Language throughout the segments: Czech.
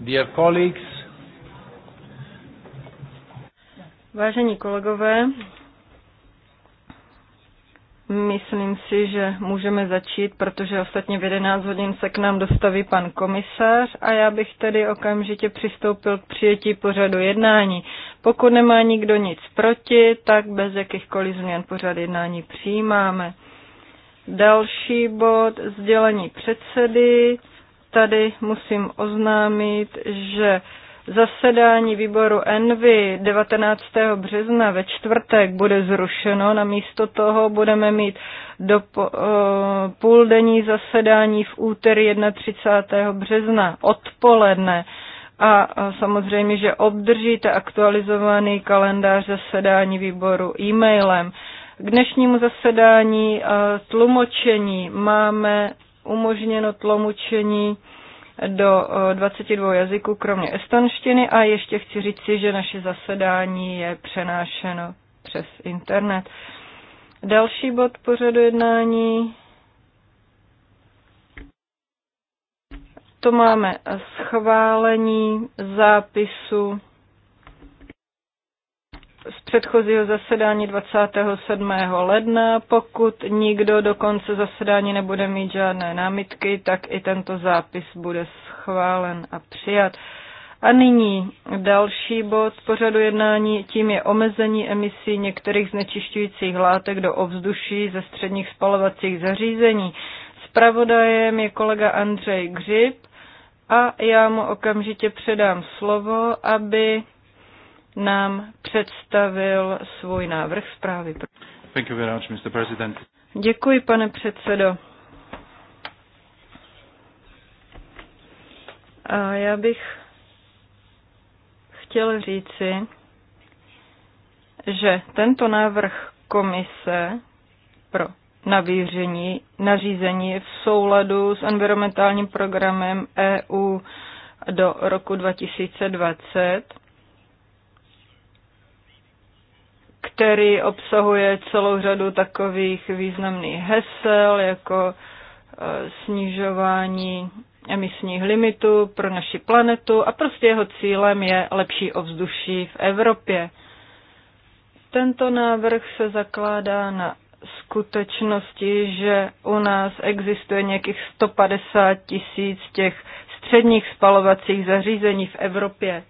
Dear colleagues, Vážení kolegové, myslím si, že můžeme začít, protože ostatně v 11 hodin se k nám dostaví pan komisař a já bych tedy okamžitě přistoupil k přijetí pořadu jednání. Pokud nemá nikdo nic proti, tak bez jakýchkoliv změn pořad jednání přijímáme. Další bod, sdělení předsedy tady musím oznámit, že zasedání výboru Envy 19. března ve čtvrtek bude zrušeno. Namísto toho budeme mít do eh, půldenní zasedání v úterý 31. března odpoledne. A samozřejmě, že obdržíte aktualizovaný kalendář zasedání výboru e-mailem. K dnešnímu zasedání eh, tlumočení máme umožněno tlumočení do 22 eh, jazyků, kromě estonštiny. A ještě chci říci, že naše zasedání je přenášeno přes internet. Další bod pořadu jednání to máme schválení zápisu z předchozího zasedání 27. ledna. Pokud nikdo do konce zasedání nebude mít žádné námitky, tak i tento zápis bude schválen a přijat. A nyní další bod pořadu jednání, tím je omezení emisí některých znečišťujících látek do ovzduší ze středních spalovacích zařízení. Spravodajem je kolega Andřej Gřib a já mu okamžitě předám slovo, aby nám představil svůj návrh zprávy. Thank you very much, Mr. President. Děkuji, pane předsedo. A já bych chtěl říci, že tento návrh komise pro navíření, nařízení je v souladu s environmentálním programem EU do roku 2020 který obsahuje celou řadu takových významných hesel, jako e, snižování emisních limitů pro naši planetu a prostě jeho cílem je lepší ovzduší v Evropě. Tento návrh se zakládá na skutečnosti, že u nás existuje nějakých 150 tisíc těch středních spalovacích zařízení v Evropě. E,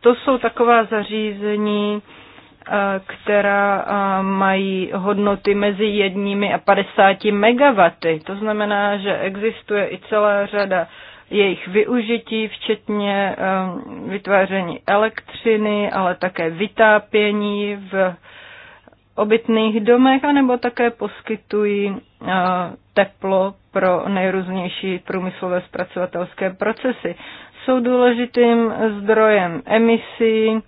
to jsou taková zařízení, Eh, která eh, mají hodnoty mezi jedními a 50 megawaty. To znamená, že existuje i celá řada jejich využití, včetně eh, vytváření elektřiny, ale také vytápění v obytných domech, anebo také poskytují teplo pro nejrůznější průmyslové zpracovatelské procesy. Jsou důležitým zdrojem emisí,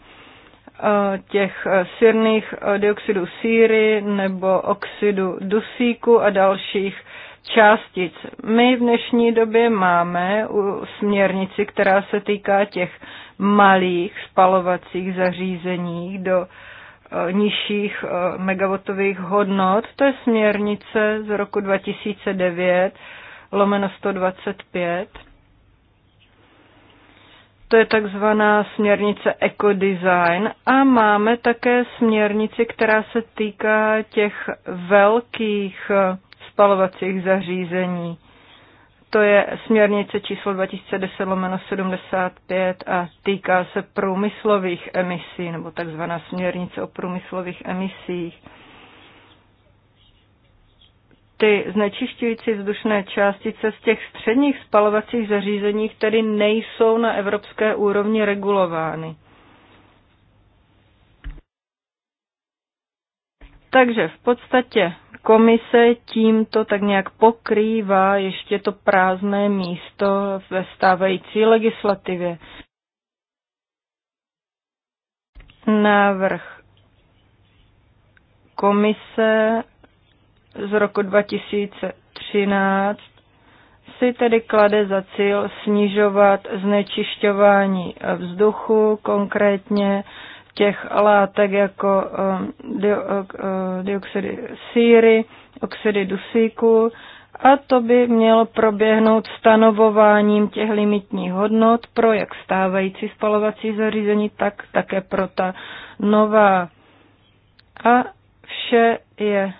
Eh, těch eh, sírných eh, dioxidů síry nebo oxidu dusíku a dalších částic. My v dnešní době máme směrnici, která se týká těch malých spalovacích zařízení do nižších megavotových hodnot. To je směrnice z roku 2009 lomeno 125 to je takzvaná směrnice ekodesign a máme také směrnici, která se týká těch velkých eh, spalovacích zařízení. To je směrnice číslo 2010-75 a týká se průmyslových emisí, nebo takzvaná směrnice o průmyslových emisích ty znečišťující vzdušné částice z těch středních spalovacích zařízení, tedy nejsou na evropské úrovni regulovány. Takže v podstatě komise tímto tak nějak pokrývá ještě to prázdné místo ve stávající legislativě. Návrh komise z roku 2013 si tedy klade za cíl snižovat znečišťování vzduchu, konkrétně těch látek jako um, uh, uh, dioxidy síry, oxidy dusíku, a to by mělo proběhnout stanovováním těch limitních hodnot pro jak stávající spalovací zařízení, tak také pro ta nová. A vše je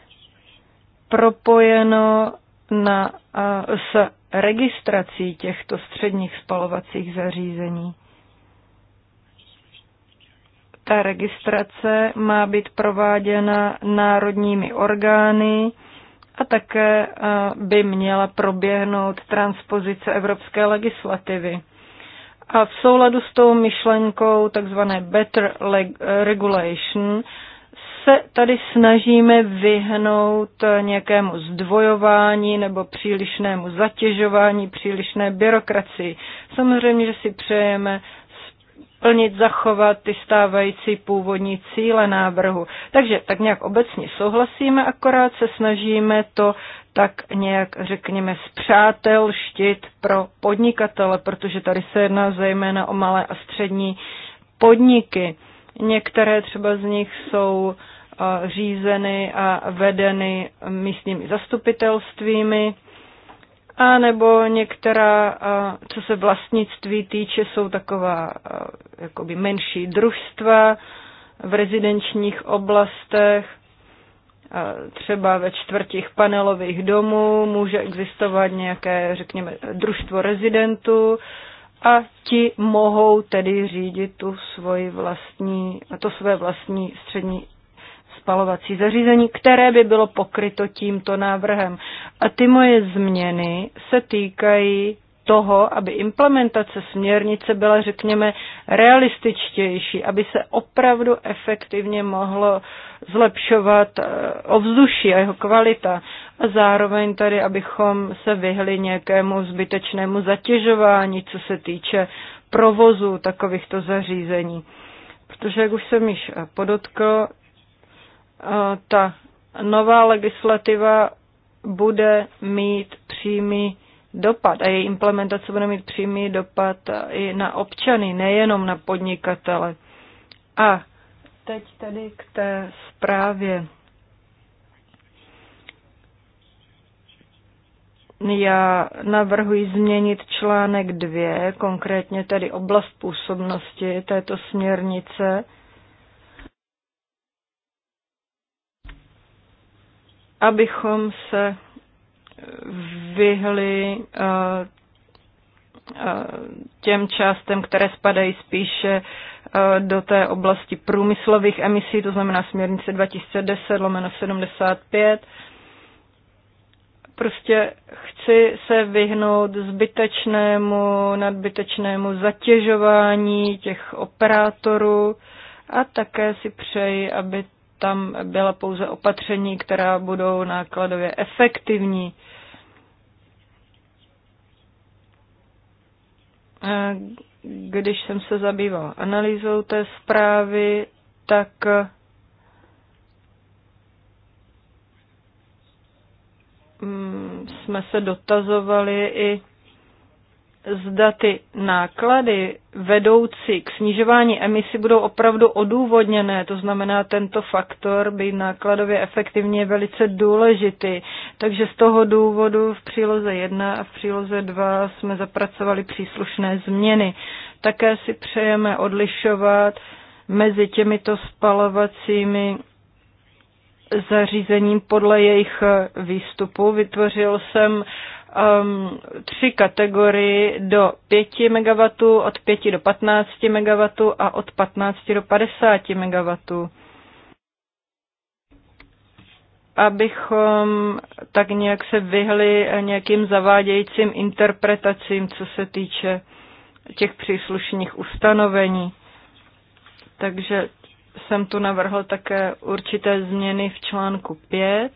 propojeno na, a, s registrací těchto středních spalovacích zařízení. Ta registrace má být prováděna národními orgány a také by měla proběhnout transpozice evropské legislativy. A v souladu s tou myšlenkou tzv. better regulation se tady snažíme vyhnout nějakému zdvojování nebo přílišnému zatěžování, přílišné byrokracii. Samozřejmě, že si přejeme plnit, zachovat ty stávající původní cíle návrhu. Takže tak nějak obecně souhlasíme, akorát se snažíme to tak nějak, řekněme, štit pro podnikatele, protože tady se jedná zejména o malé a střední podniky. Některé třeba z nich jsou řízeny a vedeny místními zastupitelstvími. A nebo některá, co se vlastnictví týče, jsou taková jakoby menší družstva v rezidenčních oblastech, třeba ve čtvrtích panelových domů může existovat nějaké, řekněme, družstvo rezidentů a ti mohou tedy řídit tu svoji vlastní, to své vlastní střední spalovací zařízení, které by bylo pokryto tímto návrhem. A ty moje změny se týkají toho, aby implementace směrnice byla, řekněme, realističtější, aby se opravdu efektivně mohlo zlepšovat eh, ovzduší a jeho kvalita. A zároveň tady, abychom se vyhli nějakému zbytečnému zatěžování, co se týče provozu takovýchto zařízení. Protože, jak už jsem již eh, podotkl, ta nová legislativa bude mít přímý dopad a její implementace bude mít přímý dopad i na občany, nejenom na podnikatele. A teď tedy k té zprávě. Já navrhuji změnit článek 2, konkrétně tedy oblast působnosti této směrnice, abychom se vyhli eh, eh, těm částem, které spadají spíše eh, do té oblasti průmyslových emisí, to znamená směrnice 2010 lomeno 75. Prostě chci se vyhnout zbytečnému, nadbytečnému zatěžování těch operátorů a také si přeji, aby tam byla pouze opatření, která budou nákladově efektivní. Když jsem se zabýval analýzou té zprávy, tak mm, jsme se dotazovali i zda ty náklady vedoucí k snižování emisí budou opravdu odůvodněné. To znamená, tento faktor by nákladově efektivně je velice důležitý. Takže z toho důvodu v příloze 1 a v příloze 2 jsme zapracovali příslušné změny. Také si přejeme odlišovat mezi těmito spalovacími zařízením podle jejich výstupu. Vytvořil jsem um, tři kategorii do 5 MW, od 5 do 15 MW a od 15 do 50 MW. Abychom tak nějak se vyhli nějakým zavádějícím interpretacím, co se týče těch příslušných ustanovení. Takže jsem tu navrhl také určité změny v článku 5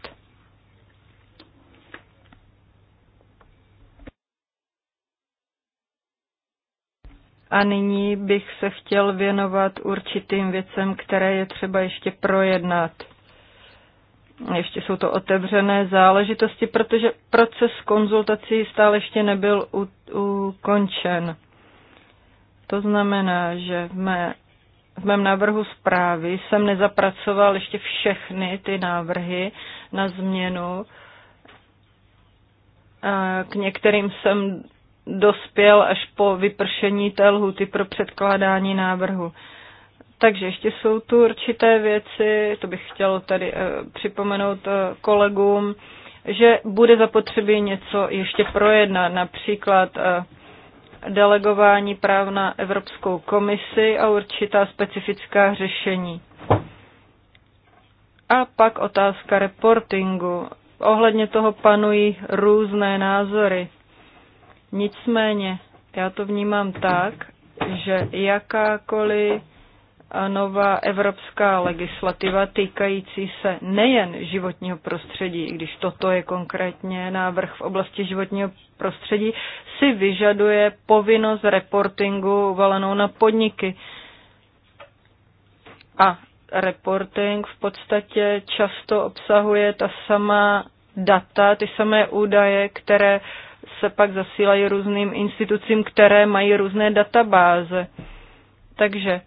A nyní bych se chtěl věnovat určitým věcem, které je třeba ještě projednat. Ještě jsou to otevřené záležitosti, protože proces konzultací stále ještě nebyl ukončen. To znamená, že v, mé, v mém návrhu zprávy jsem nezapracoval ještě všechny ty návrhy na změnu. K některým jsem dospěl až po vypršení té lhuty pro předkládání návrhu. Takže ještě jsou tu určité věci, to bych chtěl tady eh, připomenout eh, kolegům, že bude zapotřebí něco ještě projednat, například eh, delegování práv na Evropskou komisi a určitá specifická řešení. A pak otázka reportingu. Ohledně toho panují různé názory. Nicméně já to vnímám tak, že jakákoliv nová evropská legislativa týkající se nejen životního prostředí, i když toto je konkrétně návrh v oblasti životního prostředí, si vyžaduje povinnost reportingu valenou na podniky. A reporting v podstatě často obsahuje ta sama data, ty samé údaje, které se pak zasílají různým institucím, které mají různé databáze. Takže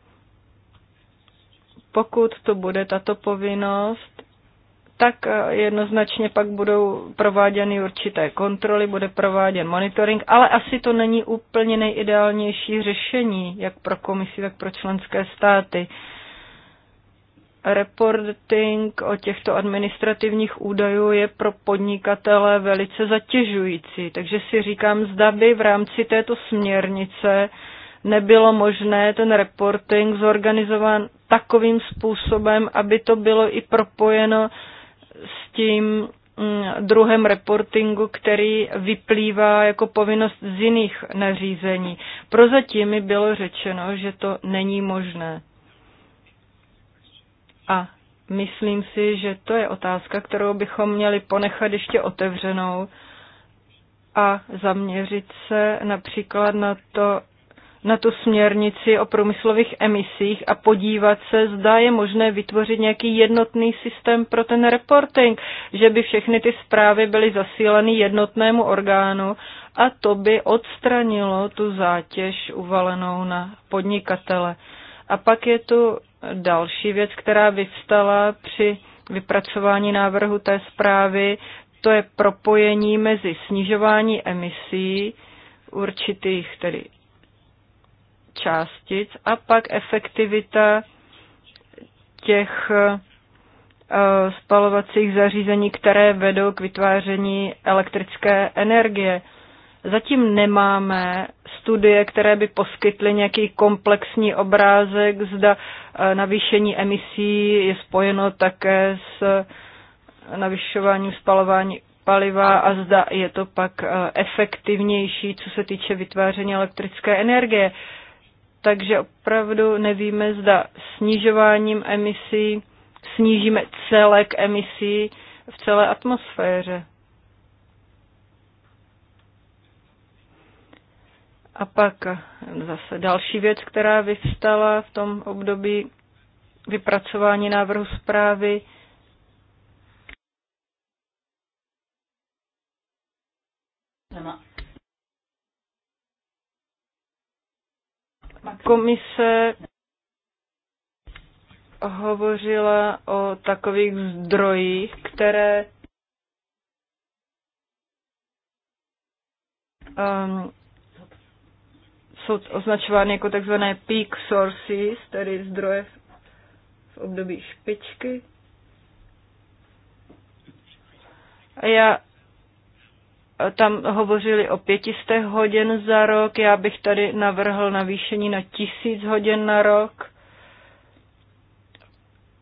pokud to bude tato povinnost, tak eh, jednoznačně pak budou prováděny určité kontroly, bude prováděn monitoring, ale asi to není úplně nejideálnější řešení, jak pro komisi, tak pro členské státy. Uh, reporting o těchto administrativních údajů je pro podnikatele velice zatěžující. Takže si říkám, zda by v rámci této směrnice nebylo možné ten reporting zorganizován takovým způsobem, aby to bylo i propojeno s tím mm, druhém reportingu, který vyplývá jako povinnost z jiných nařízení. Prozatím mi bylo řečeno, že to není možné. A myslím si, že to je otázka, kterou bychom měli ponechat ještě otevřenou a zaměřit se například na to, na tu směrnici o průmyslových emisích a podívat se, zda je možné vytvořit nějaký jednotný systém pro ten reporting, že by všechny ty zprávy byly zasíleny jednotnému orgánu a to by odstranilo tu zátěž uvalenou na podnikatele. A pak je tu Další věc, která vyvstala při vypracování návrhu té zprávy, to je propojení mezi snižování emisí určitých tedy částic a pak efektivita těch eh, spalovacích zařízení, které vedou k vytváření elektrické energie. Zatím nemáme studie, které by poskytly nějaký komplexní obrázek, zda e, navýšení emisí je spojeno také s e, navyšováním spalování paliva a zda je to pak e, efektivnější, co se týče vytváření elektrické energie. Takže opravdu nevíme, zda snižováním emisí snížíme celek emisí v celé atmosféře. A pak zase další věc, která vyvstala v tom období vypracování návrhu zprávy, Komise hovořila o takových zdrojích, které um, jsou označovány jako takzvané peak sources, tedy zdroje v období špičky. A já tam hovořili o 500 hodin za rok, já bych tady navrhl navýšení na 1000 hodin na rok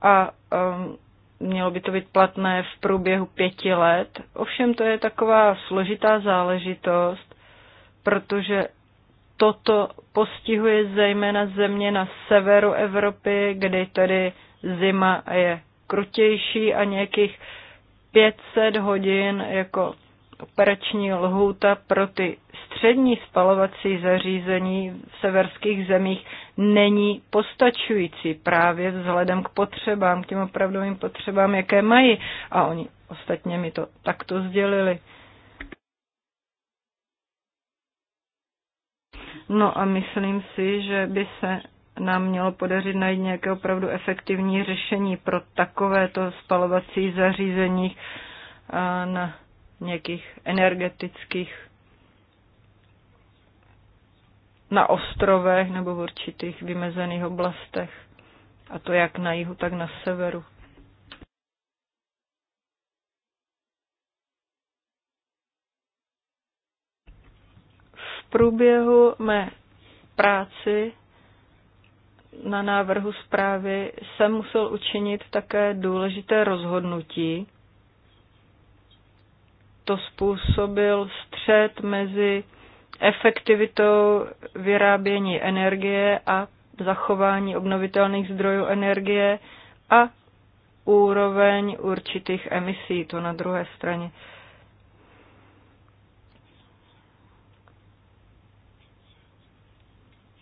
a um, mělo by to být platné v průběhu pěti let. Ovšem to je taková složitá záležitost, protože toto postihuje zejména země na severu Evropy, kde tedy zima je krutější a nějakých 500 hodin jako operační lhůta pro ty střední spalovací zařízení v severských zemích není postačující právě vzhledem k potřebám, k těm opravdovým potřebám, jaké mají. A oni ostatně mi to takto sdělili. No a myslím si, že by se nám mělo podařit najít nějaké opravdu efektivní řešení pro takovéto spalovací zařízení eh, na nějakých energetických na ostrovech nebo v určitých vymezených oblastech. A to jak na jihu, tak na severu. průběhu mé práci na návrhu zprávy jsem musel učinit také důležité rozhodnutí. To způsobil střed mezi efektivitou vyrábění energie a zachování obnovitelných zdrojů energie a úroveň určitých emisí, to na druhé straně.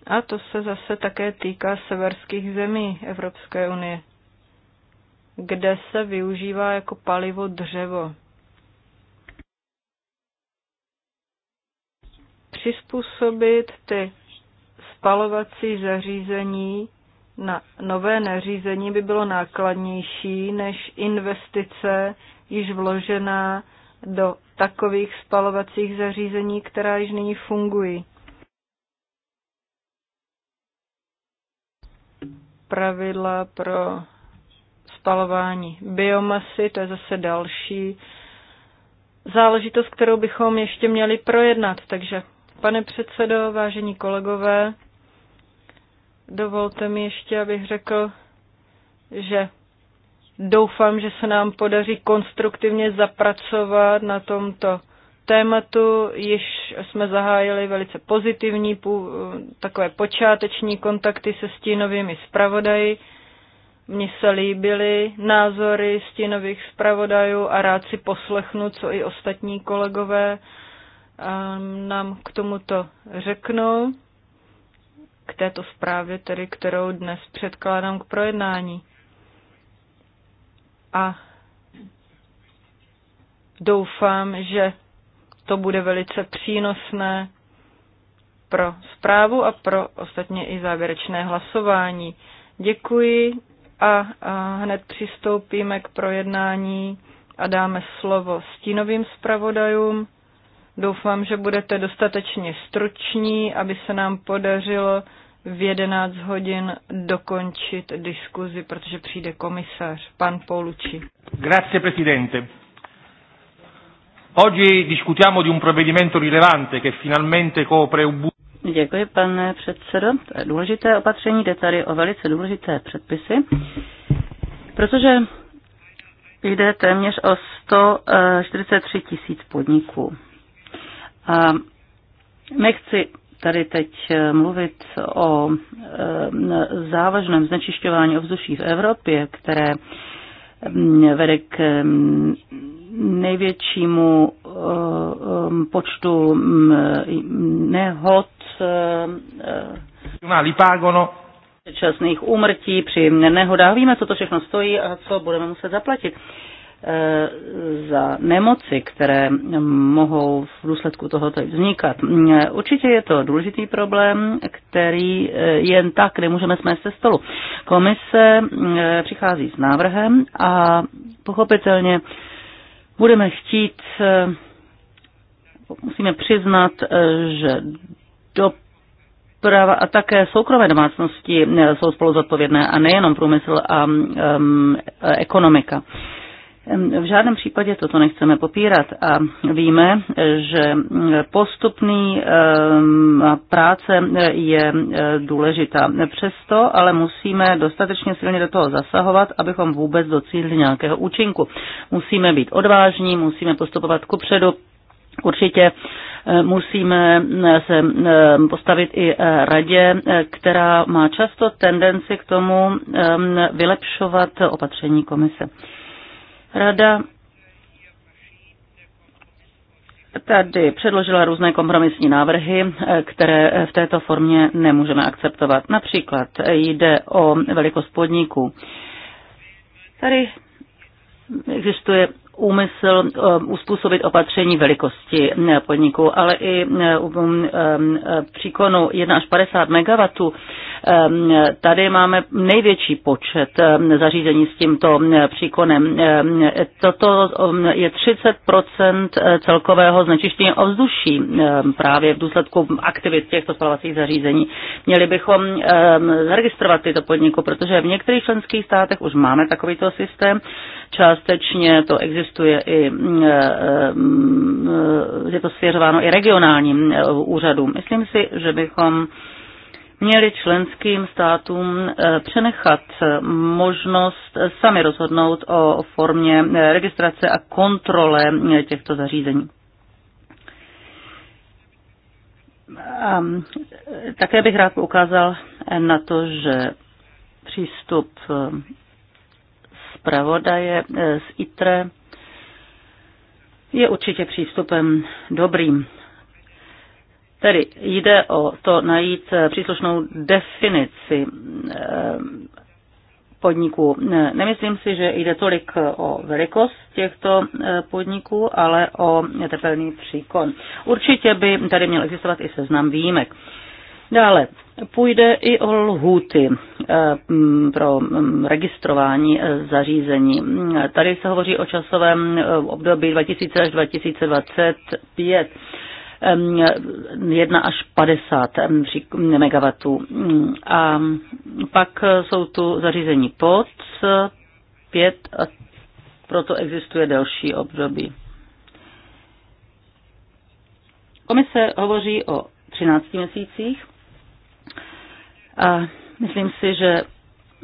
A to se zase také týká severských zemí Evropské unie, kde se využívá jako palivo dřevo. Přizpůsobit ty spalovací zařízení na nové nařízení by bylo nákladnější než investice již vložená do takových spalovacích zařízení, která již nyní fungují. pravidla pro spalování biomasy, to je zase další záležitost, kterou bychom ještě měli projednat. Takže, pane předsedo, vážení kolegové, dovolte mi ještě, abych řekl, že doufám, že se nám podaří konstruktivně zapracovat na tomto tématu již jsme zahájili velice pozitivní, takové počáteční kontakty se stínovými zpravodaji. Mně se líbily názory stínových zpravodajů a rád si poslechnu, co i ostatní kolegové ehm, nám k tomuto řeknou, k této zprávě, tedy, kterou dnes předkládám k projednání. A doufám, že to bude velice přínosné pro zprávu a pro ostatně i závěrečné hlasování. Děkuji a, a hned přistoupíme k projednání a dáme slovo stínovým zpravodajům. Doufám, že budete dostatečně struční, aby se nám podařilo v 11 hodin dokončit diskuzi, protože přijde komisař, pan Poluči. Grazie, presidente. Oggi discutiamo di un provvedimento rilevante che finalmente copre un buco. Děkuji, pane předsedo. To je důležité opatření, jde tady o velice důležité předpisy, protože jde téměř o 143 tisíc podniků. A nechci tady teď eh, mluvit o eh, závažném znečišťování ovzduší v Evropě, které mm, vede k mm, největšímu eh, eh, počtu mm, nehod eh, předčasných úmrtí při nehodách. Víme, co to všechno stojí a co budeme muset zaplatit za nemoci, které mohou v důsledku tohoto vznikat. Určitě je to důležitý problém, který jen tak nemůžeme smést ze stolu. Komise přichází s návrhem a pochopitelně budeme chtít, eh, musíme přiznat, eh, že do doprava a také soukromé domácnosti eh, jsou spolu zodpovědné a nejenom průmysl a um, ekonomika. V žádném případě toto nechceme popírat a víme, že postupný práce je e, důležitá. Přesto ale musíme dostatečně silně do toho zasahovat, abychom vůbec docílili nějakého účinku. Musíme být odvážní, musíme postupovat kupředu, Určitě e, musíme e, se postavit i radě, která má často tendenci k tomu vylepšovat opatření komise. Rada tady předložila různé kompromisní návrhy, které v této formě nemůžeme akceptovat. Například jde o velikost podniků. Tady existuje úmysl eh, uspůsobit opatření velikosti eh, podniku, ale i eh, um, příkonu 1 až 50 MW. Tady máme největší počet zařízení s tímto příkonem. Toto um, je 30 celkového znečištění ovzduší právě v důsledku aktivit těchto spalovacích zařízení. Měli bychom zaregistrovat tyto podniky, protože v některých členských státech už máme takovýto systém Částečně to existuje i, mm, e, e, je to svěřováno i regionálním e, úřadům. Myslím si, že bychom měli členským státům přenechat možnost sami rozhodnout o formě registrace a kontrole těchto zařízení. A také bych rád ukázal na to, že přístup zpravodaje eh, z ITRE je určitě přístupem dobrým. Tedy jde o to najít eh, příslušnou definici eh, podniků. Nemyslím si, že jde tolik o velikost těchto podniků, ale o tepelný příkon. Určitě by tady měl existovat i seznam výjimek. Dále půjde i o lhůty eh, mm, pro mm, registrování eh, zařízení. Tady se hovoří o časovém eh, období 2000 až 2025. 1 až 50 MW. A pak jsou tu zařízení pod 5 a proto existuje delší období. Komise hovoří o 13 měsících a myslím si, že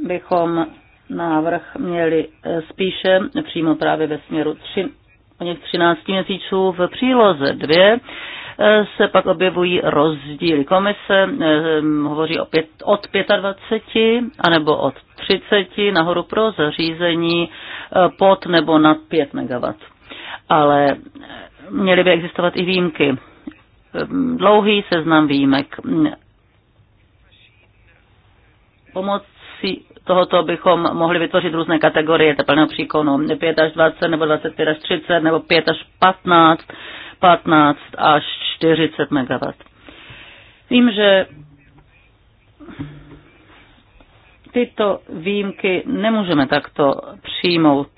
bychom návrh měli eh, spíše přímo právě ve směru tři, o něch 13 měsíců v příloze 2 eh, se pak objevují rozdíly. Komise eh, hm, hovoří o pět, od 25 anebo od 30 nahoru pro zařízení pod nebo nad 5 MW. Ale měly by existovat i výjimky. Hm, dlouhý seznam výjimek pomocí tohoto bychom mohli vytvořit různé kategorie teplného příkonu. 5 až 20, nebo 25 až 30, nebo 5 až 15, 15 až 40 MW. Vím, že tyto výjimky nemůžeme takto přijmout.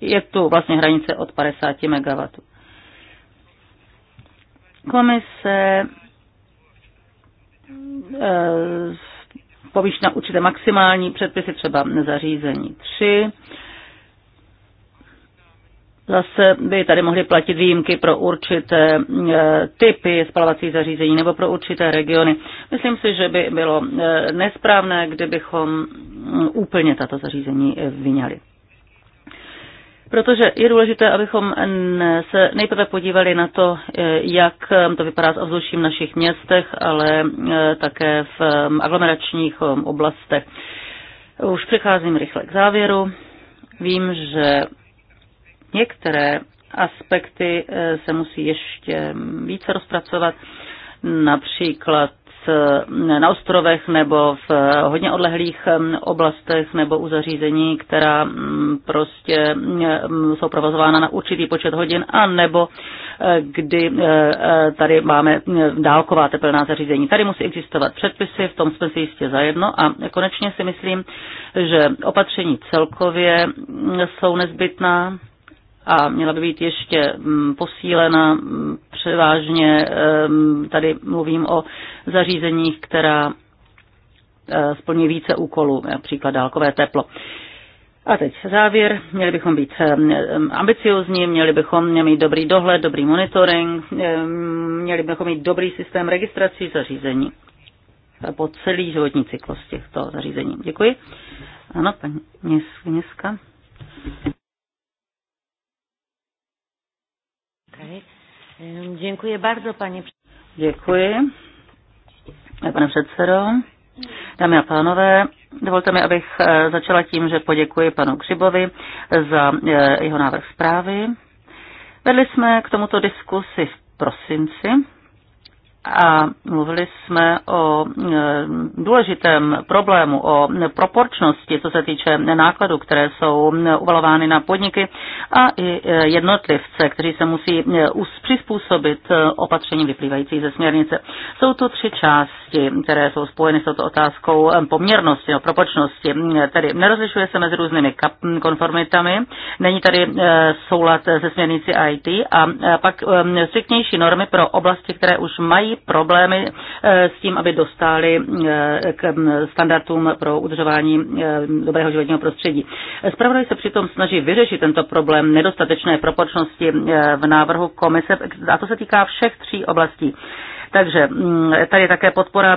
Je tu vlastně hranice od 50 MW. Komise Eh, povíš na určité maximální předpisy, třeba zařízení 3. Zase by tady mohly platit výjimky pro určité eh, typy spalovacích zařízení nebo pro určité regiony. Myslím si, že by bylo eh, nesprávné, kdybychom mm, úplně tato zařízení vyňali protože je důležité, abychom se nejprve podívali na to, e, jak e, to vypadá s ovzduším v našich městech, ale e, také v aglomeračních oblastech. Už přicházím rychle k závěru. Vím, že některé aspekty se musí ještě více rozpracovat, například na ostrovech nebo v hodně odlehlých mm, oblastech nebo u zařízení, která mm, prostě mm, jsou provozována na určitý počet hodin a nebo eh, kdy eh, eh, tady máme dálková teplná zařízení. Tady musí existovat předpisy, v tom jsme si jistě zajedno a konečně si myslím, že opatření celkově jsou nezbytná a měla by být ještě mm, posílena. Mm, převážně mm, tady mluvím o zařízeních, která e, splní více úkolů, například dálkové teplo. A teď závěr. Měli bychom být e, ambiciozní, měli bychom mít dobrý dohled, dobrý monitoring, e, měli bychom mít dobrý systém registrací zařízení po celý životní cyklus těchto zařízení. Děkuji. Ano, paní Měska. Děkuji bardzo, paní Děkuji, pane předsedo. Dámy a pánové, dovolte mi, abych e, začala tím, že poděkuji panu Křibovi za e, jeho návrh zprávy. Vedli jsme k tomuto diskusi v prosinci a mluvili jsme o e, důležitém problému, o proporčnosti, co se týče nákladů, které jsou uvalovány na podniky a i e, jednotlivce, kteří se musí e, přizpůsobit opatření vyplývající ze směrnice. Jsou to tři části, které jsou spojeny s touto otázkou poměrnosti, no, proporčnosti. Tedy nerozlišuje se mezi různými konformitami, není tady soulad se směrnici IT a pak striktnější normy pro oblasti, které už mají problémy eh, s tím, aby dostali eh, k standardům pro udržování eh, dobrého životního prostředí. Spravodaj se přitom snaží vyřešit tento problém nedostatečné proporčnosti v návrhu komise a to se týká všech tří oblastí. Takže mm, tady je také podpora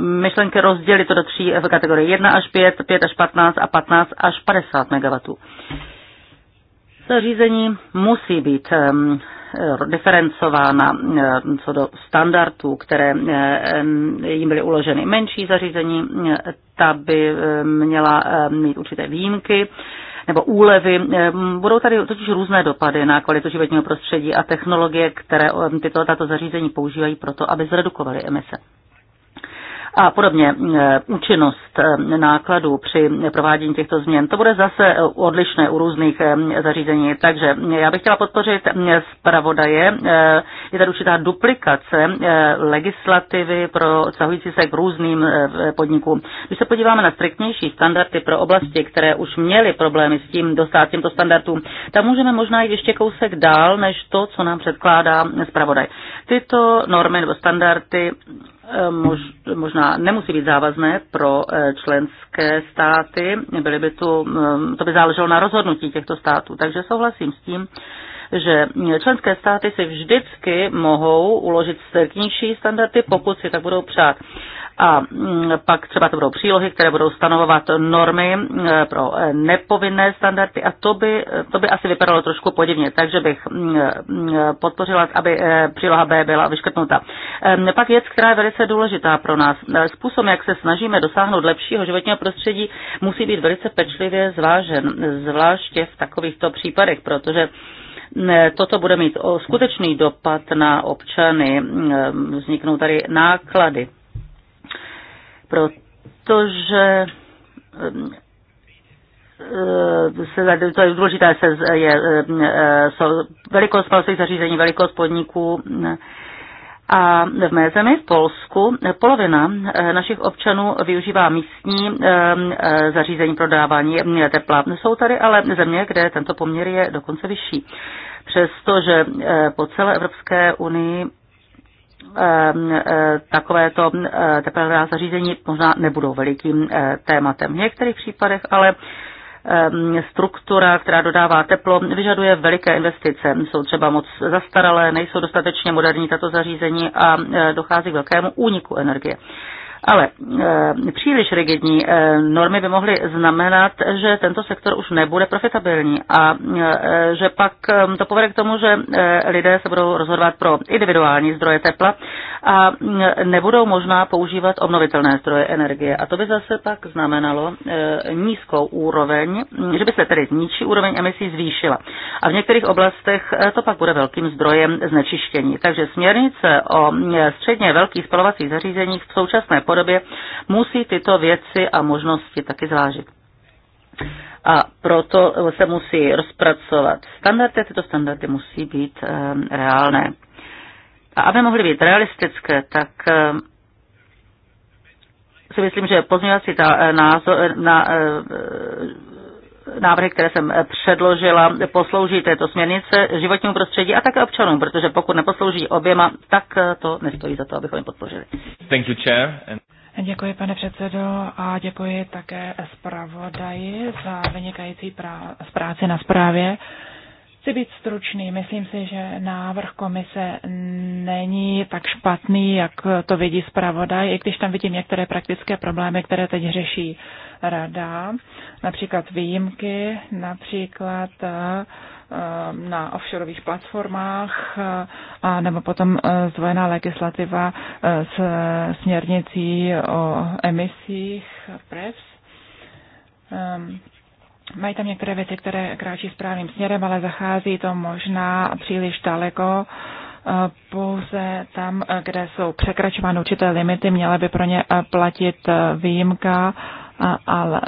myšlenky rozdělit to do tří v kategorii 1 až 5, 5 až 15 a 15 až 50 MW. Zařízení musí být Eh, diferencována eh, co do standardů, které eh, jim byly uloženy. Menší zařízení, ta by měla mít určité výjimky nebo úlevy. Budou tady totiž různé dopady na kvalitu životního prostředí a technologie, které tyto, tato zařízení používají proto, aby zredukovaly emise a podobně účinnost nákladů při provádění těchto změn. To bude zase odlišné u různých zařízení. Takže já bych chtěla podpořit zpravodaje. E, je tady určitá duplikace e, legislativy pro cahující se k různým e, podnikům. Když se podíváme na striktnější standardy pro oblasti, které už měly problémy s tím dostat těmto standardům, tam můžeme možná jít ještě kousek dál, než to, co nám předkládá zpravodaj. Tyto normy nebo standardy možná nemusí být závazné pro eh, členské státy, byly by tu, mm, to by záleželo na rozhodnutí těchto států. Takže souhlasím s tím, že členské státy si vždycky mohou uložit strknější standardy, pokud si tak budou přát. A mm, pak třeba to budou přílohy, které budou stanovovat normy e, pro e, nepovinné standardy a to by, e, to by asi vypadalo trošku podivně, takže bych mm, mm, podpořila, aby příloha B byla vyškrtnuta. Pak věc, která je velice důležitá pro nás. Způsob, jak se snažíme dosáhnout lepšího životního prostředí, musí být velice pečlivě zvážen, zvláště v takovýchto případech, protože toto bude mít skutečný dopad na občany, vzniknou tady náklady protože eh, se, to je důležité, se, je, eh, so, velikost spalovacích zařízení, velikost podniků, eh, a v mé zemi, v Polsku, polovina našich občanů využívá místní zařízení dávání tepla. Jsou tady ale země, kde tento poměr je dokonce vyšší. Přestože po celé Evropské unii Ehm, e, takovéto e, tepelná zařízení možná nebudou velikým e, tématem. V některých případech ale ehm, struktura, která dodává teplo, vyžaduje veliké investice. Jsou třeba moc zastaralé, nejsou dostatečně moderní tato zařízení a dochází k velkému úniku energie. Ale eh, příliš rigidní eh, normy by mohly znamenat, že tento sektor už nebude profitabilní a eh, že pak to povede k tomu, že lidé se budou rozhodovat pro individuální zdroje tepla a nebudou možná používat obnovitelné zdroje energie. A to by zase pak znamenalo nízkou úroveň, že by se tedy nižší úroveň emisí zvýšila. A v některých oblastech to pak bude velkým zdrojem znečištění. Takže směrnice o středně velkých spalovacích zařízeních v současné podobě, musí tyto věci a možnosti taky zvážit. A proto se musí rozpracovat standardy, tyto standardy musí být um, reálné. A aby mohly být realistické, tak um, si myslím, že pozměňovací e, názor na e, návrhy, které jsem předložila, poslouží této směrnice životnímu prostředí a také občanům, protože pokud neposlouží oběma, tak to nestojí za to, abychom je podpořili. Thank you, chair. And... Děkuji, pane předsedo, a děkuji také zpravodaji za vynikající prá- práci na zprávě. Chci být stručný. Myslím si, že návrh komise není tak špatný, jak to vidí zpravodaj, i když tam vidím některé praktické problémy, které teď řeší rada, například výjimky, například eh, na offshoreových platformách, eh, a nebo potom eh, zvojená legislativa s směrnicí o emisích PREVS. Ehm, mají tam některé věci, které kráčí správným směrem, ale zachází to možná příliš daleko. Pouze tam, kde jsou překračovány určité limity, měla by pro ně platit výjimka ale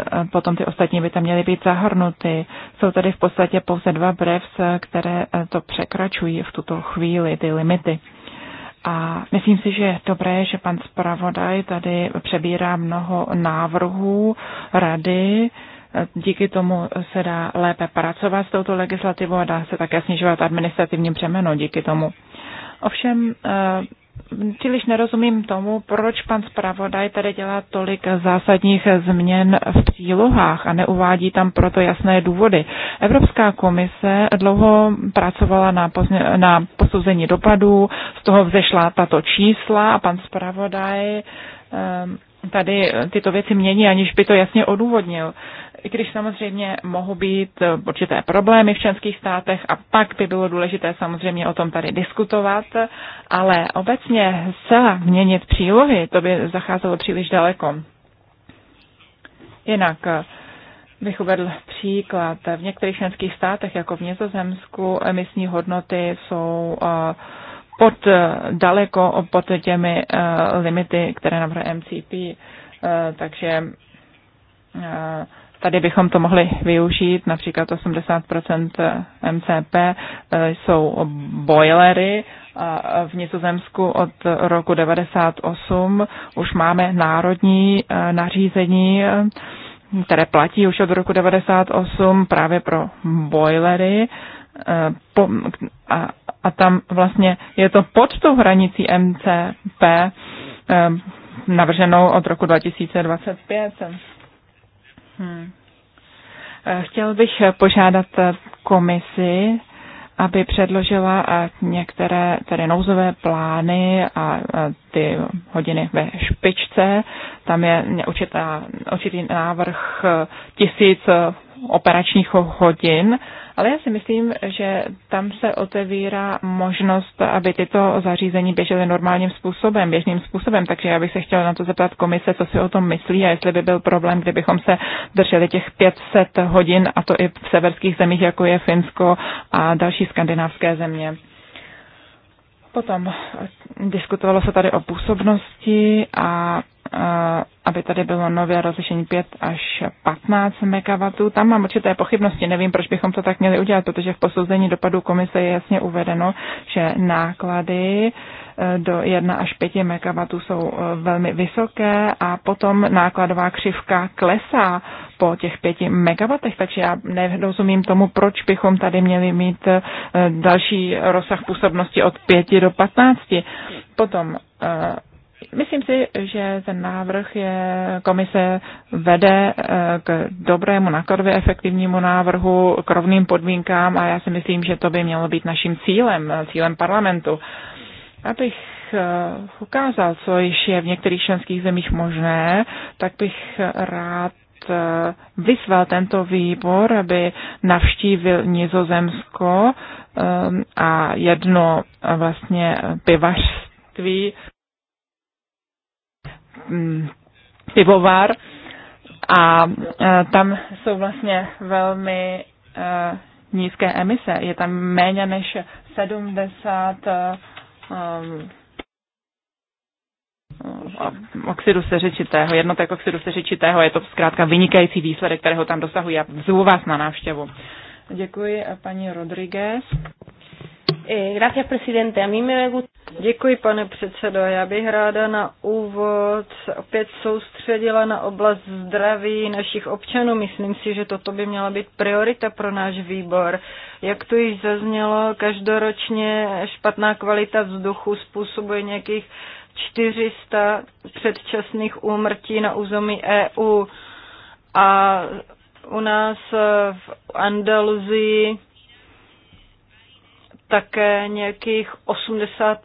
e, potom ty ostatní by tam měly být zahrnuty. Jsou tady v podstatě pouze dva brevs, které e, to překračují v tuto chvíli, ty limity. A myslím si, že je dobré, že pan zpravodaj tady přebírá mnoho návrhů, rady, e, Díky tomu se dá lépe pracovat s touto legislativou a dá se také snižovat administrativní břemeno díky tomu. Ovšem příliš nerozumím tomu, proč pan zpravodaj tady dělá tolik zásadních změn v přílohách a neuvádí tam proto jasné důvody. Evropská komise dlouho pracovala na, pozně, na posouzení dopadů, z toho vzešla tato čísla a pan zpravodaj um, tady eh, tyto věci mění, aniž by to jasně odůvodnil. I když samozřejmě mohou být eh, určité problémy v členských státech a pak by bylo důležité samozřejmě o tom tady diskutovat, ale obecně se měnit přílohy, to by zacházelo příliš daleko. Jinak eh, bych uvedl příklad. V některých členských státech, jako v Nězozemsku, emisní hodnoty jsou uh, pod, eh, daleko pod těmi eh, limity, které navrhuje MCP, eh, takže tady bychom to mohli využít, například 80% MCP jsou boilery a v Nizozemsku od roku 98 už máme národní nařízení, které platí už od roku 98 právě pro boilery, a tam vlastně je to pod tou hranicí MCP ehm, navrženou od roku 2025. Hmm. Eh, chtěl bych požádat eh, komisi, aby předložila eh, některé tedy nouzové plány a ty hodiny ve špičce. Tam je určitá, určitý návrh tisíc operačních hodin, ale já si myslím, že tam se otevírá možnost, aby tyto zařízení běžely normálním způsobem, běžným způsobem, takže já bych se chtěla na to zeptat komise, co si o tom myslí a jestli by byl problém, kdybychom se drželi těch 500 hodin a to i v severských zemích, jako je Finsko a další skandinávské země. Potom eh, diskutovalo se tady o působnosti a Eh, aby tady bylo nové rozlišení 5 až 15 MW. Tam mám určité pochybnosti, nevím, proč bychom to tak měli udělat, protože v posouzení dopadu komise je jasně uvedeno, že náklady eh, do 1 až 5 MW jsou eh, velmi vysoké a potom nákladová křivka klesá po těch 5 MW, takže já nerozumím tomu, proč bychom tady měli mít další rozsah působnosti od 5 do 15. Potom Myslím si, že ten návrh je, komise vede eh, k dobrému nakladově efektivnímu návrhu, k rovným podmínkám a já si myslím, že to by mělo být naším cílem, cílem parlamentu. Abych eh, ukázal, co již je v některých členských zemích možné, tak bych rád eh, vyzval tento výbor, aby navštívil Nizozemsko a jedno vlastně pivařství Mm, pivovar a e, tam jsou vlastně velmi e, nízké emise. Je tam méně než 70 e, oxidu seřečitého, jednotek oxidu seřečitého. Je to zkrátka vynikající výsledek, kterého tam dosahují. Já vzvu vás na návštěvu. Děkuji, paní Rodriguez. Eh, gracias, presidente. A mí me gusta... Děkuji, pane předsedo. Já bych ráda na úvod opět soustředila na oblast zdraví našich občanů. Myslím si, že toto by měla být priorita pro náš výbor. Jak tu již zaznělo, každoročně špatná kvalita vzduchu způsobuje nějakých 400 předčasných úmrtí na území EU. A u nás v Andaluzii také nějakých 80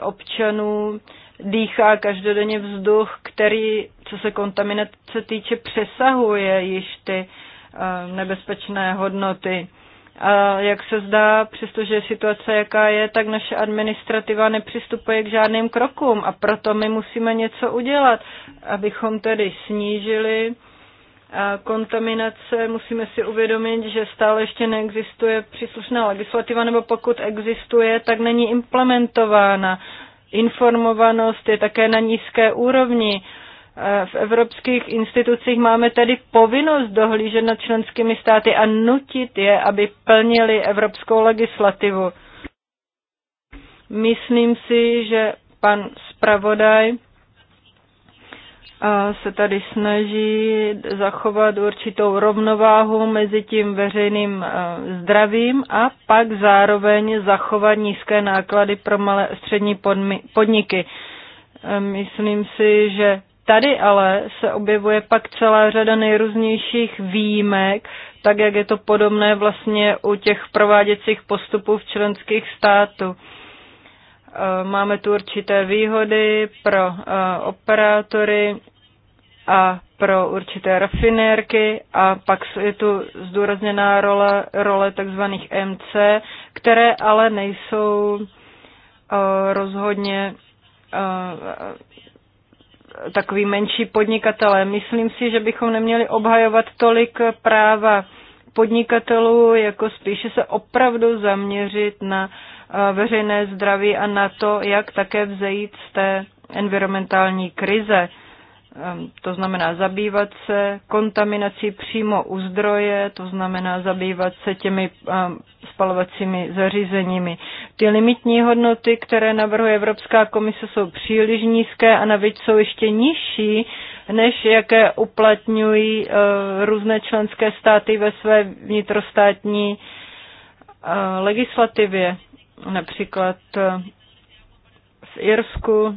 občanů dýchá každodenně vzduch, který, co se kontaminace týče, přesahuje již ty eh, nebezpečné hodnoty. A jak se zdá, přestože je situace jaká je, tak naše administrativa nepřistupuje k žádným krokům a proto my musíme něco udělat, abychom tedy snížili kontaminace, musíme si uvědomit, že stále ještě neexistuje příslušná legislativa, nebo pokud existuje, tak není implementována. Informovanost je také na nízké úrovni. E, v evropských institucích máme tedy povinnost dohlížet nad členskými státy a nutit je, aby plnili evropskou legislativu. Myslím si, že pan zpravodaj se tady snaží zachovat určitou rovnováhu mezi tím veřejným e, zdravím a pak zároveň zachovat nízké náklady pro malé a střední podniky. E, myslím si, že tady ale se objevuje pak celá řada nejrůznějších výjimek, tak jak je to podobné vlastně u těch prováděcích postupů v členských států. E, máme tu určité výhody pro operátory, a pro určité rafinérky a pak je tu zdůrazněná role, role takzvaných MC, které ale nejsou uh, rozhodně uh, takový menší podnikatelé. Myslím si, že bychom neměli obhajovat tolik práva podnikatelů, jako spíše se opravdu zaměřit na eh, veřejné zdraví a na to, jak také vzejít z té environmentální krize. Ehm, to znamená zabývat se kontaminací přímo u zdroje, to znamená zabývat se těmi ehm, spalovacími zařízeními. Ty limitní hodnoty, které navrhuje Evropská komise, jsou příliš nízké a navíc jsou ještě nižší, než jaké uplatňují ehm, různé členské státy ve své vnitrostátní legislativě. Například v Irsku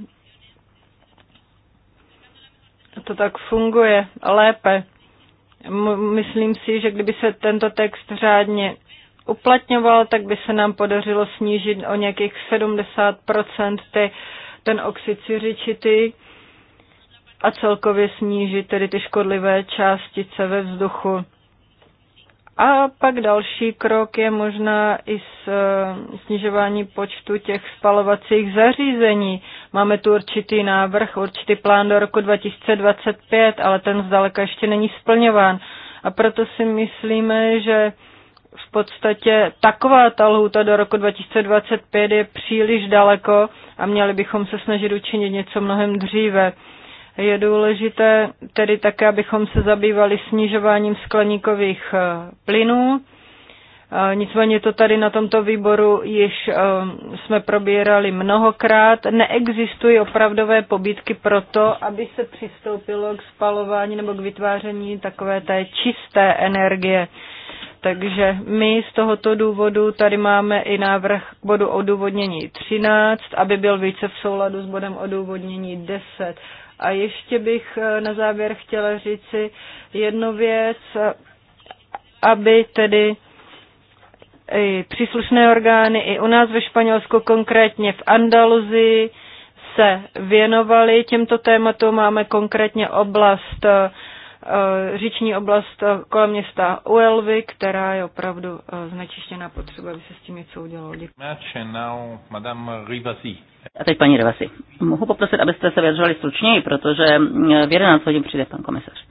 to tak funguje lépe. Myslím si, že kdyby se tento text řádně uplatňoval, tak by se nám podařilo snížit o nějakých 70% ty, ten oxid siřičitý a celkově snížit tedy ty škodlivé částice ve vzduchu. A pak další krok je možná i s, eh, snižování počtu těch spalovacích zařízení. Máme tu určitý návrh, určitý plán do roku 2025, ale ten zdaleka ještě není splňován. A proto si myslíme, že v podstatě taková ta lhůta do roku 2025 je příliš daleko a měli bychom se snažit učinit něco mnohem dříve. Je důležité tedy také, abychom se zabývali snižováním skleníkových eh, plynů. Eh, nicméně to tady na tomto výboru již eh, jsme probírali mnohokrát. Neexistují opravdové pobytky pro to, aby se přistoupilo k spalování nebo k vytváření takové té čisté energie. Takže my z tohoto důvodu tady máme i návrh k bodu odůvodnění 13, aby byl více v souladu s bodem odůvodnění 10. A ještě bych eh, na závěr chtěla říci jednu věc, aby tedy i příslušné orgány i u nás ve Španělsku, konkrétně v Andaluzii, se věnovali těmto tématům. Máme konkrétně oblast eh, Eh, říční oblast kolem města Uelvy, která je opravdu eh, znečištěná potřeba, aby se s tím něco udělalo. Děkuji. A teď paní Rivasi. Mohu poprosit, abyste se vyjadřovali stručněji, protože mm, v 11 hodin přijde pan komisař.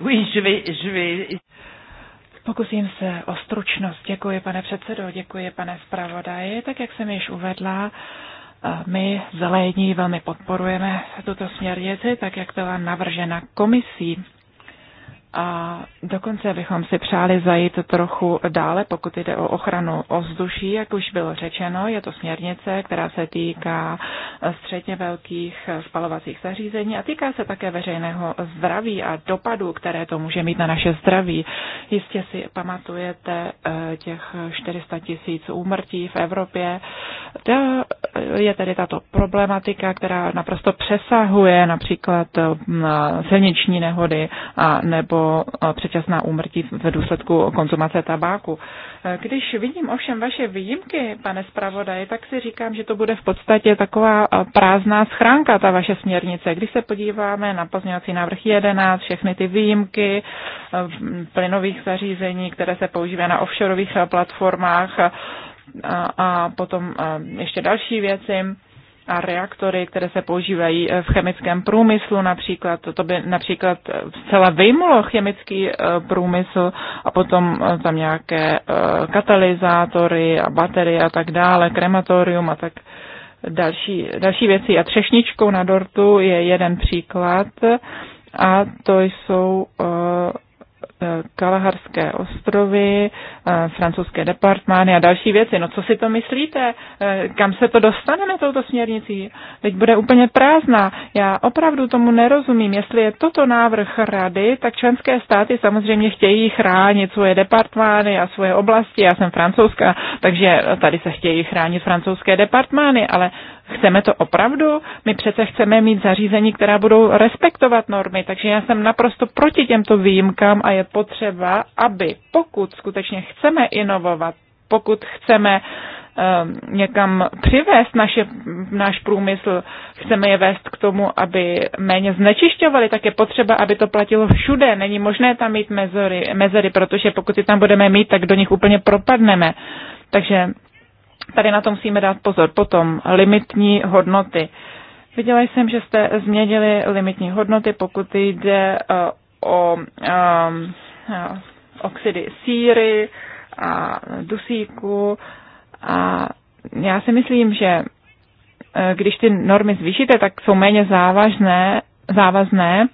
Oui, je vais, je vais... Pokusím se o stručnost. Děkuji, pane předsedo, děkuji, pane zpravodaji. Tak, jak jsem již uvedla, uh, my zelení velmi podporujeme tuto směrnici, tak jak byla navržena komisí. A dokonce bychom si přáli zajít trochu dále, pokud jde o ochranu ovzduší, jak už bylo řečeno, je to směrnice, která se týká středně velkých spalovacích zařízení a týká se také veřejného zdraví a dopadů, které to může mít na naše zdraví. Jistě si pamatujete eh, těch 400 tisíc úmrtí v Evropě. Eh, je tedy tato problematika, která naprosto přesahuje například eh, silniční nehody a nebo předčasná úmrtí v důsledku konzumace tabáku. E, když vidím ovšem vaše výjimky, pane zpravodaji, tak si říkám, že to bude v podstatě taková e, prázdná schránka, ta vaše směrnice. Když se podíváme na pozměňovací návrh 11, všechny ty výjimky e, plynových zařízení, které se používají na offshoreových platformách, a potom ještě další věci a reaktory, které se používají eh, v chemickém průmyslu například. To by například eh, zcela vyjmulo chemický eh, průmysl a potom tam nějaké katalyzátory a baterie a tak dále, krematorium a tak další, další věci. A třešničkou na dortu je jeden příklad a to jsou Eh, Kalaharské ostrovy, eh, francouzské departmány a další věci. No co si to myslíte? Eh, kam se to dostaneme touto směrnicí? Teď bude úplně prázdná. Já opravdu tomu nerozumím. Jestli je toto návrh rady, tak členské státy samozřejmě chtějí chránit svoje departmány a svoje oblasti. Já jsem francouzská, takže tady se chtějí chránit francouzské departmány, ale Chceme to opravdu? My přece chceme mít zařízení, která budou respektovat normy, takže já jsem naprosto proti těmto výjimkám a je potřeba, aby pokud skutečně chceme inovovat, pokud chceme ehm, někam přivést naše, náš průmysl, chceme je vést k tomu, aby méně znečišťovali, tak je potřeba, aby to platilo všude. Není možné tam mít mezory, mezery, protože pokud je tam budeme mít, tak do nich úplně propadneme. Takže Tady na to musíme dát pozor. Potom limitní hodnoty. Viděla jsem, že jste změnili limitní hodnoty, pokud jde eh, o eh, eh, oxidy síry a dusíku. A já si myslím, že když ty normy zvýšíte, tak jsou méně závažné, závazné.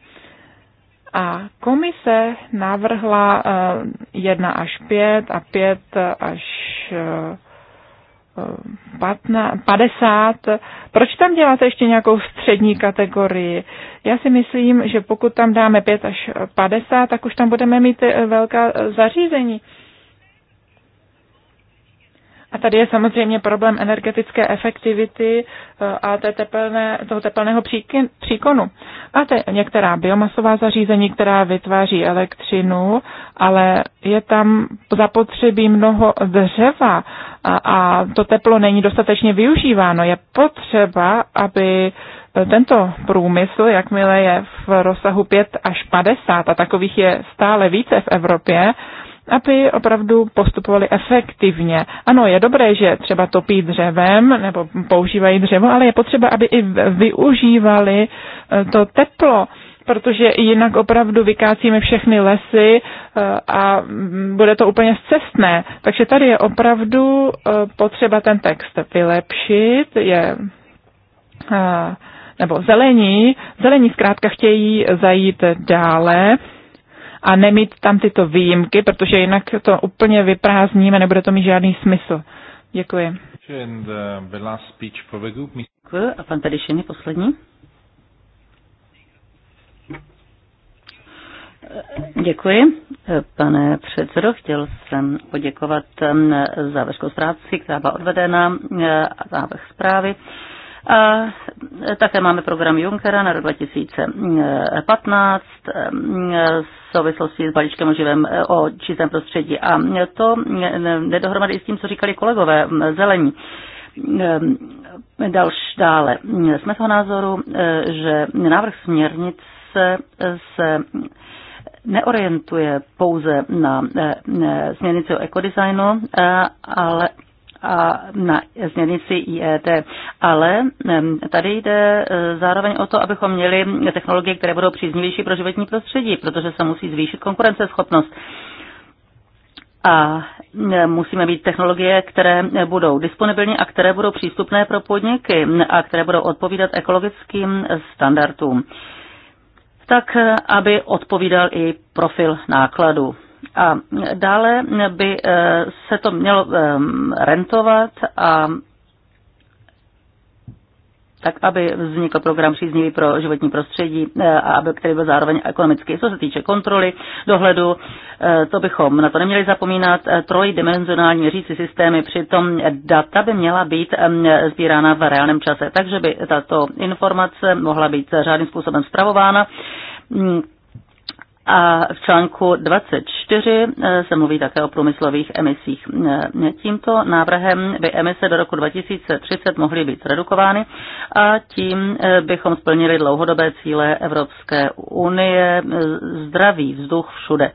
A komise navrhla 1 až 5 a 5 až 50. Proč tam děláte ještě nějakou střední kategorii? Já si myslím, že pokud tam dáme 5 až 50, tak už tam budeme mít velká zařízení. A tady je samozřejmě problém energetické efektivity eh, a té tepelné, toho tepelného příkonu. Máte některá biomasová zařízení, která vytváří elektřinu, ale je tam zapotřebí mnoho dřeva a, a to teplo není dostatečně využíváno. Je potřeba, aby eh, tento průmysl, jakmile je v rozsahu 5 až 50, a takových je stále více v Evropě, aby opravdu postupovali efektivně. Ano, je dobré, že třeba topí dřevem nebo používají dřevo, ale je potřeba, aby i využívali e, to teplo, protože jinak opravdu vykácíme všechny lesy e, a bude to úplně zcestné. Takže tady je opravdu e, potřeba ten text vylepšit, je nebo zelení, zelení zkrátka chtějí zajít dále a nemít tam tyto výjimky, protože jinak to úplně vyprázdníme, nebude to mít žádný smysl. Děkuji. Uh, Děkuji. A pan tady je poslední. Děkuji, pane předsedo. Chtěl jsem poděkovat um, za veškou práci, která byla odvedena uh, a návrh zprávy. A také máme program Junckera na rok 2015 uh, um, s souvislosti s balíčkem o živém o čistém prostředí. A to nedohromady s tím, co říkali kolegové zelení dalš dále. Jsme toho názoru, že návrh směrnice se neorientuje pouze na směrnici o ekodesignu, ale a na směrnici IET. Ale tady jde e, zároveň o to, abychom měli technologie, které budou příznivější pro životní prostředí, protože se musí zvýšit konkurenceschopnost. A e, musíme mít technologie, které budou disponibilní a které budou přístupné pro podniky a které budou odpovídat ekologickým standardům tak e, aby odpovídal i profil nákladu. A dále by eh, se to mělo eh, rentovat a tak aby vznikl program příznivý pro životní prostředí eh, a aby, který byl zároveň ekonomický. Co se týče kontroly, dohledu, to bychom na to neměli zapomínat. Trojdimenzionální měřící systémy, přitom data by měla být sbírána v reálném čase, takže by tato informace mohla být řádným způsobem zpravována hmm. A v článku 24 eh, se mluví také o průmyslových emisích. Eh, tímto návrhem by emise do roku 2030 mohly být redukovány a tím eh, bychom splnili dlouhodobé cíle Evropské unie zdravý vzduch všude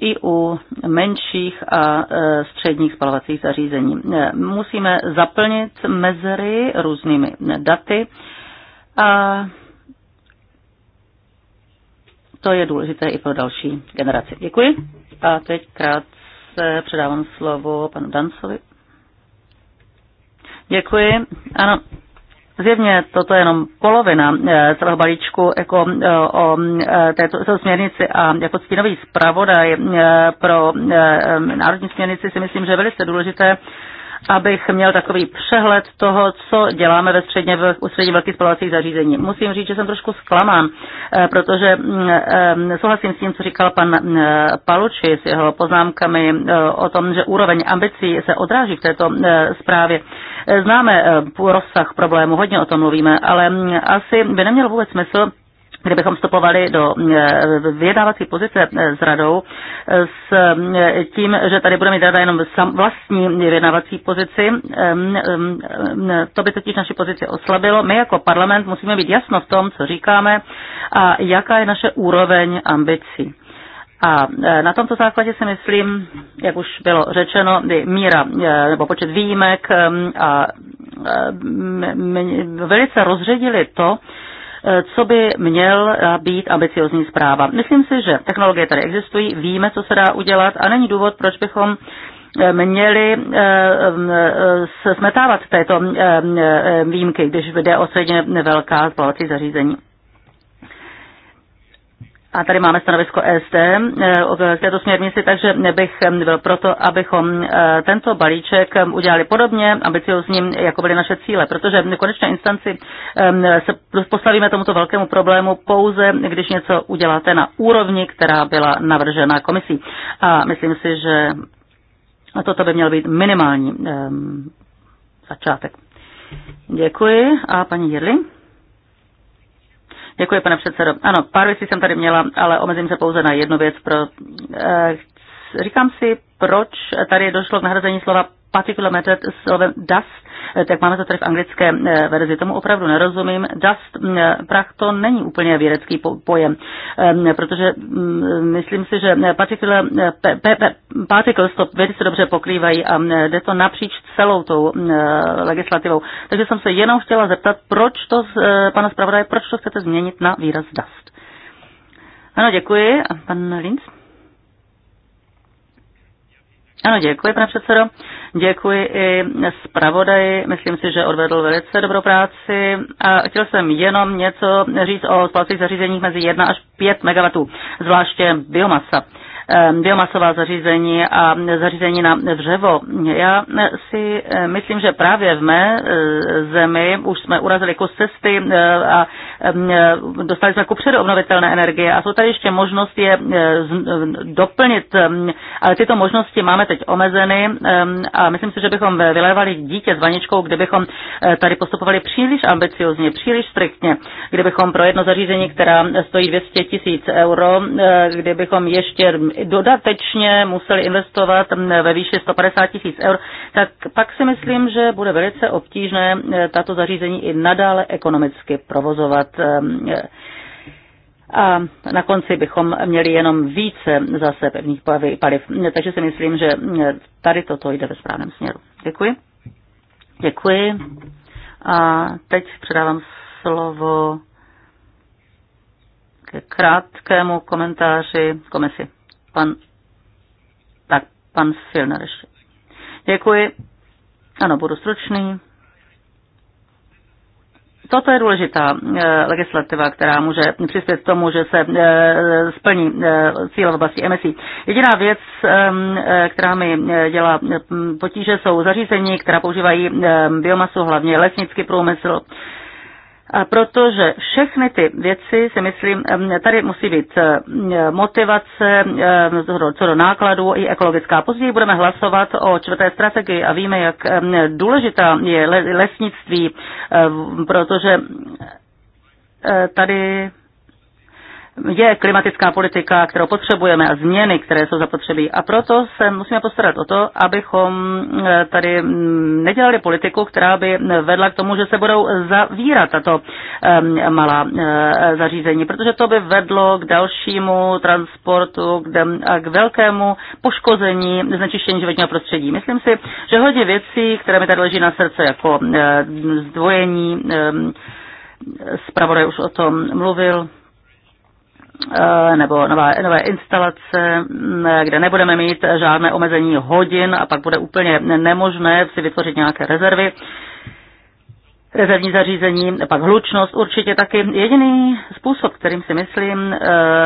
i u menších a středních spalovacích zařízení. Musíme zaplnit mezery různými daty a to je důležité i pro další generaci. Děkuji. A teď krátce předávám slovo panu Dancovi. Děkuji. Ano, Zjevně toto je jenom polovina eh, celého balíčku jako o eh, této, této směrnici a jako stínový zpravodaj pro národní směrnici si myslím, že je velice důležité abych měl takový přehled toho, co děláme ve středně, u středně velkých spalovacích zařízení. Musím říct, že jsem trošku zklamán, eh, protože mm, eh, souhlasím s tím, co říkal pan eh, Paluči s jeho poznámkami o tom, že úroveň ambicí se odráží v této zprávě. Známe rozsah problému, hodně o tom mluvíme, ale mm, asi by neměl vůbec smysl kdybychom vstupovali do eh, vyjednávací pozice eh, s radou eh, s tím, že tady budeme mít rada jenom vlastní vyjednávací pozici, to by totiž naši pozici oslabilo. My jako parlament musíme být jasno v tom, co říkáme a jaká je naše úroveň ambicí. A na tomto základě si myslím, jak už bylo řečeno, míra nebo počet výjimek a velice rozředili to, co by měl být ambiciozní zpráva. Myslím si, že technologie tady existují, víme, co se dá udělat a není důvod, proč bychom eh, měli eh, eh, smetávat této výjimky, když jde o středně velká spalovací zařízení a tady máme stanovisko ESD k eh, eh, této směrnici, takže bych eh, byl proto, abychom tento balíček udělali podobně ambiciozním, jako byly naše cíle, protože v konečné instanci se postavíme tomuto velkému problému pouze, když něco uděláte na úrovni, která byla navržena komisí. A myslím si, že toto by měl být minimální začátek. Děkuji. A paní Jirli? Děkuji, pane předsedo. Ano, pár věcí jsem tady měla, ale omezím se pouze na jednu věc. Pro, eh, říkám si, proč tady došlo k nahrazení slova particular method slovem dust, tak máme to tady v anglické eh, verzi. Tomu opravdu nerozumím. Dust, mm, eh, prach, to není úplně vědecký pojem, ehm, protože mm, myslím si, že particular, eh, pe, pe, pe, particles to se dobře pokrývají a mm, jde to napříč celou tou legislativou. Takže jsem se jenom chtěla zeptat, proč to, pana zpravodaje, proč to chcete změnit na výraz dust? Ano, děkuji. A pan Linz? Ano, děkuji, pane předsedo. Děkuji i zpravodaji, myslím si, že odvedl velice dobrou práci. A chtěl jsem jenom něco říct o spalovacích zařízeních mezi 1 až 5 MW, zvláště biomasa biomasová zařízení a zařízení na dřevo. Já eh, si eh, myslím, že právě v mé eh, zemi už jsme urazili kus cesty a dostali jsme ku obnovitelné energie a jsou tady ještě možnosti je doplnit, ale tyto možnosti máme teď omezeny a myslím si, že bychom vylévali dítě s vaničkou, kdybychom tady postupovali příliš ambiciozně, příliš striktně, kdybychom pro jedno zařízení, která stojí 200 tisíc euro, kdybychom ještě dodatečně museli investovat mm, ve výši 150 tisíc eur, tak pak si myslím, že bude velice obtížné eh, tato zařízení i nadále ekonomicky provozovat. Ehm, eh, a na konci bychom měli jenom více zase pevných paliv. Takže si myslím, že mm, tady toto jde ve správném směru. Děkuji. Děkuji. A teď předávám slovo ke krátkému komentáři komisi. Pan, tak, pan Filner ještě. Děkuji. Ano, budu stručný. Toto je důležitá eh, legislativa, která může přispět k tomu, že se eh, splní eh, cíle v oblasti emisí. Jediná věc, ehm, která mi dělá potíže, jsou zařízení, která používají ehm, biomasu, hlavně lesnický průmysl protože všechny ty věci, si myslím, tady musí být motivace co do nákladů i ekologická. Později budeme hlasovat o čtvrté strategii a víme, jak důležitá je lesnictví, protože eh, tady je klimatická politika, kterou potřebujeme a změny, které jsou zapotřebí. A proto se musíme postarat o to, abychom eh, tady mm, nedělali politiku, která by vedla k tomu, že se budou zavírat tato ehm, malá eh, zařízení, protože to by vedlo k dalšímu transportu a k velkému poškození znečištění životního prostředí. Myslím si, že hodně věcí, které mi tady leží na srdce, jako eh, zdvojení, ehm, zpravodaj už o tom mluvil, Eh, nebo nová, nové instalace, mm, kde nebudeme mít žádné omezení hodin a pak bude úplně nemožné si vytvořit nějaké rezervy. Rezervní zařízení, pak hlučnost určitě taky. Jediný způsob, kterým si myslím, eh,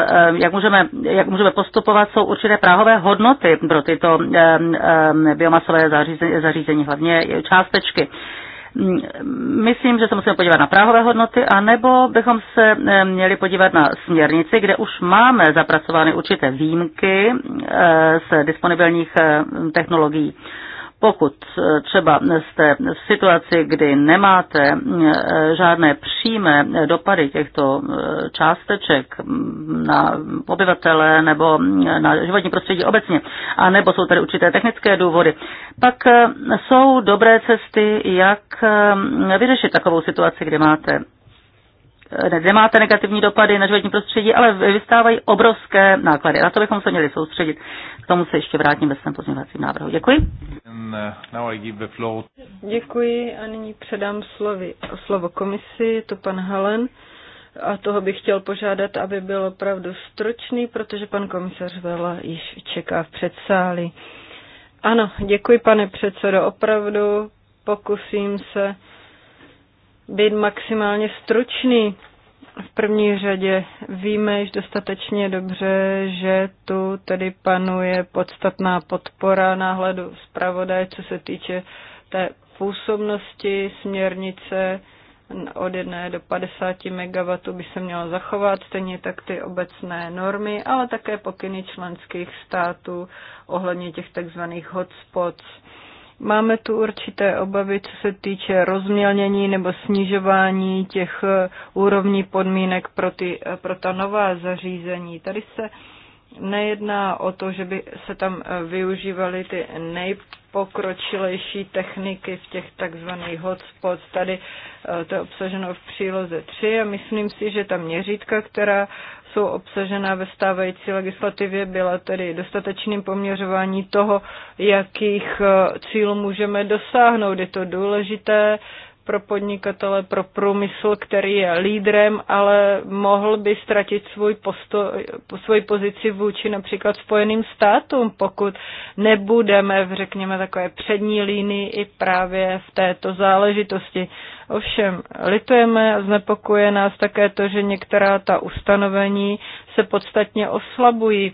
eh, jak můžeme, jak můžeme postupovat, jsou určité práhové hodnoty pro tyto biomasové zařízení, zařízení hlavně částečky Mm, myslím, že se musíme podívat na práhové hodnoty, anebo bychom se eh, měli podívat na směrnici, kde už máme zapracovány určité výjimky eh, z disponibilních eh, technologií. Pokud eh, třeba jste v situaci, kdy nemáte eh, žádné přímé dopady těchto eh, částeček mm, na obyvatele nebo mm, na životní prostředí obecně, a nebo jsou tady určité technické důvody, pak jsou dobré cesty, jak vyřešit takovou situaci, kdy máte nemáte negativní dopady na životní prostředí, ale vystávají obrovské náklady. Na to bychom se měli soustředit. K tomu se ještě vrátím ve svém pozměňovacím návrhu. Děkuji. Uh, děkuji a nyní předám slovy, slovo komisi, to pan Helen. A toho bych chtěl požádat, aby byl opravdu stručný, protože pan komisař Vela již čeká v předsáli. Ano, děkuji pane předsedo, opravdu pokusím se být maximálně stručný. V první řadě víme již dostatečně dobře, že tu tedy panuje podstatná podpora náhledu zpravodaje, co se týče té působnosti směrnice od 1 do 50 MW by se mělo zachovat, stejně tak ty obecné normy, ale také pokyny členských států ohledně těch takzvaných hotspots Máme tu určité obavy, co se týče rozmělnění nebo snižování těch eh, úrovní podmínek pro, ty, eh, pro ta nová zařízení. Tady se nejedná o to, že by se tam eh, využívaly ty nejpokročilejší techniky v těch takzvaných hotspots. Tady to je obsaženo v příloze 3 a myslím si, že ta měřítka, která jsou obsažena ve stávající legislativě, byla tedy dostatečným poměřování toho, jakých eh, cílů můžeme dosáhnout. Je to důležité, pro podnikatele, pro průmysl, který je lídrem, ale mohl by ztratit svůj posto, svoji pozici vůči například Spojeným státům, pokud nebudeme v, řekněme, takové přední línii i právě v této záležitosti. Ovšem, litujeme a znepokuje nás také to, že některá ta ustanovení se podstatně oslabují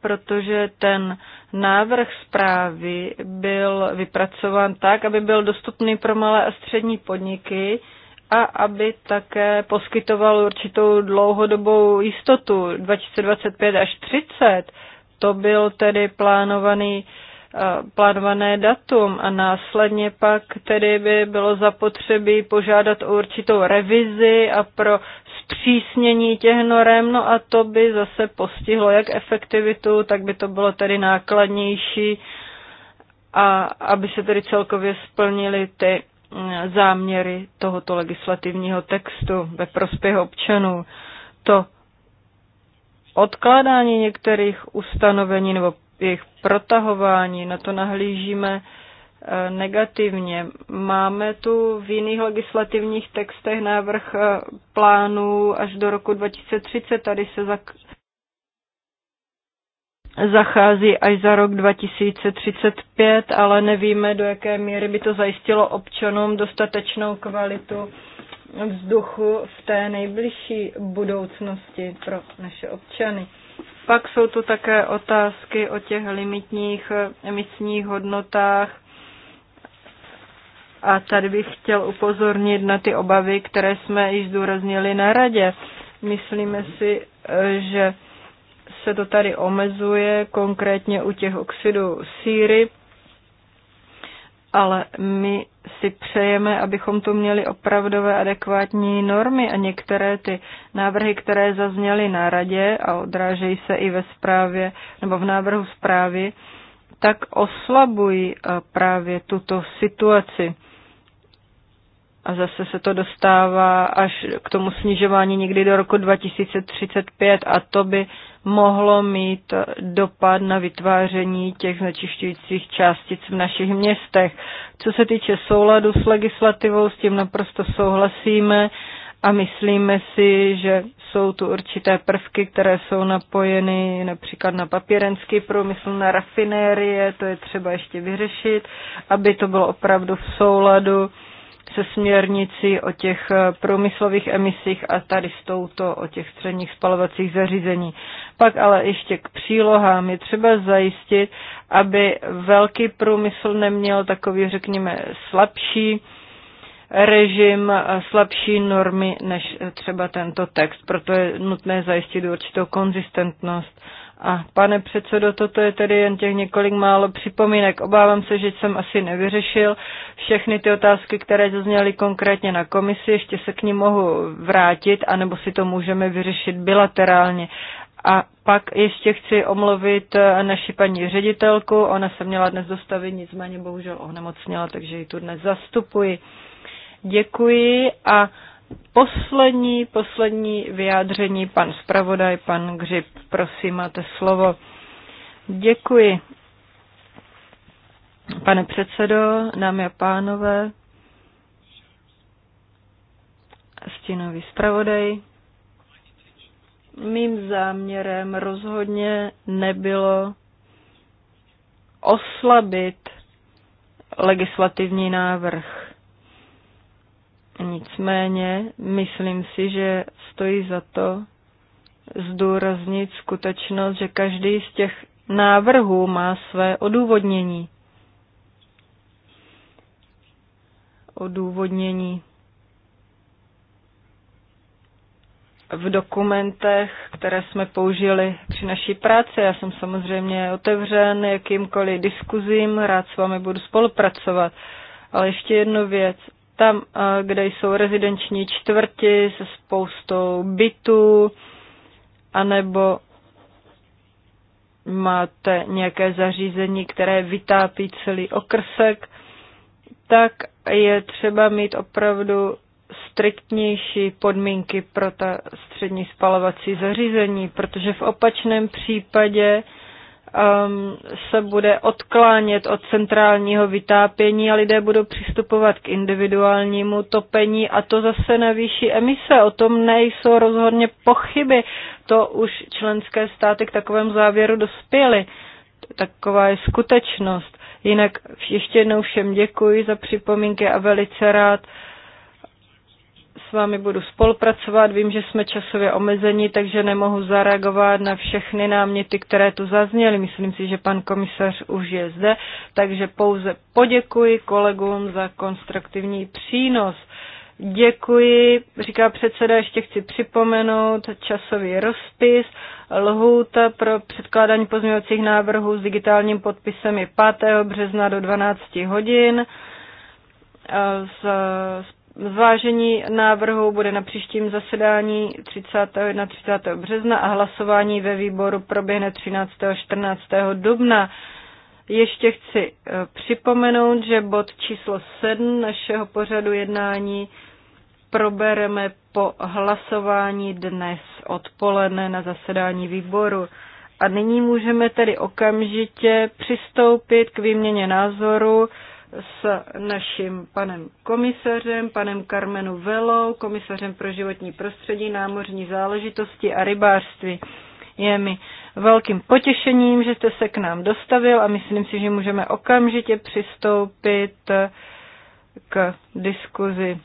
protože ten návrh zprávy byl vypracován tak, aby byl dostupný pro malé a střední podniky a aby také poskytoval určitou dlouhodobou jistotu 2025 až 30. To byl tedy plánovaný eh, plánované datum a následně pak tedy by bylo zapotřebí požádat o určitou revizi a pro zpřísnění těch norem, no a to by zase postihlo jak efektivitu, tak by to bylo tedy nákladnější a aby se tedy celkově splnily ty mm, záměry tohoto legislativního textu ve prospěch občanů. To odkládání některých ustanovení nebo jejich protahování, na to nahlížíme Eh, negativně. Máme tu v jiných legislativních textech návrh eh, plánů až do roku 2030. Tady se zak- zachází až za rok 2035, ale nevíme, do jaké míry by to zajistilo občanům dostatečnou kvalitu vzduchu v té nejbližší budoucnosti pro naše občany. Pak jsou tu také otázky o těch limitních eh, emisních hodnotách a tady bych chtěl upozornit na ty obavy, které jsme již zdůraznili na radě. Myslíme si, eh, že se to tady omezuje konkrétně u těch oxidů síry, ale my si přejeme, abychom tu měli opravdové adekvátní normy a některé ty návrhy, které zazněly na radě a odrážejí se i ve zprávě nebo v návrhu zprávy, tak oslabují eh, právě tuto situaci. A zase se to dostává až k tomu snižování někdy do roku 2035 a to by mohlo mít dopad na vytváření těch znečišťujících částic v našich městech. Co se týče souladu s legislativou, s tím naprosto souhlasíme a myslíme si, že jsou tu určité prvky, které jsou napojeny například na papírenský průmysl, na rafinérie, to je třeba ještě vyřešit, aby to bylo opravdu v souladu se směrnicí o těch eh, průmyslových emisích a tady s touto o těch středních spalovacích zařízení. Pak ale ještě k přílohám je třeba zajistit, aby velký průmysl neměl takový, řekněme, slabší režim, slabší normy než třeba tento text. Proto je nutné zajistit určitou konzistentnost. A pane předsedo, toto je tedy jen těch několik málo připomínek. Obávám se, že jsem asi nevyřešil všechny ty otázky, které zazněly konkrétně na komisi. Ještě se k ním mohu vrátit, anebo si to můžeme vyřešit bilaterálně. A pak ještě chci omluvit eh, naši paní ředitelku. Ona se měla dnes dostavit, nicméně bohužel onemocněla, takže ji tu dnes zastupuji. Děkuji a poslední, poslední vyjádření pan zpravodaj, pan Gřib. Prosím, máte slovo. Děkuji. Pane předsedo, dámy a pánové, stínový zpravodaj, mým záměrem rozhodně nebylo oslabit legislativní návrh Nicméně myslím si, že stojí za to zdůraznit skutečnost, že každý z těch návrhů má své odůvodnění. Odůvodnění. v dokumentech, které jsme použili při naší práci. Já jsem samozřejmě otevřen jakýmkoliv diskuzím, rád s vámi budu spolupracovat. Ale ještě jednu věc tam, eh, kde jsou rezidenční čtvrti se spoustou bytů, anebo máte nějaké zařízení, které vytápí celý okrsek, tak je třeba mít opravdu striktnější podmínky pro ta střední spalovací zařízení, protože v opačném případě Ehm, se bude odklánět od centrálního vytápění a lidé budou přistupovat k individuálnímu topení a to zase na výši emise. O tom nejsou rozhodně pochyby. To už členské státy k takovému závěru dospěly. Taková je skutečnost. Jinak ještě jednou všem děkuji za připomínky a velice rád s vámi budu spolupracovat. Vím, že jsme časově omezení, takže nemohu zareagovat na všechny náměty, které tu zazněly. Myslím si, že pan komisař už je zde, takže pouze poděkuji kolegům za konstruktivní přínos. Děkuji, říká předseda, ještě chci připomenout časový rozpis. Lhůta pro předkládání pozměňovacích návrhů s digitálním podpisem je 5. března do 12 hodin. S Zvážení návrhu bude na příštím zasedání 31. 30. března a hlasování ve výboru proběhne 13. a 14. dubna. Ještě chci eh, připomenout, že bod číslo 7 našeho pořadu jednání probereme po hlasování dnes odpoledne na zasedání výboru. A nyní můžeme tedy okamžitě přistoupit k výměně názoru s naším panem komisařem, panem Carmenu Velou, komisařem pro životní prostředí, námořní záležitosti a rybářství. Je mi velkým potěšením, že jste se k nám dostavil a myslím si, že můžeme okamžitě přistoupit k diskuzi.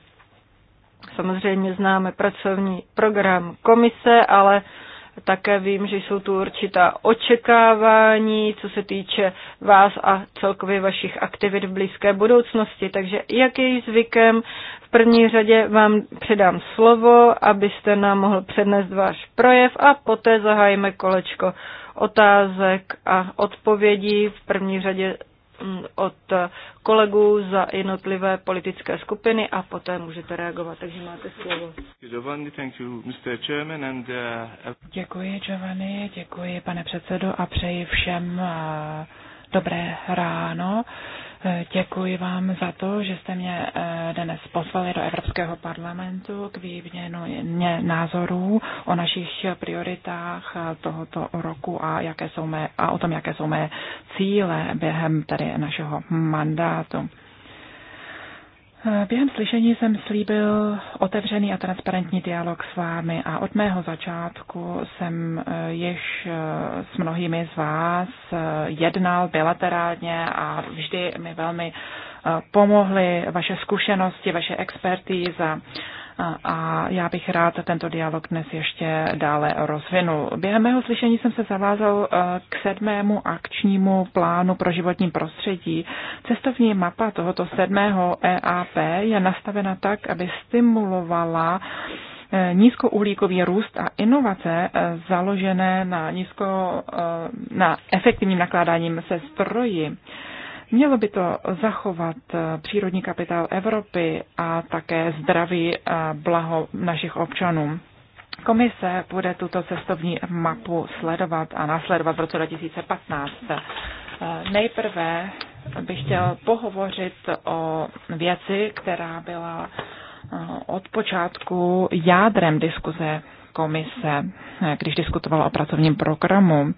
Samozřejmě známe pracovní program komise, ale také vím, že jsou tu určitá očekávání, co se týče vás a celkově vašich aktivit v blízké budoucnosti. Takže jak je zvykem, v první řadě vám předám slovo, abyste nám mohl přednést váš projev a poté zahájíme kolečko otázek a odpovědí. V první řadě Mm, od kolegů za jednotlivé politické skupiny a poté můžete reagovat, takže máte slovo. Uh, děkuji, Giovanni, děkuji, pane předsedo, a přeji všem uh, dobré ráno. Eh, děkuji vám za to, že jste mě eh, dnes poslali do Evropského parlamentu k výměnu názorů o našich prioritách eh, tohoto roku a, jaké jsou mé, a o tom, jaké jsou mé cíle během tady našeho mandátu. Během slyšení jsem slíbil otevřený a transparentní dialog s vámi a od mého začátku jsem eh, již eh, s mnohými z vás eh, jednal bilaterálně a vždy mi velmi pomohly vaše zkušenosti, vaše expertíza a já bych rád tento dialog dnes ještě dále rozvinul. Během mého slyšení jsem se zavázal eh, k sedmému akčnímu plánu pro životní prostředí. Cestovní mapa tohoto sedmého EAP je nastavena tak, aby stimulovala eh, nízkouhlíkový růst a inovace eh, založené na, nízko, na efektivním nakládáním se stroji. Mělo by to zachovat eh, přírodní kapitál Evropy a také zdraví a eh, blaho našich občanů. Komise bude tuto cestovní mapu sledovat a následovat v roce 2015. Eh, nejprve bych chtěl pohovořit o věci, která byla od počátku jádrem diskuze komise, když diskutovala o pracovním programu.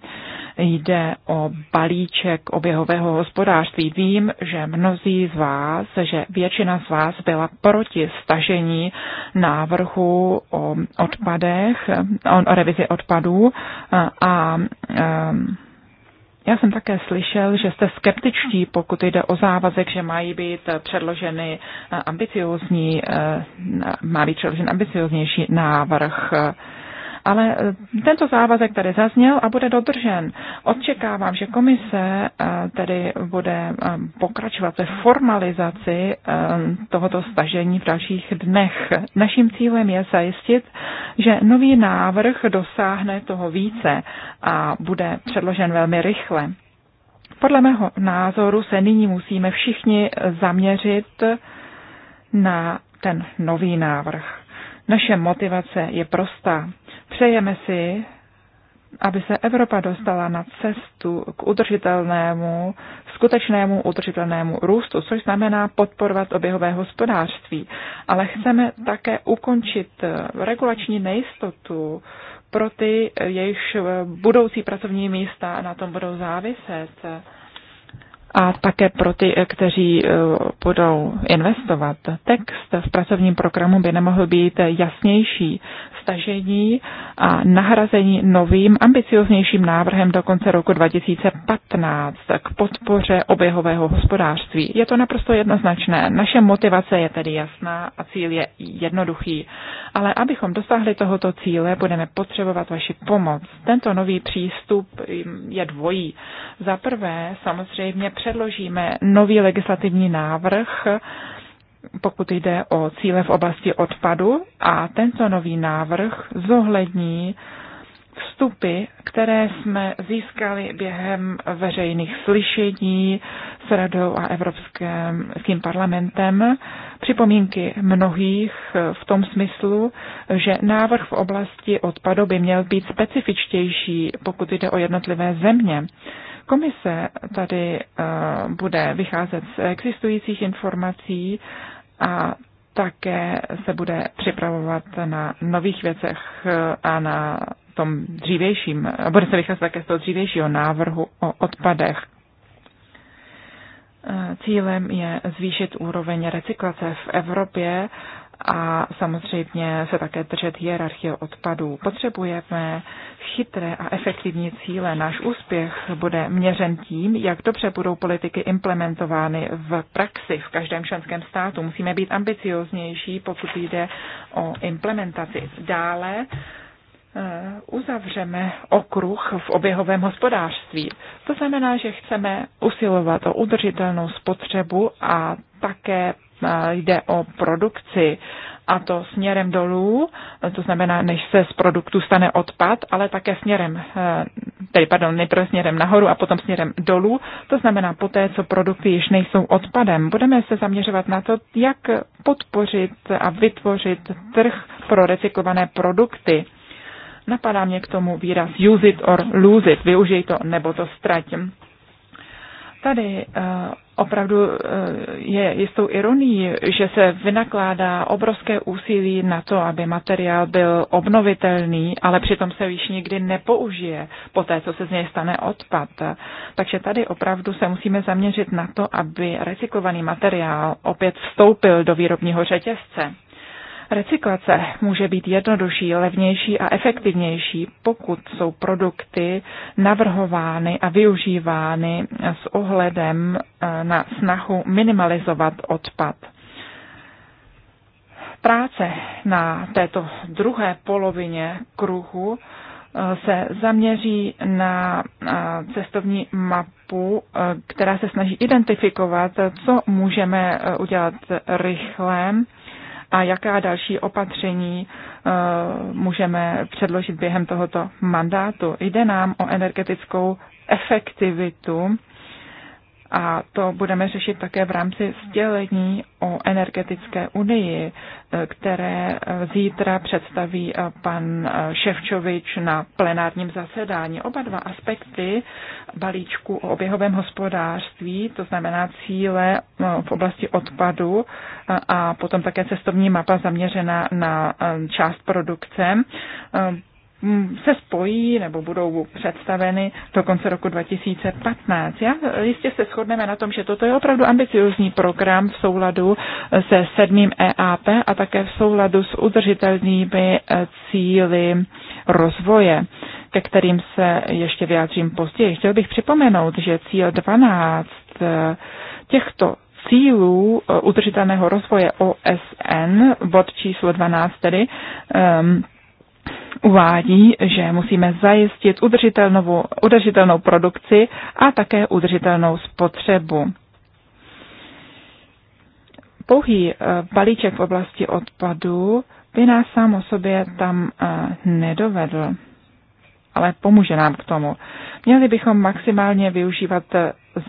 Jde o balíček oběhového hospodářství. Vím, že mnozí z vás, že většina z vás byla proti stažení návrhu o odpadech, o revizi odpadů a, a já jsem také slyšel, že jste skeptičtí, pokud jde o závazek, že mají být předloženy eh, ambiciozní, eh, má být předložen ambicioznější návrh eh, ale e, tento závazek tady zazněl a bude dodržen. Očekávám, že komise e, tedy bude e, pokračovat ve formalizaci tohoto stažení v dalších dnech. Naším cílem je zajistit, že nový návrh dosáhne toho více a bude předložen velmi rychle. Podle mého názoru se nyní musíme všichni zaměřit na ten nový návrh. Naše motivace je prostá. Přejeme si, aby se Evropa dostala na cestu k udržitelnému, skutečnému udržitelnému růstu, což znamená podporovat oběhové hospodářství. Ale chceme také ukončit regulační nejistotu pro ty, jejichž budoucí pracovní místa na tom budou záviset a také pro ty, kteří eh, budou investovat. Text v pracovním programu by nemohl být jasnější stažení a nahrazení novým, ambicioznějším návrhem do konce roku 2015 k podpoře oběhového hospodářství. Je to naprosto jednoznačné. Naše motivace je tedy jasná a cíl je jednoduchý. Ale abychom dosáhli tohoto cíle, budeme potřebovat vaši pomoc. Tento nový přístup je dvojí. Za prvé, samozřejmě předložíme nový legislativní návrh, pokud jde o cíle v oblasti odpadu a tento nový návrh zohlední vstupy, které jsme získali během veřejných slyšení s Radou a Evropským parlamentem, připomínky mnohých v tom smyslu, že návrh v oblasti odpadu by měl být specifičtější, pokud jde o jednotlivé země. Komise tady eh, bude vycházet z existujících informací a také se bude připravovat na nových věcech a na tom dřívějším, bude se vycházet také z toho dřívějšího návrhu o odpadech. Cílem je zvýšit úroveň recyklace v Evropě a samozřejmě se také držet hierarchie odpadů. Potřebujeme chytré a efektivní cíle. Náš úspěch bude měřen tím, jak dobře budou politiky implementovány v praxi v každém členském státu. Musíme být ambicioznější, pokud jde o implementaci. Dále Eh, uzavřeme okruh v oběhovém hospodářství. To znamená, že chceme usilovat o udržitelnou spotřebu a také eh, jde o produkci a to směrem dolů, eh, to znamená, než se z produktu stane odpad, ale také směrem, tedy pardon, nejprve směrem nahoru a potom směrem dolů, to znamená poté, co produkty již nejsou odpadem. Budeme se zaměřovat na to, jak podpořit a vytvořit trh pro recyklované produkty. Napadá mě k tomu výraz use it or lose it, využij to nebo to ztrať. Tady eh, opravdu eh, je jistou ironií, že se vynakládá obrovské úsilí na to, aby materiál byl obnovitelný, ale přitom se již nikdy nepoužije po té, co se z něj stane odpad. Takže tady opravdu se musíme zaměřit na to, aby recyklovaný materiál opět vstoupil do výrobního řetězce. Recyklace může být jednodušší, levnější a efektivnější, pokud jsou produkty navrhovány a využívány s ohledem eh, na snahu minimalizovat odpad. Práce na této druhé polovině kruhu eh, se zaměří na eh, cestovní mapu, která se snaží identifikovat, co můžeme udělat rychle a jaká další opatření eh, můžeme předložit během tohoto mandátu. Jde nám o energetickou efektivitu a to budeme řešit také v rámci sdělení o energetické unii, e, které e, zítra představí e, pan Ševčovič na plenárním zasedání. Oba dva aspekty balíčku o oběhovém hospodářství, to znamená cíle v oblasti odpadu a potom také cestovní mapa zaměřená na část produkce, Mm, se spojí nebo budou představeny do konce roku 2015. Já, eh, jistě se shodneme na tom, že toto je opravdu ambiciozní program v souladu eh, se sedmým EAP a také v souladu s udržitelnými eh, cíly rozvoje ke kterým se ještě vyjádřím později. Chtěl bych připomenout, že cíl 12 těchto cílů udržitelného rozvoje OSN, bod číslo 12 tedy, um, uvádí, že musíme zajistit udržitelnou, udržitelnou produkci a také udržitelnou spotřebu. Pouhý eh, balíček v oblasti odpadu by nás sám o sobě tam eh, nedovedl ale pomůže nám k tomu. Měli bychom maximálně využívat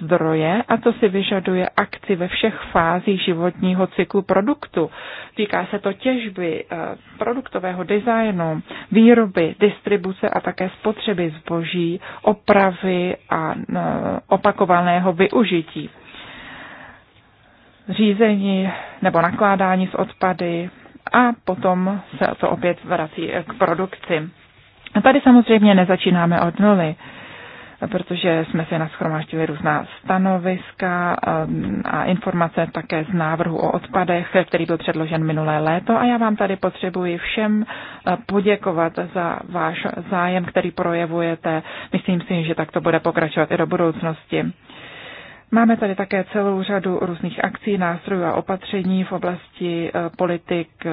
zdroje a to si vyžaduje akci ve všech fázích životního cyklu produktu. Týká se to těžby, eh, produktového designu, výroby, distribuce a také spotřeby zboží, opravy a eh, opakovaného využití. Řízení nebo nakládání s odpady a potom se to opět vrací k produkci. A tady samozřejmě nezačínáme od nuly, protože jsme si nashromáždili různá stanoviska um, a informace také z návrhu o odpadech, který byl předložen minulé léto. A já vám tady potřebuji všem uh, poděkovat za váš zájem, který projevujete. Myslím si, že tak to bude pokračovat i do budoucnosti. Máme tady také celou řadu různých akcí, nástrojů a opatření v oblasti uh, politik, uh,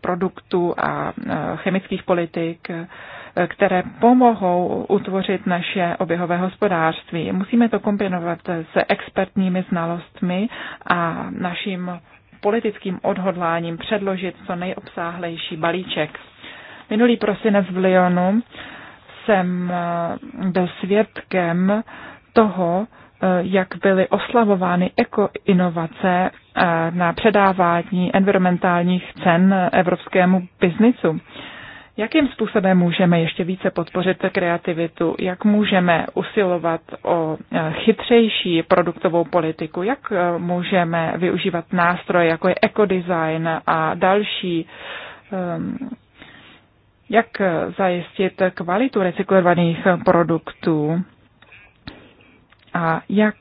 produktů a chemických politik které pomohou utvořit naše oběhové hospodářství. Musíme to kombinovat se expertními znalostmi a naším politickým odhodláním předložit co nejobsáhlejší balíček. Minulý prosinec v Lyonu jsem eh, byl svědkem toho, eh, jak byly oslavovány ekoinovace eh, na předávání environmentálních cen evropskému biznisu. Jakým způsobem můžeme ještě více podpořit kreativitu? Jak můžeme usilovat o e, chytřejší produktovou politiku? Jak e, můžeme využívat nástroje, jako je ekodesign a další? Ehm, jak zajistit kvalitu recyklovaných produktů? A jak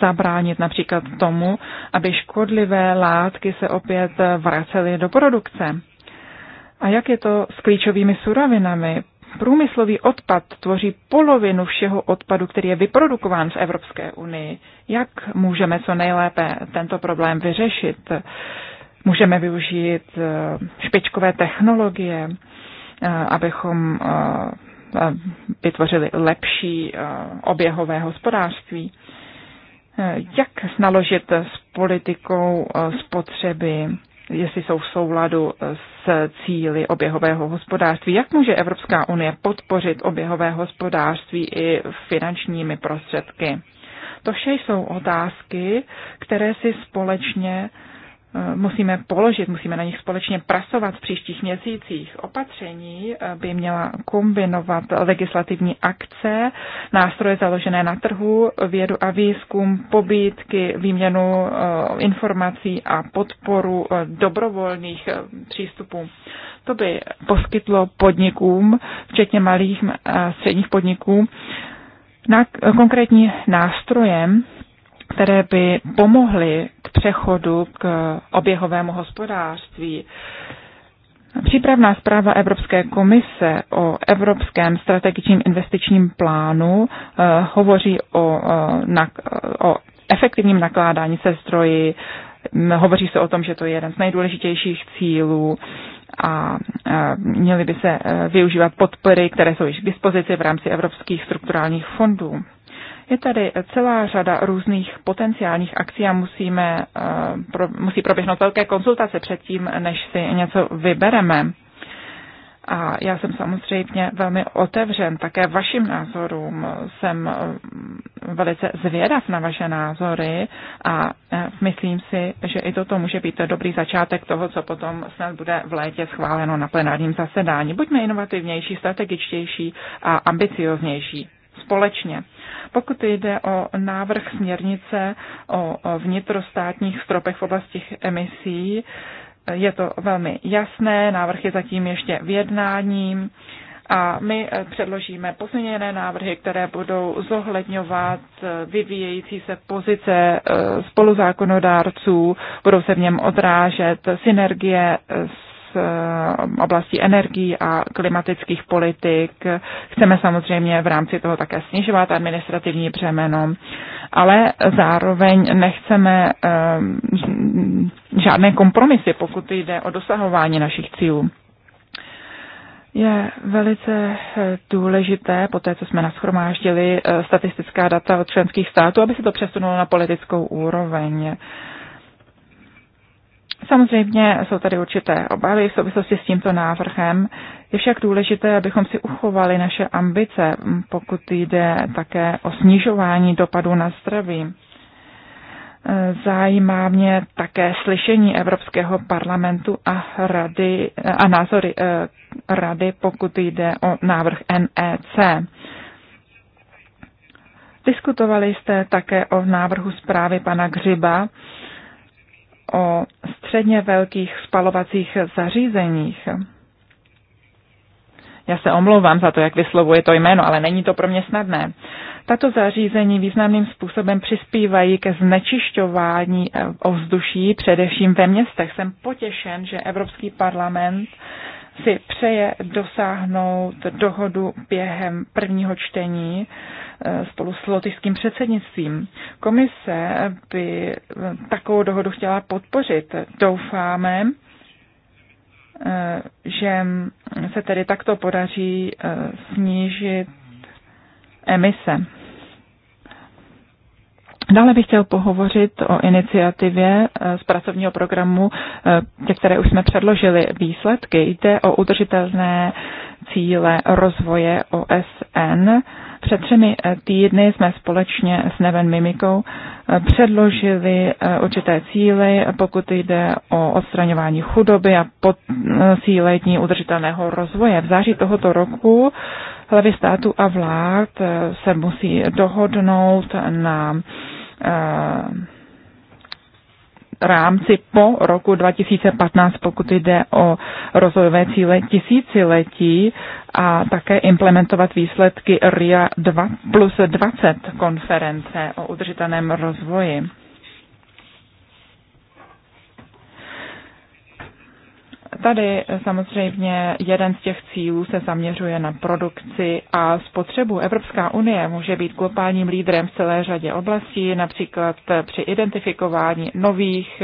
zabránit například tomu, aby škodlivé látky se opět vracely do produkce? A jak je to s klíčovými surovinami? Průmyslový odpad tvoří polovinu všeho odpadu, který je vyprodukován v Evropské unii. Jak můžeme co nejlépe tento problém vyřešit? Můžeme využít eh, špičkové technologie, eh, abychom eh, vytvořili lepší oběhové hospodářství. Jak naložit s politikou spotřeby jestli jsou v souladu s cíly oběhového hospodářství. Jak může Evropská unie podpořit oběhové hospodářství i finančními prostředky? To vše jsou otázky, které si společně musíme položit, musíme na nich společně pracovat v příštích měsících. Opatření eh, by měla kombinovat legislativní akce, nástroje založené na trhu, vědu a výzkum, pobídky, výměnu eh, informací a podporu eh, dobrovolných přístupů. To by poskytlo podnikům, včetně malých a středních podniků, na konkrétní nástrojem, které by pomohly přechodu k oběhovému hospodářství. Přípravná zpráva Evropské komise o Evropském strategickém investičním plánu eh, hovoří o, eh, o efektivním nakládání se zdroji, hovoří se o tom, že to je jeden z nejdůležitějších cílů a eh, měly by se využívat podpory, které jsou již k dispozici v rámci evropských strukturálních fondů. Je tady celá řada různých potenciálních akcí a musíme, eh, pro, musí proběhnout velké konzultace předtím, než si něco vybereme. A já jsem samozřejmě velmi otevřen také vašim názorům. Jsem eh, velice zvědav na vaše názory a eh, myslím si, že i toto může být dobrý začátek toho, co potom snad bude v létě schváleno na plenárním zasedání. Buďme inovativnější, strategičtější a ambicioznější společně. Pokud jde o návrh směrnice o vnitrostátních stropech v oblasti emisí, je to velmi jasné, návrh je zatím ještě v jednání a my eh, předložíme pozměněné návrhy, které budou zohledňovat eh, vyvíjející se pozice eh, spoluzákonodárců, budou se v něm odrážet synergie z eh, oblasti energií a klimatických politik. Chceme samozřejmě v rámci toho také snižovat administrativní břemeno, ale zároveň nechceme eh, žádné kompromisy, pokud jde o dosahování našich cílů. Je velice eh, důležité, po té, co jsme naschromáždili statistická data od členských států, aby se to přesunulo na politickou úroveň. Samozřejmě jsou tady určité obavy v souvislosti s tímto návrhem. Je však důležité, abychom si uchovali naše ambice, pokud jde také o snižování dopadů na zdraví. Zajímá mě také slyšení Evropského parlamentu a, rady, a názory eh, rady, pokud jde o návrh NEC. Diskutovali jste také o návrhu zprávy pana Gřiba, o středně velkých spalovacích zařízeních. Já se omlouvám za to, jak vyslovuje to jméno, ale není to pro mě snadné. Tato zařízení významným způsobem přispívají ke znečišťování eh, ovzduší, především ve městech. Jsem potěšen, že Evropský parlament si přeje dosáhnout dohodu během prvního čtení spolu s lotyšským předsednictvím. Komise by takovou dohodu chtěla podpořit. Doufáme, eh, že se tedy takto podaří eh, snížit emise. Dále bych chtěl pohovořit o iniciativě eh, z pracovního programu, ke které už jsme předložili výsledky. Jde o udržitelné cíle rozvoje OSN před třemi eh, týdny jsme společně s Neven Mimikou eh, předložili eh, určité cíly, pokud jde o odstraňování chudoby a posílení udržitelného rozvoje. V září tohoto roku hlavy státu a vlád se musí dohodnout na rámci po roku 2015, pokud jde o rozvojové cíle tisíciletí a také implementovat výsledky RIA 2 plus 20 konference o udržitelném rozvoji. Tady samozřejmě jeden z těch cílů se zaměřuje na produkci a spotřebu. Evropská unie může být globálním lídrem v celé řadě oblastí, například při identifikování nových,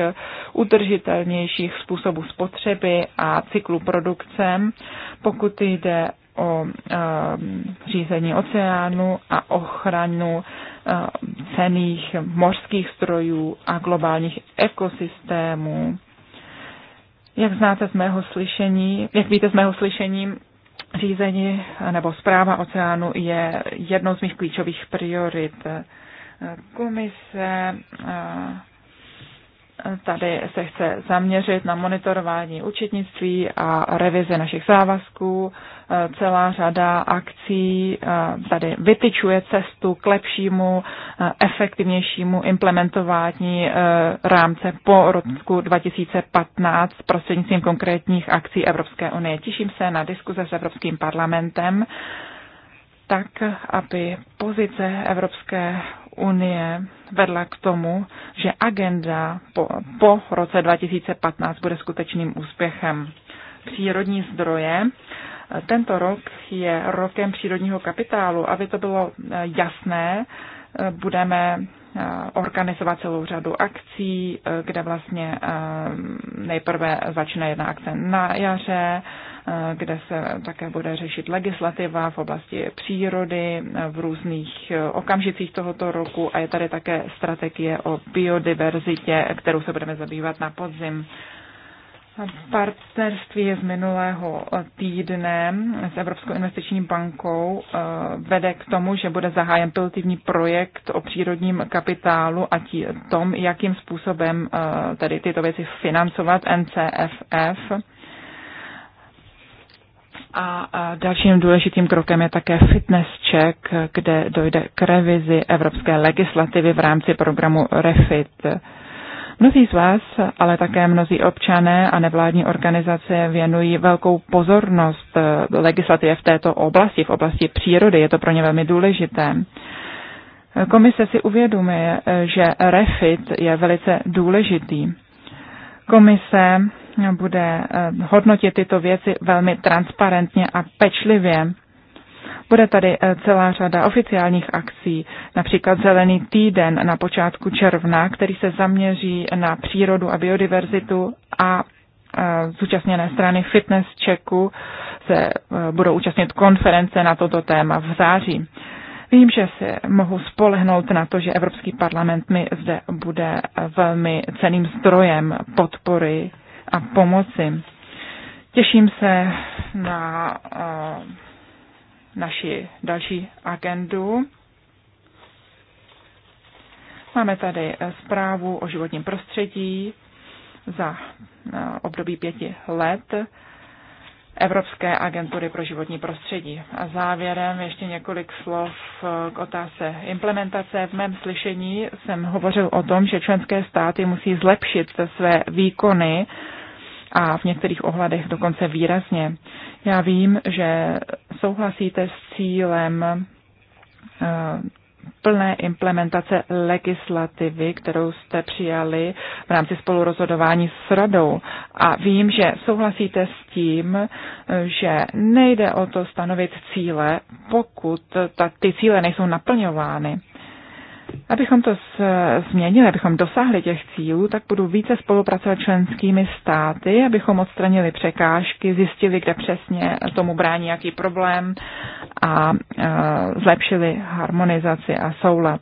udržitelnějších způsobů spotřeby a cyklu produkce, pokud jde o um, řízení oceánu a ochranu um, cených mořských strojů a globálních ekosystémů jak znáte z mého slyšení, jak víte z mého slyšení, řízení nebo zpráva oceánu je jednou z mých klíčových priorit. Komise Tady se chce zaměřit na monitorování účetnictví a revize našich závazků. Eh, celá řada akcí eh, tady vytyčuje cestu k lepšímu, eh, efektivnějšímu implementování rámce po roku 2015 prostřednictvím konkrétních akcí Evropské unie. Těším se na diskuze s Evropským parlamentem tak, aby pozice Evropské unie vedla k tomu, že agenda po, po roce 2015 bude skutečným úspěchem. Přírodní zdroje. Tento rok je rokem přírodního kapitálu. Aby to bylo eh, jasné, eh, budeme eh, organizovat celou řadu akcí, kde vlastně nejprve začne jedna akce na jaře, kde se také bude řešit legislativa v oblasti přírody v různých okamžicích tohoto roku a je tady také strategie o biodiverzitě, kterou se budeme zabývat na podzim. Partnerství z minulého týdne s Evropskou investiční bankou eh, vede k tomu, že bude zahájen pilotivní projekt o přírodním kapitálu a tí, tom, jakým způsobem eh, tedy tyto věci financovat NCFF a dalším důležitým krokem je také fitness check, kde dojde k revizi evropské legislativy v rámci programu REFIT. Mnozí z vás, ale také mnozí občané a nevládní organizace věnují velkou pozornost eh, legislativě v této oblasti, v oblasti přírody. Je to pro ně velmi důležité. Komise si uvědomuje, eh, že REFIT je velice důležitý. Komise bude eh, hodnotit tyto věci velmi transparentně a pečlivě. Bude tady eh, celá řada oficiálních akcí, například Zelený týden na počátku června, který se zaměří na přírodu a biodiverzitu a eh, zúčastněné strany fitness checku se budou účastnit konference na toto téma v září. Vím, že se mohu spolehnout na to, že Evropský parlament mi zde bude velmi ceným zdrojem podpory a pomoci. Těším se na uh, naši další agendu. Máme tady eh, zprávu o životním prostředí za eh, období pěti let Evropské agentury pro životní prostředí. A závěrem ještě několik slov k otázce implementace. V mém slyšení jsem hovořil o tom, že členské státy musí zlepšit své výkony a v některých ohledech dokonce výrazně. Já vím, že souhlasíte s cílem eh, plné implementace legislativy, kterou jste přijali v rámci spolurozhodování s radou. A vím, že souhlasíte s tím, že nejde o to stanovit cíle, pokud ta, ty cíle nejsou naplňovány. Abychom to změnili, abychom dosáhli těch cílů, tak budu více spolupracovat členskými státy, abychom odstranili překážky, zjistili, kde přesně tomu brání jaký problém a e, zlepšili harmonizaci a soulad.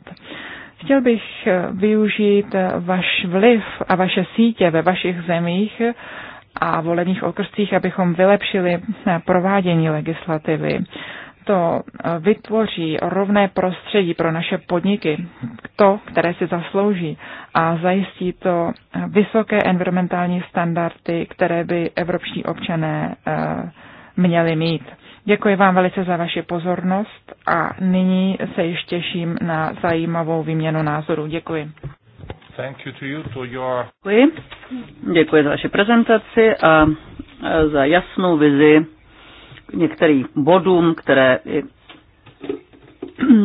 Chtěl bych e, využít váš vliv a vaše sítě ve vašich zemích a volených okrscích, abychom vylepšili e, provádění legislativy to eh, vytvoří rovné prostředí pro naše podniky, to, které si zaslouží, a zajistí to eh, vysoké environmentální standardy, které by evropští občané eh, měli mít. Děkuji vám velice za vaši pozornost a nyní se již těším na zajímavou výměnu názorů. Děkuji. Thank you to you, to your... Děkuji. Děkuji za vaši prezentaci a za jasnou vizi k některým bodům, které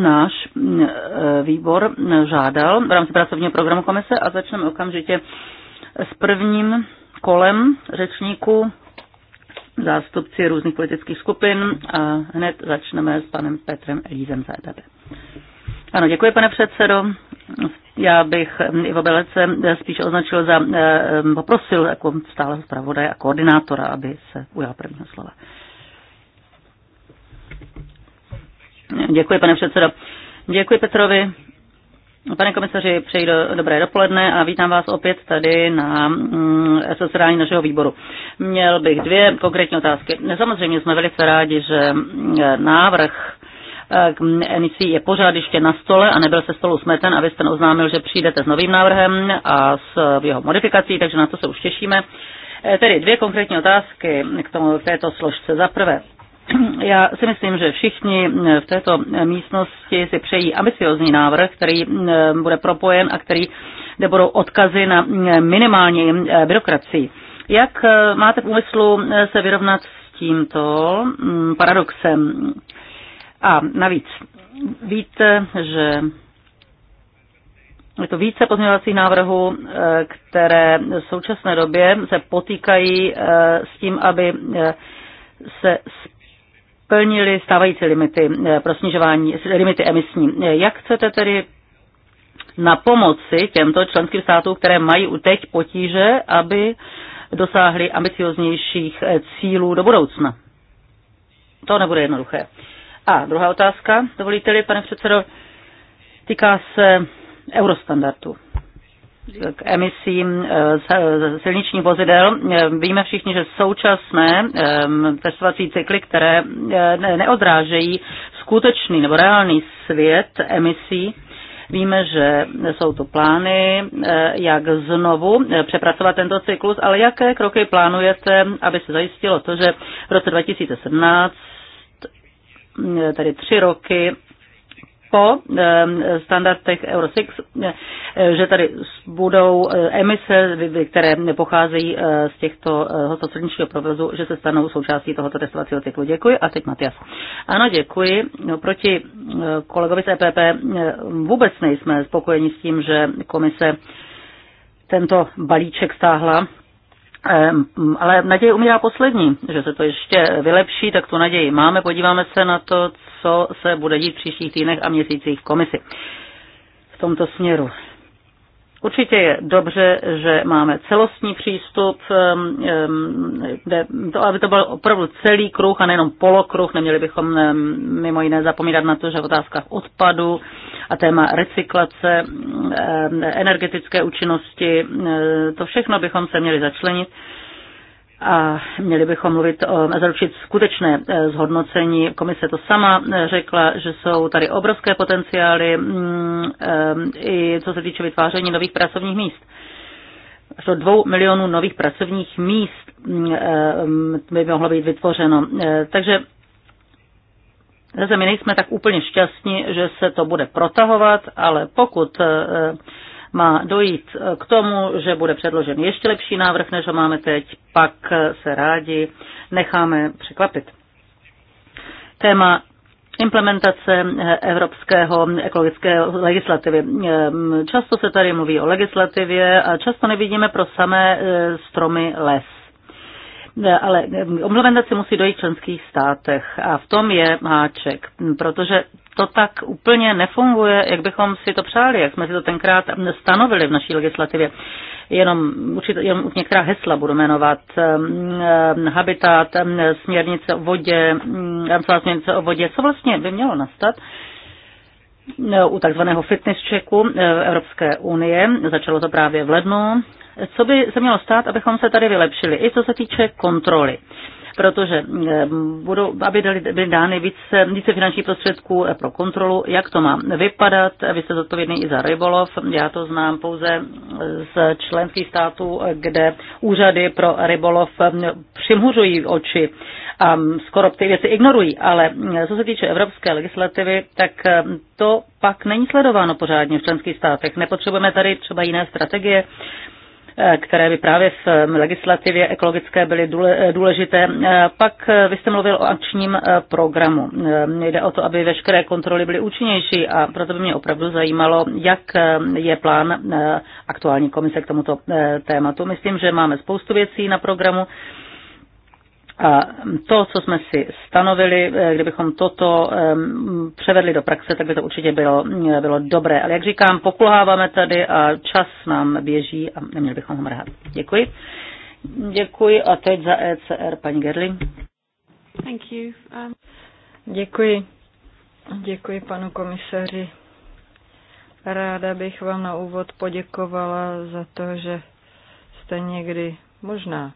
náš e, výbor žádal v rámci pracovního programu komise a začneme okamžitě s prvním kolem řečníků zástupci různých politických skupin a hned začneme s panem Petrem Elízem ZDB. E ano, děkuji, pane předsedo. Já bych Ivo Belece spíš označil za, e, poprosil jako stále zpravodaje a koordinátora, aby se ujal prvního slova. Děkuji, pane předsedo. Děkuji Petrovi. Pane komisaři, přeji do, dobré dopoledne a vítám vás opět tady na mm, zasedání našeho výboru. Měl bych dvě konkrétní otázky. Samozřejmě jsme velice rádi, že mm, návrh eh, k emisí mm, je pořád ještě na stole a nebyl se stolu smeten a vy jste oznámil, že přijdete s novým návrhem a s eh, jeho modifikací, takže na to se už těšíme. Eh, tedy dvě konkrétní otázky k, tomu, k této složce. Za prvé, já si myslím, že všichni eh, v této eh, místnosti si přejí ambiciozní návrh, který eh, bude propojen a který, kde budou odkazy na minimální byrokracii. Jak máte v úmyslu se vyrovnat s tímto mm, paradoxem? A navíc víte, že je to více pozměňovacích návrhů, které v současné době se potýkají s tím, aby se plnili stávající limity eh, pro snižování, limity emisní. Eh, jak chcete tedy na pomoci těmto členským státům, které mají u teď potíže, aby dosáhly ambicioznějších eh, cílů do budoucna? To nebude jednoduché. A druhá otázka, dovolíte-li, pane předsedo, týká se eurostandardu k emisím eh, eh, silničních vozidel. Eh, víme všichni, že současné ehm, testovací cykly, které neodrážejí skutečný nebo reálný svět emisí, Víme, že jsou to plány, jak znovu přepracovat tento cyklus, ale jaké kroky plánujete, aby se zajistilo to, že v roce 2017, tedy tři roky po ehm, standardech Euro 6, eh, že tady budou eh, emise, které pocházejí eh, z těchto hostosrdničního provozu, že se stanou součástí tohoto testovacího cyklu. Děkuji. A teď Matias. Ano, děkuji. No, proti kolegovi z EPP vůbec nejsme spokojeni s tím, že komise tento balíček stáhla. Ehm, ale naděje umírá poslední, že se to ještě vylepší, tak tu naději máme. Podíváme se na to, co se bude dít v příštích týdnech a měsících v komisi v tomto směru. Určitě je dobře, že máme celostní přístup, to, aby to byl opravdu celý kruh a nejenom polokruh. Neměli bychom mimo jiné zapomínat na to, že v otázkách odpadu a téma recyklace, energetické účinnosti, to všechno bychom se měli začlenit a měli bychom mluvit o, zaručit skutečné e, zhodnocení. Komise to sama e, řekla, že jsou tady obrovské potenciály mm, e, i co se týče vytváření nových pracovních míst. Do dvou milionů nových pracovních míst mm, mm, by mohlo být vytvořeno. Takže zase my nejsme tak úplně šťastní, že se to bude protahovat, ale pokud má dojít eh, k tomu, že bude předložen ještě lepší návrh, než ho máme teď, pak eh, se rádi necháme překvapit. Téma implementace eh, evropského ekologické legislativy. Mm, často se tady mluví o legislativě a často nevidíme pro samé stromy les. Ale implementace musí dojít v členských státech a v tom je háček, protože to tak úplně nefunguje, jak bychom si to přáli, jak jsme si to tenkrát stanovili v naší legislativě. Jenom, určitě, jenom některá hesla budu jmenovat. Ehm, ehm, habitat, ehm, směrnice o vodě, směrnice o vodě, co vlastně by mělo nastat u takzvaného fitness checku Evropské unie. Začalo to právě v lednu. Co by se mělo stát, abychom se tady vylepšili? I co se týče kontroly protože eh, budou, aby byly dány více, více finančních prostředků eh, pro kontrolu, jak to má vypadat. Eh, vy jste zodpovědný i za rybolov, já to znám pouze z členských států, kde úřady pro rybolov přimhuřují oči a mm, skoro ty věci ignorují, ale co se týče evropské legislativy, tak to pak není sledováno pořádně v členských státech. Nepotřebujeme tady třeba jiné strategie, Eh, které by právě v eh, legislativě ekologické byly eh, důležité. Pak vy jste mluvil o akčním programu. Jde o to, aby veškeré kontroly byly účinnější a proto by mě opravdu zajímalo, jak je plán aktuální komise k tomuto tématu. Myslím, že máme spoustu věcí na programu. A to, co jsme si stanovili, eh, kdybychom toto převedli do praxe, tak by to určitě bylo, eh, bylo dobré. Ale jak říkám, pokulháváme tady a čas nám běží a neměli bychom ho mrhat. Děkuji. Děkuji a teď za ECR paní Gerling. Thank you. Um... Děkuji. Děkuji panu komisaři. Ráda bych vám na úvod poděkovala za to, že jste někdy možná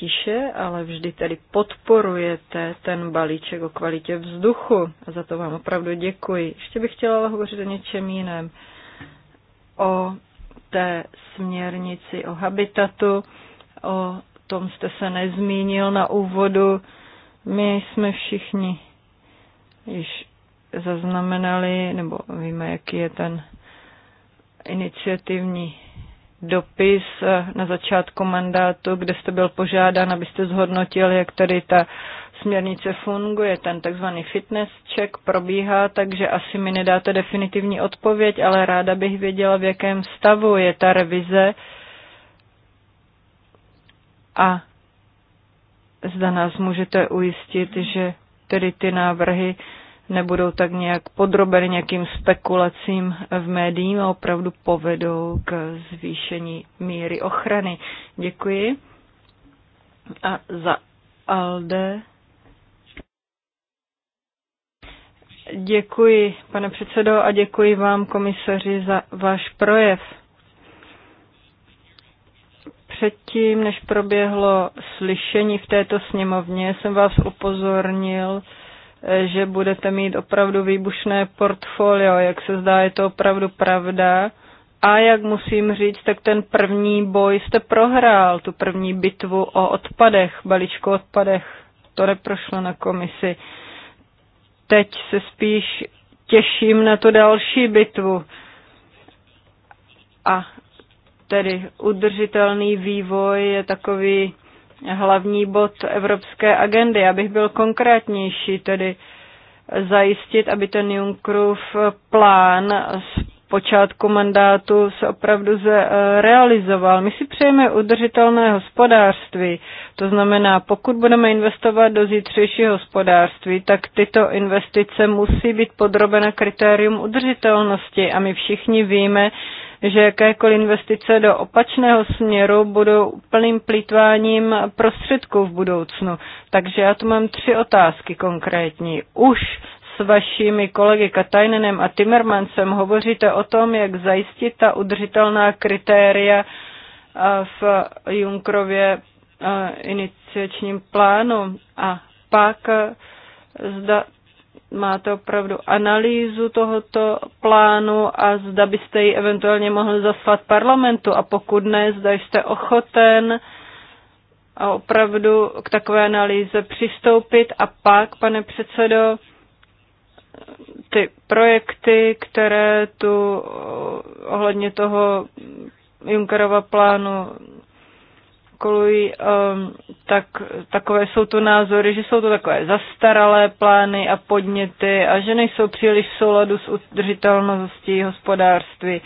tiše, ale vždy tedy podporujete ten balíček o kvalitě vzduchu. A za to vám opravdu děkuji. Ještě bych chtěla hovořit o něčem jiném. O té směrnici o habitatu, o tom jste se nezmínil na úvodu. My jsme všichni již zaznamenali, nebo víme, jaký je ten iniciativní dopis eh, na začátku mandátu, kde jste byl požádán, abyste zhodnotil, jak tady ta směrnice funguje, ten takzvaný fitness check probíhá, takže asi mi nedáte definitivní odpověď, ale ráda bych věděla, v jakém stavu je ta revize a zda nás můžete ujistit, že tedy ty návrhy nebudou tak nějak podrobeny nějakým spekulacím v médiím a opravdu povedou k zvýšení míry ochrany. Děkuji. A za Alde. Děkuji, pane předsedo, a děkuji vám, komisaři, za váš projev. Předtím, než proběhlo slyšení v této sněmovně, jsem vás upozornil, že budete mít opravdu výbušné portfolio. Jak se zdá, je to opravdu pravda. A jak musím říct, tak ten první boj jste prohrál, tu první bitvu o odpadech, balíčku odpadech. To neprošlo na komisi. Teď se spíš těším na tu další bitvu. A tedy udržitelný vývoj je takový hlavní bod evropské agendy. Abych byl konkrétnější, tedy zajistit, aby ten Junckerův plán z počátku mandátu se opravdu eh, realizoval. My si přejeme udržitelné hospodářství, to znamená, pokud budeme investovat do zítřejšího hospodářství, tak tyto investice musí být podrobena kritérium udržitelnosti a my všichni víme, že jakékoliv investice do opačného směru budou úplným plítváním prostředků v budoucnu. Takže já tu mám tři otázky konkrétní. Už s vašimi kolegy Katajnenem a Timmermansem hovoříte o tom, jak zajistit ta udržitelná kritéria v Junkrově iniciačním plánu a pak zda máte opravdu analýzu tohoto plánu a zda byste ji eventuálně mohl zaslat parlamentu a pokud ne, zda jste ochoten a opravdu k takové analýze přistoupit a pak, pane předsedo, ty projekty, které tu ohledně toho Junckerova plánu cirkulují, um, ehm, tak takové jsou to názory, že jsou to takové zastaralé plány a podněty a že nejsou příliš v souladu s udržitelností hospodářství.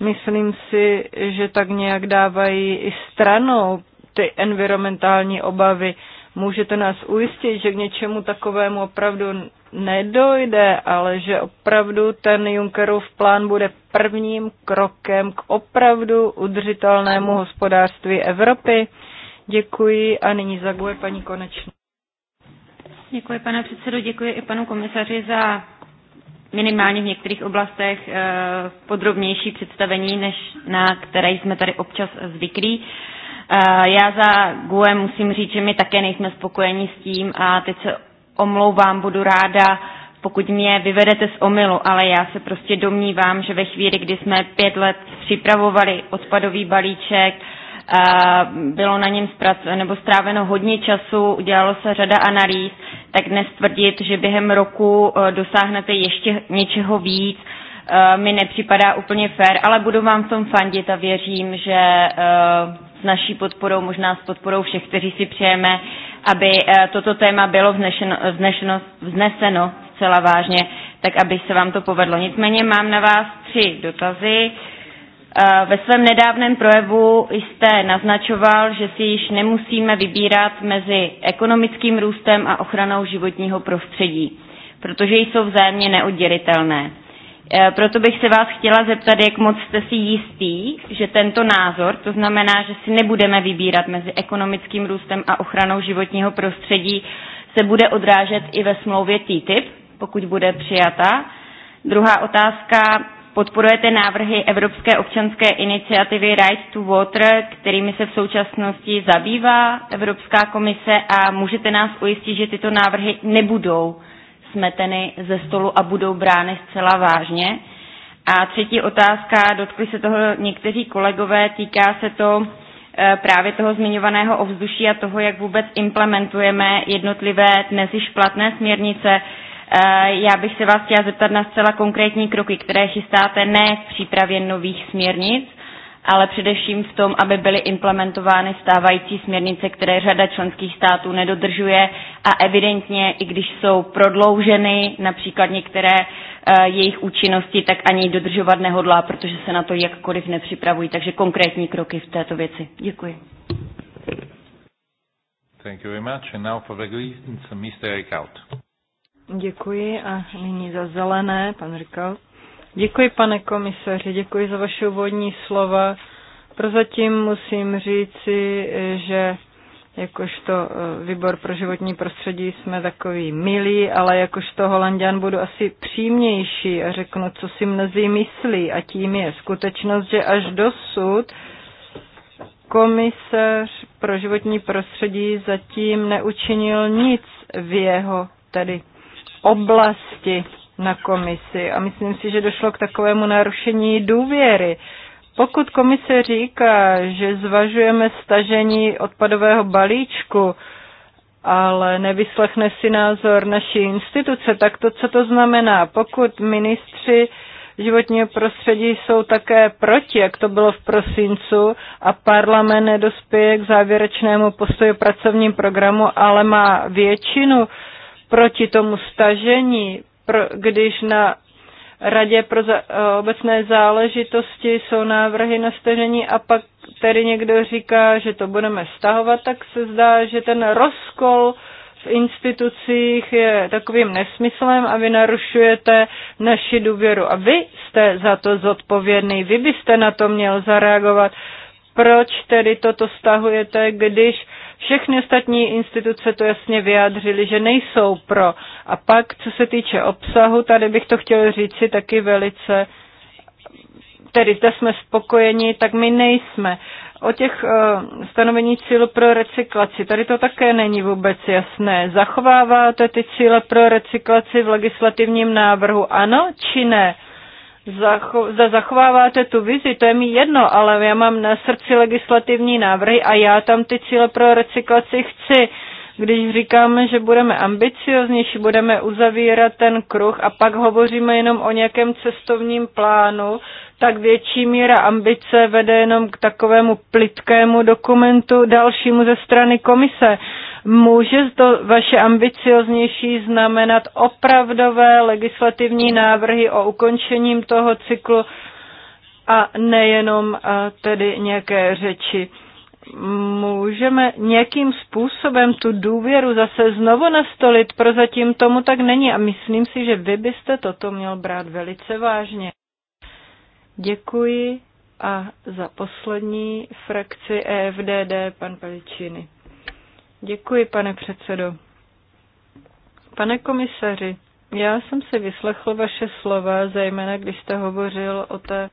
Myslím si, že tak nějak dávají i stranou ty environmentální obavy. Uh, Můžete nás ujistit, že k něčemu takovému opravdu nedojde, ale že opravdu ten Junckerův plán bude prvním krokem k opravdu udržitelnému hospodářství Evropy. Děkuji a nyní zaguje paní Konečná. Děkuji, pane předsedo, děkuji i panu komisaři za minimálně v některých oblastech eh, podrobnější představení, než na které jsme tady občas zvyklí. Eh, já za GUE musím říct, že my také nejsme spokojeni s tím a teď se omlouvám, budu ráda, pokud mě vyvedete z omylu, ale já se prostě domnívám, že ve chvíli, kdy jsme pět let připravovali odpadový balíček, eh, bylo na něm zpracováno nebo stráveno hodně času, udělalo se řada analýz, tak dnes tvrdit, že během roku eh, dosáhnete ještě něčeho víc, mi nepřipadá úplně fér, ale budu vám v tom fandit a věřím, že naší podporou, možná s podporou všech, kteří si přejeme, aby eh, toto téma bylo vznešeno, vznešeno, vzneseno zcela vážně, tak aby se vám to povedlo. Nicméně mám na vás tři dotazy. Eh, ve svém nedávném projevu jste naznačoval, že si již nemusíme vybírat mezi ekonomickým růstem a ochranou životního prostředí, protože jsou vzájemně neoddělitelné. Eh, proto bych se vás chtěla zeptat, jak moc jste si jistý, že tento názor, to znamená, že si nebudeme vybírat mezi ekonomickým růstem a ochranou životního prostředí, se bude odrážet i ve smlouvě TTIP, pokud bude přijata. Druhá otázka, podporujete návrhy Evropské občanské iniciativy Right to Water, kterými se v současnosti zabývá Evropská komise a můžete nás ujistit, že tyto návrhy nebudou smeteny ze stolu a budou brány zcela vážně? A třetí otázka, dotkli se toho někteří kolegové, týká se to e, právě toho zmiňovaného ovzduší a toho, jak vůbec implementujeme jednotlivé dnes již platné směrnice. E, já bych se vás chtěla zeptat na zcela konkrétní kroky, které chystáte ne v přípravě nových směrnic, ale především v tom, aby byly implementovány stávající směrnice, které řada členských států nedodržuje a evidentně, i když jsou prodlouženy, například některé eh, jejich účinnosti, tak ani dodržovat nehodlá, protože se na to jakkoliv nepřipravují. Takže konkrétní kroky v této věci. Děkuji. Thank you very much. And now for the Greens, Mr. Eichhout. Děkuji a nyní za zelené, pan Rickout. Děkuji, pane komisaři, děkuji za vaše úvodní slova. Prozatím musím říci, že jakožto eh, výbor pro životní prostředí jsme takový milí, ale jakožto holanděn budu asi přímější a řeknu, co si mnozí myslí. A tím je skutečnost, že až dosud komisař pro životní prostředí zatím neučinil nic v jeho tedy oblasti na komisi. A myslím si, že došlo k takovému narušení důvěry. Pokud komise říká, že zvažujeme stažení odpadového balíčku, ale nevyslechne si názor naší instituce, tak to, co to znamená? Pokud ministři životního prostředí jsou také proti, jak to bylo v prosincu, a parlament nedospěje k závěrečnému postoji pracovním programu, ale má většinu proti tomu stažení, pro, když na Radě pro za, eh, obecné záležitosti jsou návrhy na stažení a pak tedy někdo říká, že to budeme stahovat, tak se zdá, že ten rozkol v institucích je takovým nesmyslem a vy narušujete naši důvěru. A vy jste za to zodpovědný, vy byste na to měl zareagovat. Proč tedy toto stahujete, když všechny ostatní instituce to jasně vyjádřily, že nejsou pro. A pak, co se týče obsahu, tady bych to chtěl říci taky velice, tedy zde jsme spokojeni, tak my nejsme. O těch uh, stanovení cíl pro recyklaci, tady to také není vůbec jasné. Zachováváte ty cíle pro recyklaci v legislativním návrhu, ano či ne? Uh, zacho- zda zachováváte tu vizi, to je mi jedno, ale já mám na srdci legislativní návrhy a já tam ty cíle pro recyklaci chci. Když říkáme, že budeme ambicioznější, budeme uzavírat ten kruh a pak hovoříme jenom o nějakém cestovním plánu, tak větší míra ambice vede jenom k takovému plitkému dokumentu dalšímu ze strany komise. Může to vaše ambicioznější znamenat opravdové legislativní návrhy o ukončením toho cyklu a nejenom tedy nějaké řeči? můžeme nějakým způsobem tu důvěru zase znovu nastolit, prozatím tomu tak není a myslím si, že vy byste toto měl brát velice vážně. Děkuji a za poslední frakci EFDD pan Peličiny. Děkuji, pane předsedo. Pane komisaři, já jsem si vyslechl vaše slova, zejména když jste hovořil o té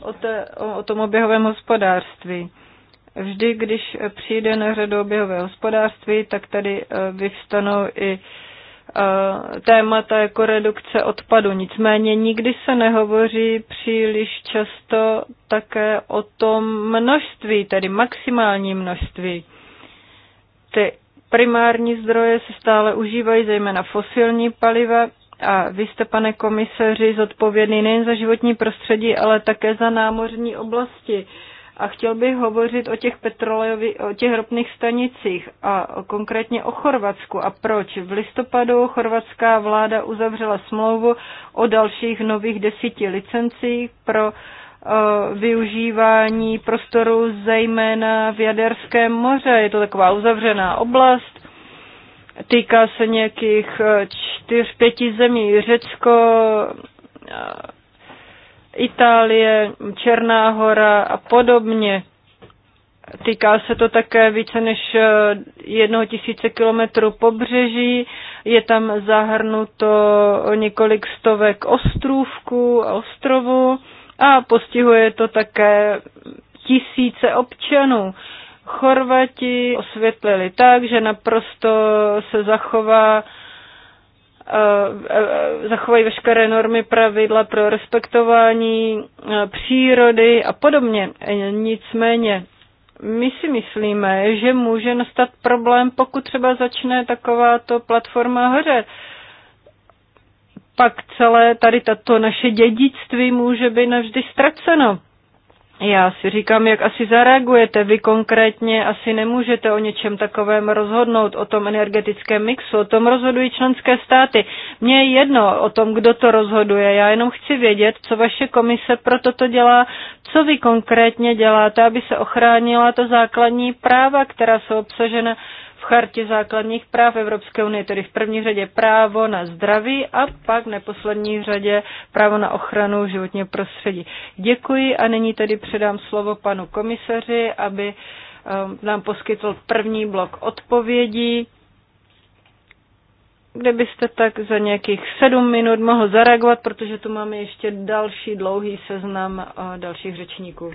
o, té, o, o tom oběhovém hospodářství. Vždy, když přijde na řadu oběhové hospodářství, tak tady eh, vyvstanou i témata jako redukce odpadu. Nicméně nikdy se nehovoří příliš často také o tom množství, tedy maximální množství. Ty primární zdroje se stále užívají, zejména fosilní paliva, a vy jste, pane komisaři, zodpovědný nejen za životní prostředí, ale také za námořní oblasti. A chtěl bych hovořit o těch, petrolejových, o těch ropných stanicích a konkrétně o Chorvatsku. A proč? V listopadu chorvatská vláda uzavřela smlouvu o dalších nových desíti licencích pro eh, využívání prostoru zejména v Jaderském moře. Je to taková uzavřená oblast, týká se nějakých eh, čtyř, pěti zemí. Řecko, eh, Itálie, Černá hora a podobně. Týká se to také více než eh, jednoho tisíce kilometrů pobřeží. Je tam zahrnuto několik stovek ostrůvků a ostrovů a postihuje to také tisíce občanů. Chorvati osvětlili tak, že naprosto se zachová Eh, eh, zachovají veškeré normy, pravidla pro respektování eh, přírody a podobně. Nicméně my si myslíme, že může nastat problém, pokud třeba začne takováto platforma hře. Pak celé tady tato naše dědictví může být navždy ztraceno. Já si říkám, jak asi zareagujete. Vy konkrétně asi nemůžete o něčem takovém rozhodnout, o tom energetickém mixu, o tom rozhodují členské státy. Mně je jedno o tom, kdo to rozhoduje. Já jenom chci vědět, co vaše komise pro toto dělá, co vy konkrétně děláte, aby se ochránila ta základní práva, která jsou obsažena chartě základních práv Evropské unie, tedy v první řadě právo na zdraví a pak v neposlední řadě právo na ochranu životního prostředí. Děkuji a nyní tedy předám slovo panu komisaři, aby um, nám poskytl první blok odpovědí kde byste tak za nějakých sedm minut mohl zareagovat, protože tu máme ještě další dlouhý seznam uh, dalších řečníků.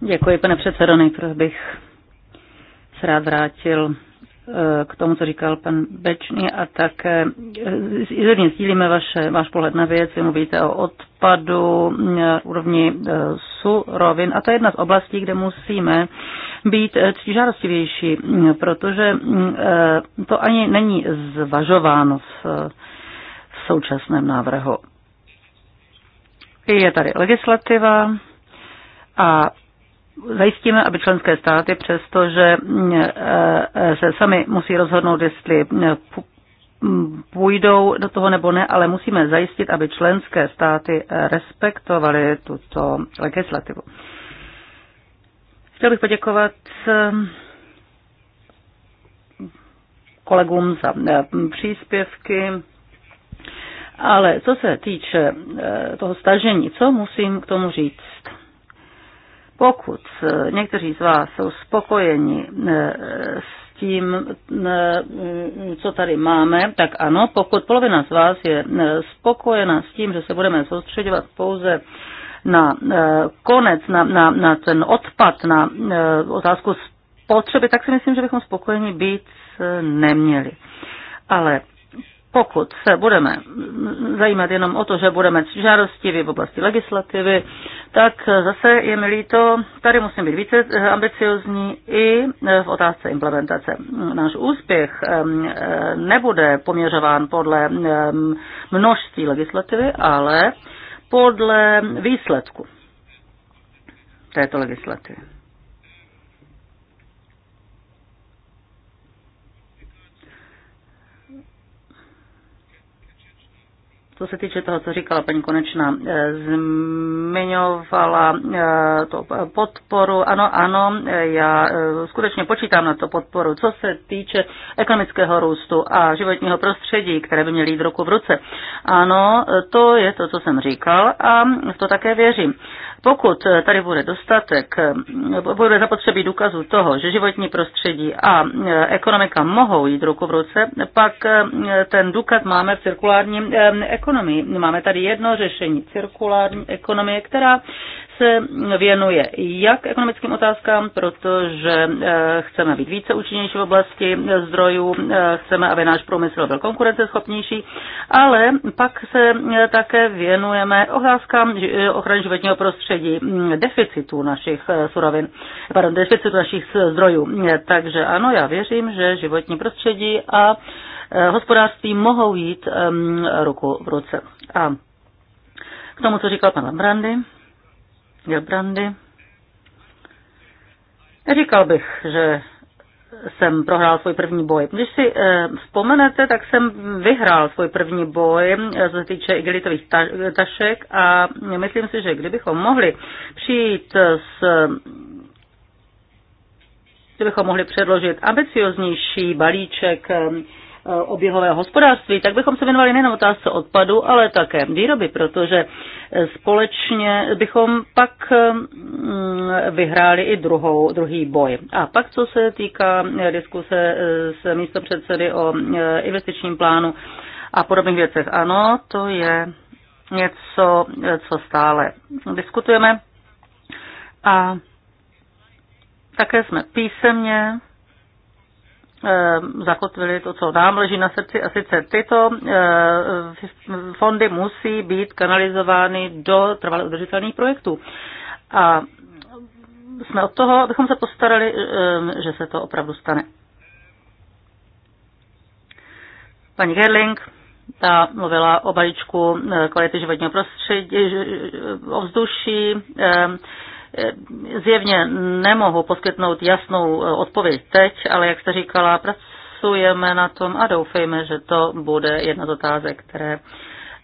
Děkuji, pane předsedo. Nejprve bych se rád vrátil Eh, k tomu, co říkal pan Bečný a také eh, zjevně sdílíme vaše, váš pohled na věc, vy mluvíte o odpadu, eh, úrovni surovin a to je jedna z oblastí, kde musíme být ctižárostivější, protože to ani není zvažováno v současném návrhu. Je tady legislativa a zajistíme, aby členské státy, přestože mm, e, e, se sami musí rozhodnout, jestli mm, půjdou do toho nebo ne, ale musíme zajistit, aby členské státy e, respektovaly tuto legislativu. Chtěl bych poděkovat kolegům za příspěvky, ale co se týče toho stažení, co musím k tomu říct? Pokud eh, někteří z vás jsou spokojeni eh, s tím, eh, mm, co tady máme, tak ano, pokud polovina z vás je spokojena s tím, že se budeme soustředovat pouze na konec, na, na, na ten odpad, na otázku spotřeby, tak si myslím, že bychom spokojeni být neměli. Ale pokud se budeme zajímat jenom o to, že budeme žádostiví v oblasti legislativy, tak zase je mi líto, tady musím být více ambiciozní i v otázce implementace. Náš úspěch nebude poměřován podle množství legislativy, ale podle výsledku této legislativy. Co se týče toho, co říkala paní Konečná, eh, zmiňovala eh, to eh, podporu. Ano, ano, já skutečně počítám na to podporu. Co se týče ekonomického růstu a životního prostředí, které by měly jít ruku v ruce. Ano, to je to, co jsem říkal a v to také věřím. Pokud eh, tady bude dostatek, eh, bude zapotřebí důkazu toho, že životní prostředí a eh, ekonomika mohou jít ruku v ruce, pak ten důkaz máme v cirkulární ekonomii. Máme tady jedno řešení cirkulární ekonomie, která se věnuje jak ekonomickým otázkám, protože eh, chceme být více účinnější v oblasti zdrojů, eh, chceme, aby náš průmysl byl konkurenceschopnější, ale pak se eh, také věnujeme otázkám ochrany životního prostředí, hm, deficitu našich surovin, pardon, deficitu našich zdrojů. Takže ano, já věřím, že životní prostředí a hospodářství mohou jít ehm, ruku v ruce. A k tomu, co říkal pan Lambrandy, Gilbrandy. Říkal bych, že jsem prohrál svůj první boj. Když si eh, vzpomenete, tak jsem vyhrál svůj první boj, eh, co se týče igelitových ta, tašek a myslím si, že kdybychom mohli přijít s kdybychom mohli předložit ambicioznější balíček eh, Eh, oběhového hospodářství, tak bychom se věnovali nejen otázce odpadu, ale také výroby, protože eh, společně bychom pak eh, vyhráli i druhou, druhý boj. A pak, co se týká diskuse s místopředsedy o investičním plánu a podobných věcech, ano, to je něco, co stále diskutujeme. A také jsme písemně Eh, zakotvili to, co nám leží na srdci, a sice tyto eh, fondy musí být kanalizovány do trvale udržitelných projektů. A jsme od toho, abychom se postarali, eh, že se to opravdu stane. Paní Gerling, ta mluvila o balíčku kvality životního prostředí, ovzduší, Zjevně nemohu poskytnout jasnou eh, odpověď teď, ale jak jste říkala, pracujeme na tom a doufejme, že to bude jedna z otázek, které,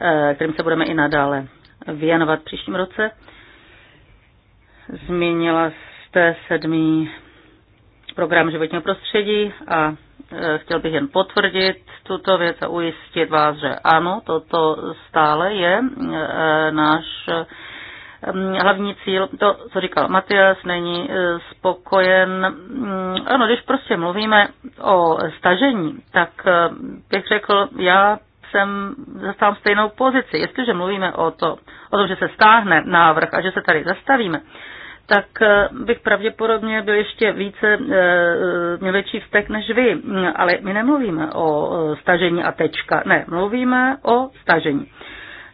eh, kterým se budeme i nadále věnovat příštím roce. Zmínila jste sedmý program životního prostředí a eh, chtěl bych jen potvrdit tuto věc a ujistit vás, že ano, toto stále je náš Ehm, hlavní cíl, to, co říkal Matias, není eh, spokojen. Mm, ano, když prostě mluvíme o stažení, tak eh, bych řekl, já jsem zastávám stejnou pozici. Jestliže mluvíme o, to, o tom, že se stáhne návrh a že se tady zastavíme, tak eh, bych pravděpodobně byl ještě více, měl větší vztek než vy. Mm, ale my nemluvíme o stažení a tečka. Ne, mluvíme o stažení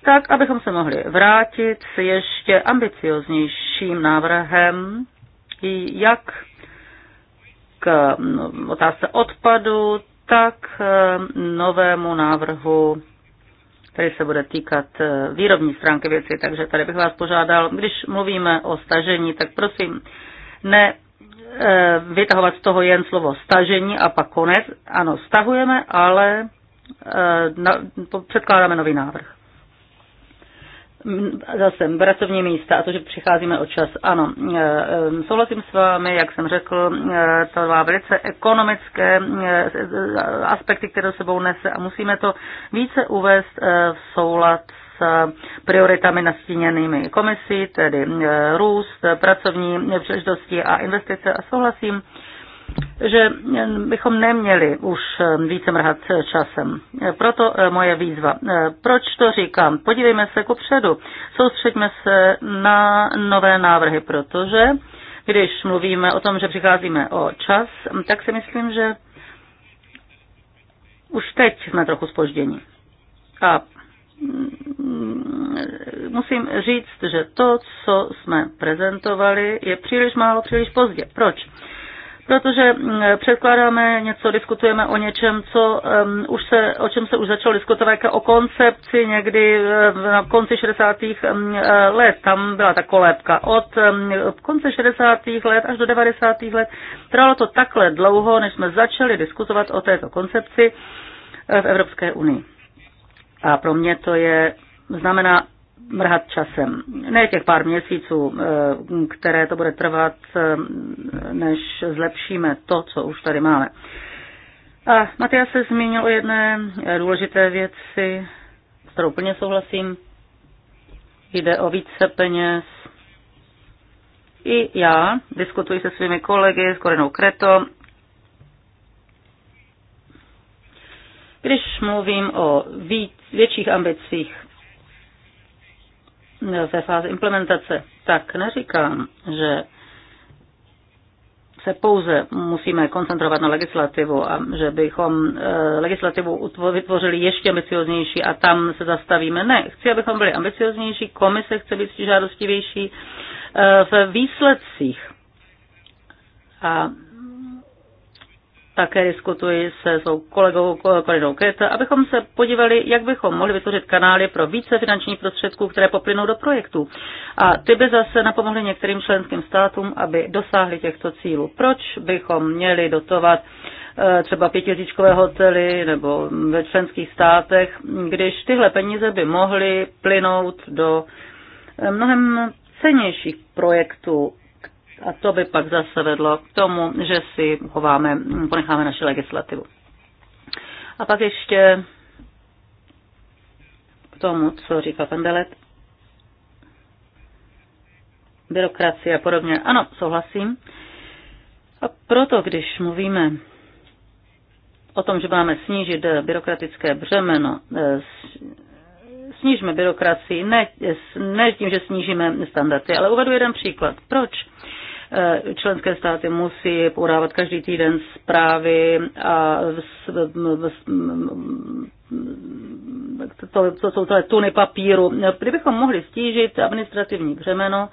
tak abychom se mohli vrátit s ještě ambicioznějším návrhem, jak k mm, otázce odpadu, tak mm, novému návrhu, který se bude týkat e, výrobní stránky věci. Takže tady bych vás požádal, když mluvíme o stažení, tak prosím, ne e, vytahovat z toho jen slovo stažení a pak konec. Ano, stahujeme, ale e, předkládáme nový návrh. Zase pracovní místa a to, že přicházíme o čas. Ano, e, e, souhlasím s vámi, jak jsem řekl, e, to má velice ekonomické aspekty, které sebou nese a musíme to více uvést v soulad prioritami nastíněnými komisí, tedy růst, pracovní příležitosti a investice. A souhlasím že bychom neměli už eh, více mrhat eh, časem. Proto eh, moje výzva. Proč to říkám? Podívejme se ku předu. Soustřeďme se na nové návrhy, protože když mluvíme o tom, že přicházíme o čas, tak si myslím, že už teď jsme trochu spoždění. A mm, musím říct, že to, co jsme prezentovali, je příliš málo, příliš pozdě. Proč? protože mm, předkládáme něco, diskutujeme o něčem, co um, už se, o čem se už začalo diskutovat, o koncepci někdy mm, na konci 60. Eh, let. Tam byla ta kolébka. Od um, konce 60. let až do 90. let trvalo to takhle dlouho, než jsme začali diskutovat o této koncepci eh, v Evropské unii. A pro mě to je znamená mrhat časem. Ne těch pár měsíců, eh, které to bude trvat, eh, než zlepšíme to, co už tady máme. A Matias se zmínil o jedné důležité věci, s kterou plně souhlasím. Jde o více peněz. I já diskutuji se svými kolegy, s Korenou Kreto. Když mluvím o víc, větších ambicích ve fázi implementace, tak neříkám, že se pouze musíme koncentrovat na legislativu a že bychom eh, legislativu vytvořili ještě ambicioznější a tam se zastavíme. Ne, chci, abychom byli ambicioznější, komise chce být žádostivější eh, v výsledcích. A také diskutuji se svou kolegou Kolinou Kret, abychom se podívali, jak bychom mohli vytvořit kanály pro více finančních prostředků, které poplynou do projektu, A ty by zase napomohly některým členským státům, aby dosáhli těchto cílů. Proč bychom měli dotovat eh, třeba pětiříčkové hotely nebo ve členských státech, když tyhle peníze by mohly plynout do eh, mnohem cenějších projektů a to by pak zase vedlo k tomu, že si chováme, ponecháme naši legislativu. A pak ještě k tomu, co říká Pendelet. Delet. Byrokracie a podobně. Ano, souhlasím. A proto, když mluvíme o tom, že máme snížit byrokratické břemeno, eh, snížíme byrokracii, ne, ne tím, že snížíme standardy, ale uvedu jeden příklad. Proč Eh, členské státy musí podávat každý týden zprávy a to, to jsou celé tuny papíru. Kdybychom mohli stížit administrativní břemeno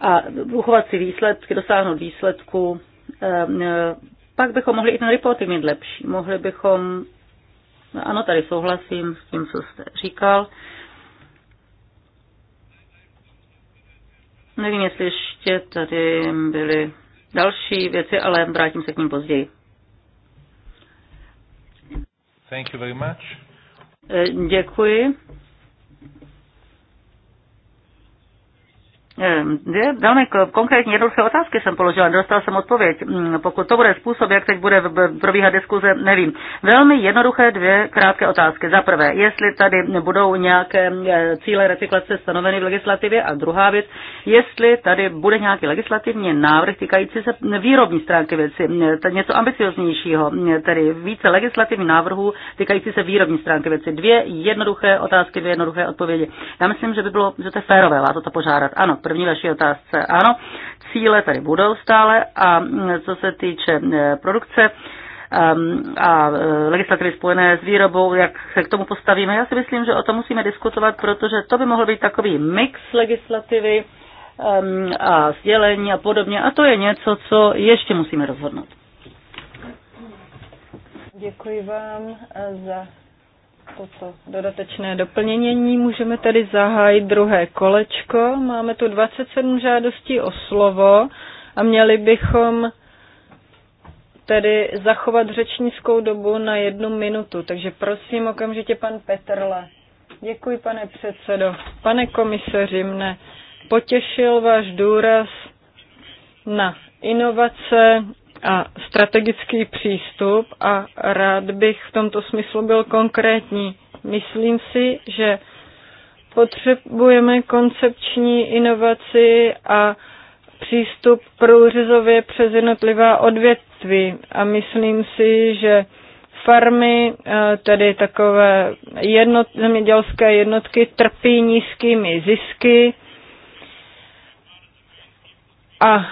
a uchovat si výsledky, dosáhnout výsledku, eh, pak bychom mohli i ten reporting mít lepší. Mohli bychom, ano, tady souhlasím s tím, co jste říkal, Nevím, jestli ještě tady byly další věci, ale vrátím se k ním později. Thank you very much. Eh, děkuji. Ehm, velmi konkrétní jednoduché otázky jsem položila, Dostal jsem odpověď. Mm, pokud to bude způsob, jak teď bude probíhat diskuze, nevím. Velmi jednoduché dvě krátké otázky. Za prvé, jestli tady budou nějaké eh, cíle recyklace stanoveny v legislativě a druhá věc, jestli tady bude nějaký legislativní návrh týkající se výrobní stránky věci, mm, něco ambicioznějšího, mm, tedy více legislativních návrhů týkající se výrobní stránky věci. Dvě jednoduché otázky, dvě jednoduché odpovědi. Já myslím, že by bylo, že to je férové vás o to požádat. Ano, první vaší otázce. Ano, cíle tady budou stále a mm, co se týče e, produkce, a e, legislativy spojené s výrobou, jak se k tomu postavíme. Já si myslím, že o tom musíme diskutovat, protože to by mohl být takový mix legislativy a sdělení a podobně. A to je něco, co ještě musíme rozhodnout. Děkuji vám e, za toto dodatečné doplnění. Můžeme tedy zahájit druhé kolečko. Máme tu 27 žádostí o slovo a měli bychom tedy zachovat řečnickou dobu na jednu minutu. Takže prosím okamžitě pan Petrle. Děkuji, pane předsedo. Pane komisaři, mne potěšil váš důraz na inovace a strategický přístup a rád bych v tomto smyslu byl konkrétní. Myslím si, že potřebujeme koncepční inovaci a přístup průřezově přes jednotlivá odvětví a myslím si, že farmy, eh, tedy takové jednot, zemědělské jednotky, trpí nízkými zisky a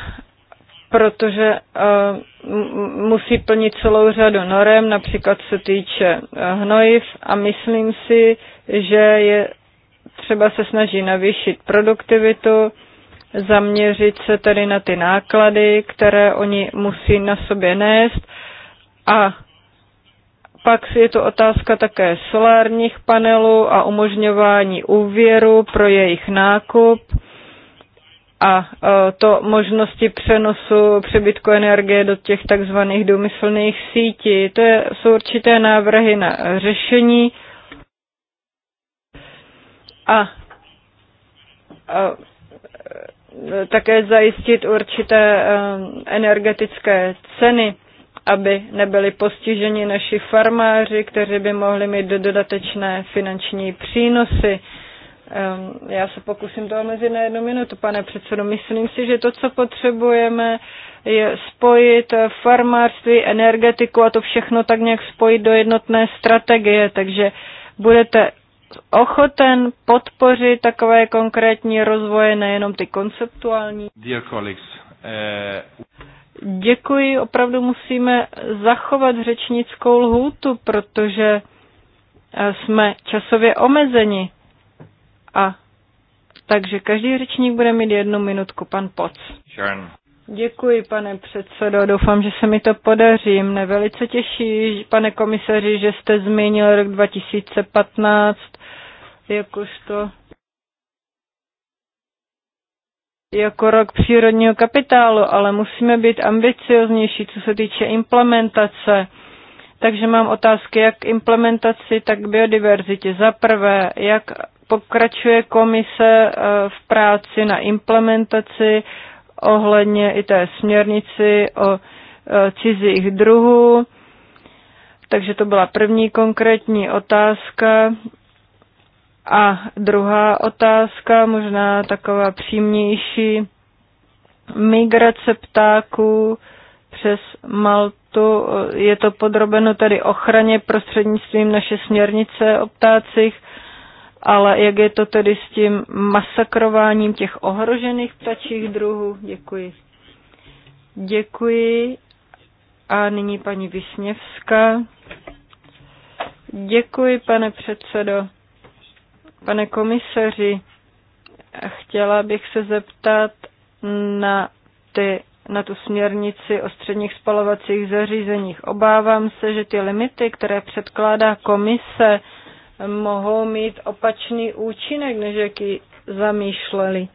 protože eh, musí plnit celou řadu norem, například se týče eh, hnojiv a myslím si, že je třeba se snaží navýšit produktivitu, zaměřit se tedy na ty náklady, které oni musí na sobě nést a pak je to otázka také solárních panelů a umožňování úvěru pro jejich nákup a e, to možnosti přenosu přebytku energie do těch takzvaných domyslných sítí. To je, jsou určité návrhy na řešení a, a, e, také zajistit určité e, energetické ceny, aby nebyly postiženi naši farmáři, kteří by mohli mít dodatečné finanční přínosy já se pokusím to omezit na jednu minutu, pane předsedo. Myslím si, že to, co potřebujeme, je spojit farmářství, energetiku a to všechno tak nějak spojit do jednotné strategie. Takže budete ochoten podpořit takové konkrétní rozvoje, nejenom ty konceptuální. Dear colleagues, eh, Děkuji, opravdu musíme zachovat řečnickou lhůtu, protože eh, jsme časově omezeni. A takže každý řečník bude mít jednu minutku, pan Poc. Žen. Děkuji, pane předsedo. Doufám, že se mi to podaří. Mne velice těší, pane komisaři, že jste zmínil rok 2015 jakožto jako rok přírodního kapitálu, ale musíme být ambicioznější, co se týče implementace. Takže mám otázky jak implementaci, tak biodiverzitě. Za prvé, jak pokračuje komise eh, v práci na implementaci ohledně i té směrnici o eh, cizích druhů. Takže to byla první konkrétní otázka. A druhá otázka, možná taková přímější, migrace ptáků přes Maltu. Eh, je to podrobeno tedy ochraně prostřednictvím naše směrnice o ptácích ale jak je to tedy s tím masakrováním těch ohrožených ptačích druhů? Děkuji. Děkuji. A nyní paní Vysněvská. Děkuji, pane předsedo. Pane komisaři, chtěla bych se zeptat na, ty, na tu směrnici o středních spalovacích zařízeních. Obávám se, že ty limity, které předkládá komise, mohou mít opačný účinek, než jaký zamýšleli.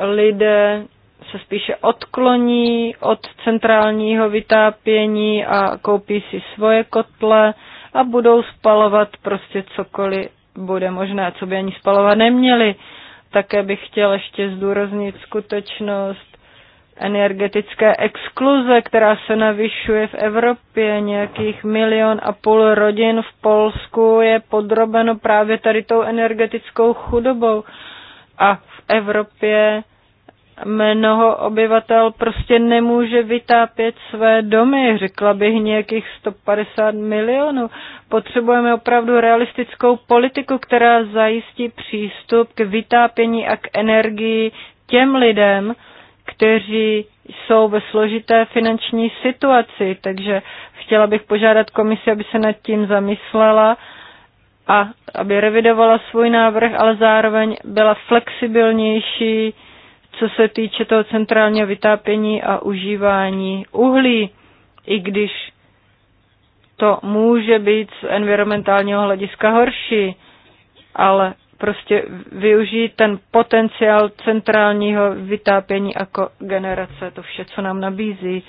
Lidé se spíše odkloní od centrálního vytápění a koupí si svoje kotle a budou spalovat prostě cokoliv bude možné, co by ani spalovat neměli. Také bych chtěl ještě zdůraznit skutečnost, energetické exkluze, která se navyšuje v Evropě. Nějakých milion a půl rodin v Polsku je podrobeno právě tady tou energetickou chudobou. A v Evropě mnoho obyvatel prostě nemůže vytápět své domy, řekla bych nějakých 150 milionů. Potřebujeme opravdu realistickou politiku, která zajistí přístup k vytápění a k energii těm lidem, kteří jsou ve složité finanční situaci, takže chtěla bych požádat komisi, aby se nad tím zamyslela a aby revidovala svůj návrh, ale zároveň byla flexibilnější, co se týče toho centrálního vytápění a užívání uhlí, i když to může být z environmentálního hlediska horší, ale prostě využijí ten potenciál centrálního vytápění jako generace, to vše, co nám nabízí.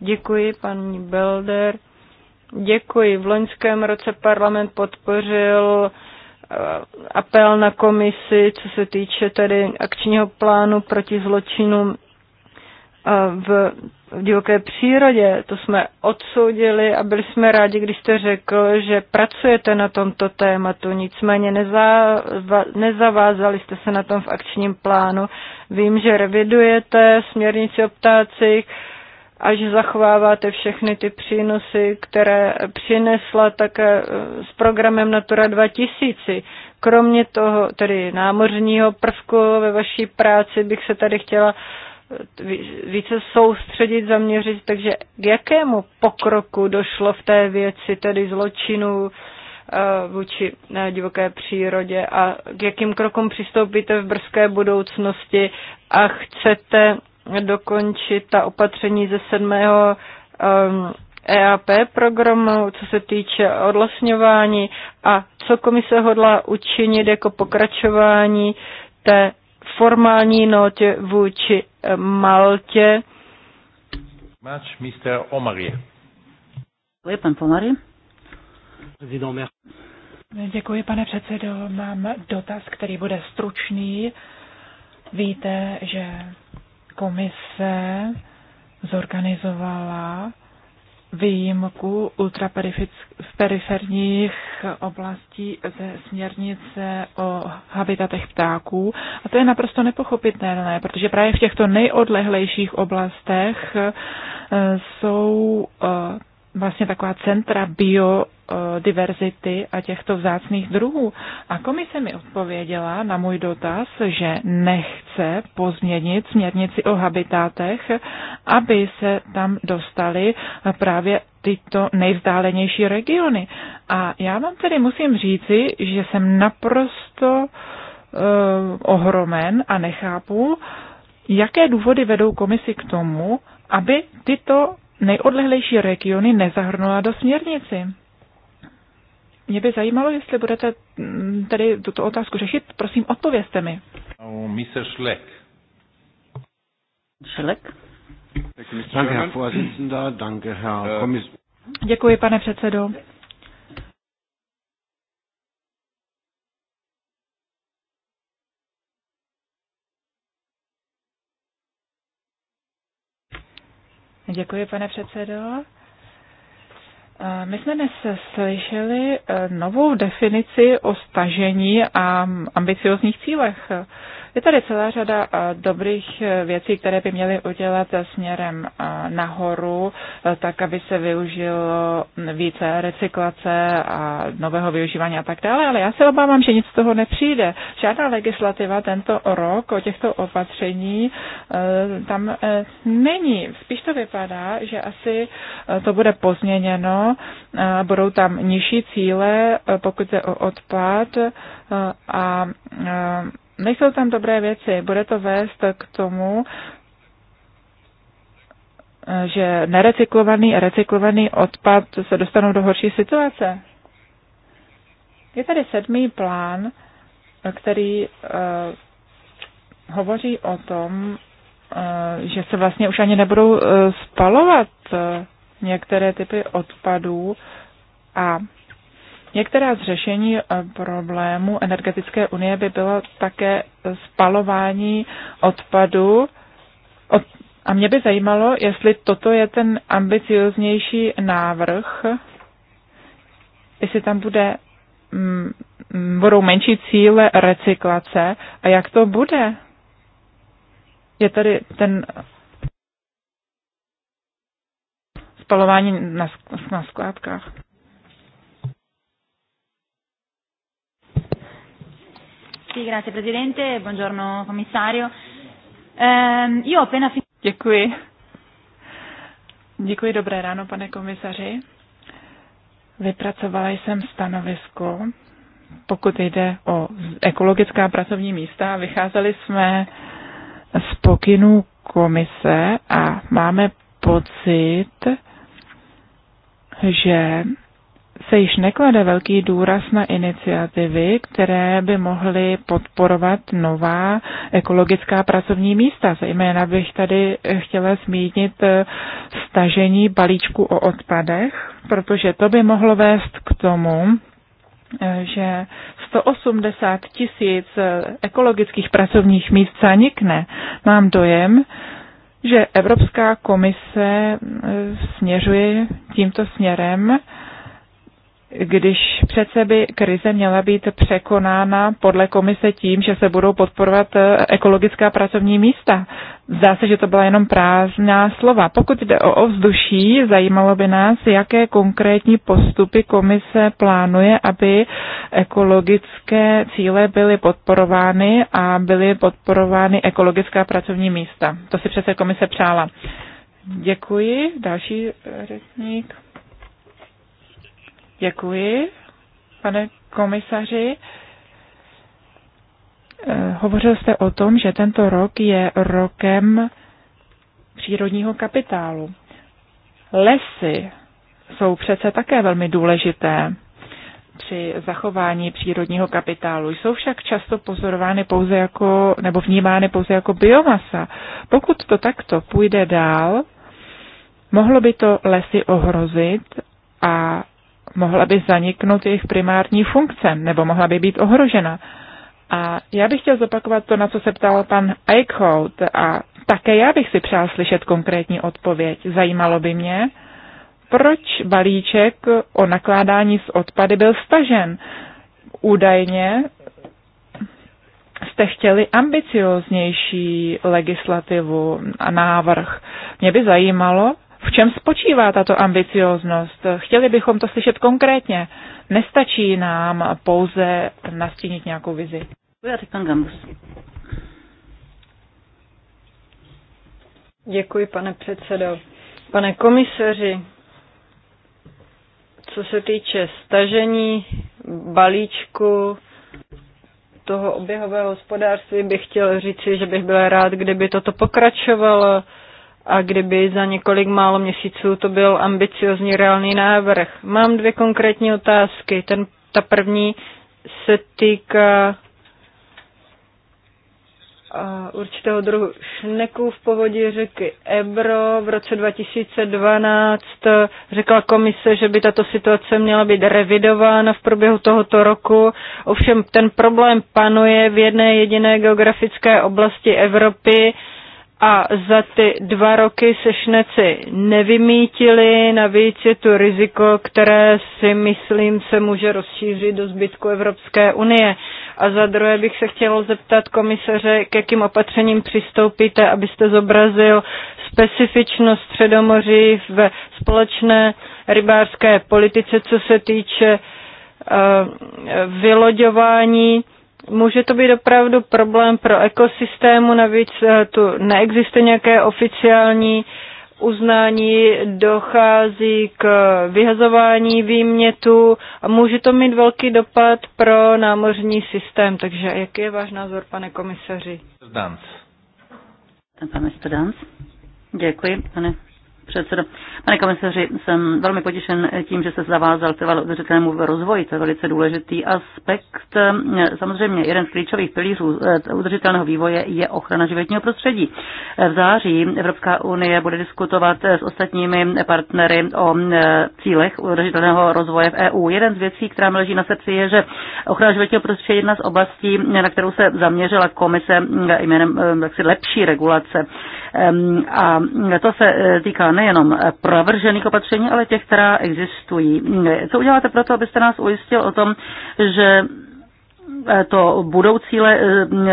Děkuji, paní Belder. Děkuji. V loňském roce parlament podpořil eh, apel na komisi, co se týče tedy akčního plánu proti zločinům eh, v v divoké přírodě. To jsme odsoudili a byli jsme rádi, když jste řekl, že pracujete na tomto tématu, nicméně nezava, nezavázali jste se na tom v akčním plánu. Vím, že revidujete směrnici o ptácích a že zachováváte všechny ty přínosy, které přinesla také eh, s programem Natura 2000. Kromě toho, tedy námořního prvku ve vaší práci, bych se tady chtěla uh, více soustředit, zaměřit, takže k jakému pokroku došlo v té věci, tedy zločinu eh, vůči eh, divoké přírodě a k jakým krokům přistoupíte v brzké budoucnosti a chcete dokončit ta opatření ze sedmého EAP ehm, e programu, co se týče odlesňování a co komise hodlá učinit jako pokračování té formální notě vůči Maltě. Match, Mr. Omari. Děkuji, pan Pomary. Děkuji, pane předsedo. Mám dotaz, který bude stručný. Víte, že komise zorganizovala výjimku ultraperiferních oblastí ze směrnice o habitatech ptáků. A to je naprosto nepochopitelné, protože právě v těchto nejodlehlejších oblastech eh, jsou eh, vlastně taková centra biodiverzity eh, a těchto vzácných druhů. A komise mi odpověděla na můj dotaz, že nechce pozměnit směrnici o habitátech, aby se tam dostaly právě tyto nejvzdálenější regiony. A já vám tedy musím říci, že jsem naprosto uh, ohromen a nechápu, jaké důvody vedou komisi k tomu, aby tyto nejodlehlejší regiony nezahrnula do směrnici. Mě by zajímalo, jestli budete mm, tady tuto otázku řešit. Prosím, odpovězte mi. Mr. Schleck. Schleck. Děkuji, pane předsedo. Děkuji, pane předsedo. Eh, my jsme dnes slyšeli eh, novou definici o stažení a ambiciozních cílech. Je tady celá řada eh, dobrých eh, věcí, které by měly udělat eh, směrem nahoru, tak aby se využilo více recyklace a nového využívání a tak dále, ale já se obávám, že nic z toho nepřijde. Žádná legislativa tento rok o těchto opatření tam není. Spíš to vypadá, že asi to bude pozměněno, budou tam nižší cíle, pokud je o odpad a nejsou tam dobré věci. Bude to vést k tomu, že nerecyklovaný a recyklovaný odpad se dostanou do horší situace. Je tady sedmý plán, který uh, hovoří o tom, uh, že se vlastně už ani nebudou uh, spalovat uh, některé typy odpadů a Některá z řešení eh, problému energetické unie by bylo také spalování odpadu. Od, a mě by zajímalo, jestli toto je ten ambicioznější návrh, jestli tam bude, m, mm, mm, budou menší cíle recyklace a jak to bude. Je tady ten spalování na, na skládkách. Sì, grazie Presidente, buongiorno Commissario. Ehm, io ho appena finito. Děkuji. Děkuji, dobré ráno, pane komisaři. Vypracovala jsem stanovisko, pokud jde o ekologická pracovní místa. Vycházeli jsme z pokynů komise a máme pocit, že se již neklade velký důraz na iniciativy, které by mohly podporovat nová ekologická pracovní místa. Zejména bych tady chtěla zmínit stažení balíčku o odpadech, protože to by mohlo vést k tomu, že 180 tisíc ekologických pracovních míst zanikne. Mám dojem, že Evropská komise směřuje tímto směrem když přece by krize měla být překonána podle komise tím, že se budou podporovat eh, ekologická pracovní místa. Zdá se, že to byla jenom prázdná slova. Pokud jde o ovzduší, zajímalo by nás, jaké konkrétní postupy komise plánuje, aby ekologické cíle byly podporovány a byly podporovány ekologická pracovní místa. To si přece komise přála. Děkuji. Další eh, řečník. Děkuji, pane komisaři. Eh, hovořil jste o tom, že tento rok je rokem přírodního kapitálu. Lesy jsou přece také velmi důležité při zachování přírodního kapitálu. Jsou však často pozorovány pouze jako, nebo vnímány pouze jako biomasa. Pokud to takto půjde dál, mohlo by to lesy ohrozit a mohla by zaniknout jejich primární funkce nebo mohla by být ohrožena. A já bych chtěl zopakovat to, na co se ptal pan Eichhout a také já bych si přál slyšet konkrétní odpověď. Zajímalo by mě, proč balíček o nakládání s odpady byl stažen. Údajně jste chtěli ambicioznější legislativu a návrh. Mě by zajímalo, v čem spočívá tato ambicióznost? Chtěli bychom to slyšet konkrétně. Nestačí nám pouze nastínit nějakou vizi. Děkuji, pane předsedo. Pane komisaři, co se týče stažení balíčku toho oběhového hospodářství, bych chtěl říci, že bych byl rád, kdyby toto pokračovalo a kdyby za několik málo měsíců to byl ambiciozní reálný návrh. Mám dvě konkrétní otázky. Ten, ta první se týká určitého druhu šneků v povodí řeky Ebro. V roce 2012 řekla komise, že by tato situace měla být revidována v průběhu tohoto roku. Ovšem ten problém panuje v jedné jediné geografické oblasti Evropy a za ty dva roky se šneci nevymítili, navíc je tu riziko, které si myslím se může rozšířit do zbytku Evropské unie. A za druhé bych se chtěla zeptat komisaře, k jakým opatřením přistoupíte, abyste zobrazil specifičnost Středomoří ve společné rybářské politice, co se týče eh, vyloďování Může to být opravdu problém pro ekosystému, navíc eh, tu neexistuje nějaké oficiální uznání, dochází k vyhazování výmětu a může to mít velký dopad pro námořní systém. Takže jaký je váš názor, pane komisaři? Pane Spedans. Děkuji, pane předsedo. Pane komisaři, jsem velmi potěšen tím, že se zavázal trval udržitelnému rozvoji. To je velice důležitý aspekt. Samozřejmě jeden z klíčových pilířů eh, udržitelného vývoje je ochrana životního prostředí. Eh, v září Evropská unie bude diskutovat eh, s ostatními partnery o cílech udržitelného rozvoje v EU. Jeden z věcí, která mi leží na srdci, je, že ochrana životního prostředí je jedna z oblastí, na kterou se zaměřila komise jménem lepší regulace. Ehm, a to se týká ne nejenom eh, provržených opatření, ale těch, která existují. Mm, co uděláte proto, abyste nás ujistil o tom, že eh, to budou cíle, eh, mm,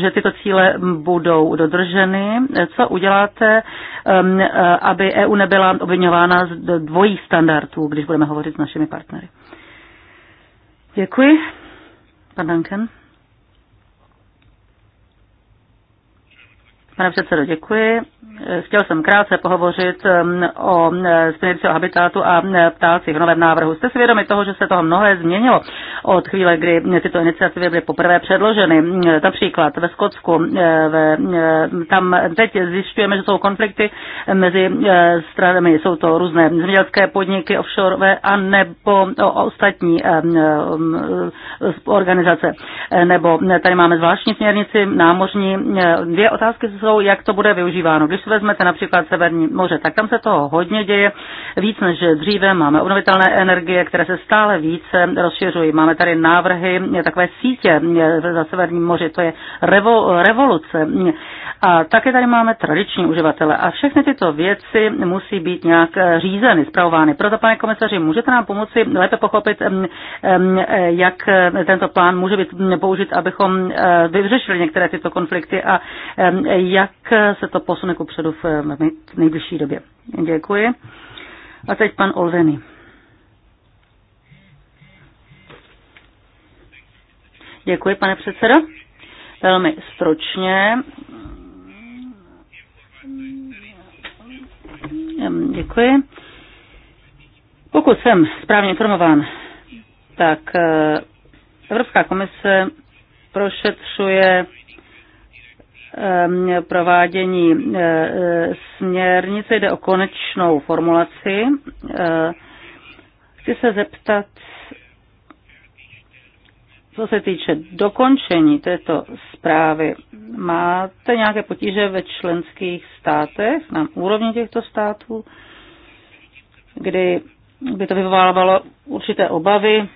že tyto cíle budou dodrženy. Co uděláte, ehm, aby EU nebyla obvinována z dvojích standardů, když budeme hovořit s našimi partnery? Děkuji. Pan Duncan. Pane předsedo, děkuji. Chtěl jsem krátce pohovořit um, o e, směrnici o habitatu a e, ptácích v novém návrhu. Jste si vědomi toho, že se toho mnohé změnilo od chvíle, kdy tyto iniciativy byly poprvé předloženy. E, například ve Skotsku, tam teď zjišťujeme, že jsou konflikty mezi stranami, jsou to různé zemědělské podniky, offshore a nebo ostatní organizace. Nebo tady máme zvláštní směrnici námořní. Dvě otázky jsou, jak to bude využíváno. Když vezmete například Severní moře, tak tam se toho hodně děje. Víc než dříve máme obnovitelné energie, které se stále více rozšiřují. Máme tady návrhy eh, takové sítě eh, za Severním moři, to je revo, revoluce. A také tady máme tradiční uživatele a všechny tyto věci musí být nějak eh, řízeny, zpravovány. Proto, pane komisaři, můžete nám pomoci lépe pochopit, mm, mm, eh, jak eh, tento plán může být mm, použit, abychom vyřešili některé tyto konflikty a jak se to posune ku předu v nejbližší době. Děkuji. A teď pan Olveny. Děkuji, pane předsedo. Velmi stručně Děkuji. Pokud jsem správně informován, tak eh, Evropská komise prošetřuje provádění eh, směrnice, jde o konečnou formulaci. Eh, chci se zeptat, co se týče dokončení této zprávy, máte nějaké potíže ve členských státech, na úrovni těchto států, kdy by to vyvolávalo určité obavy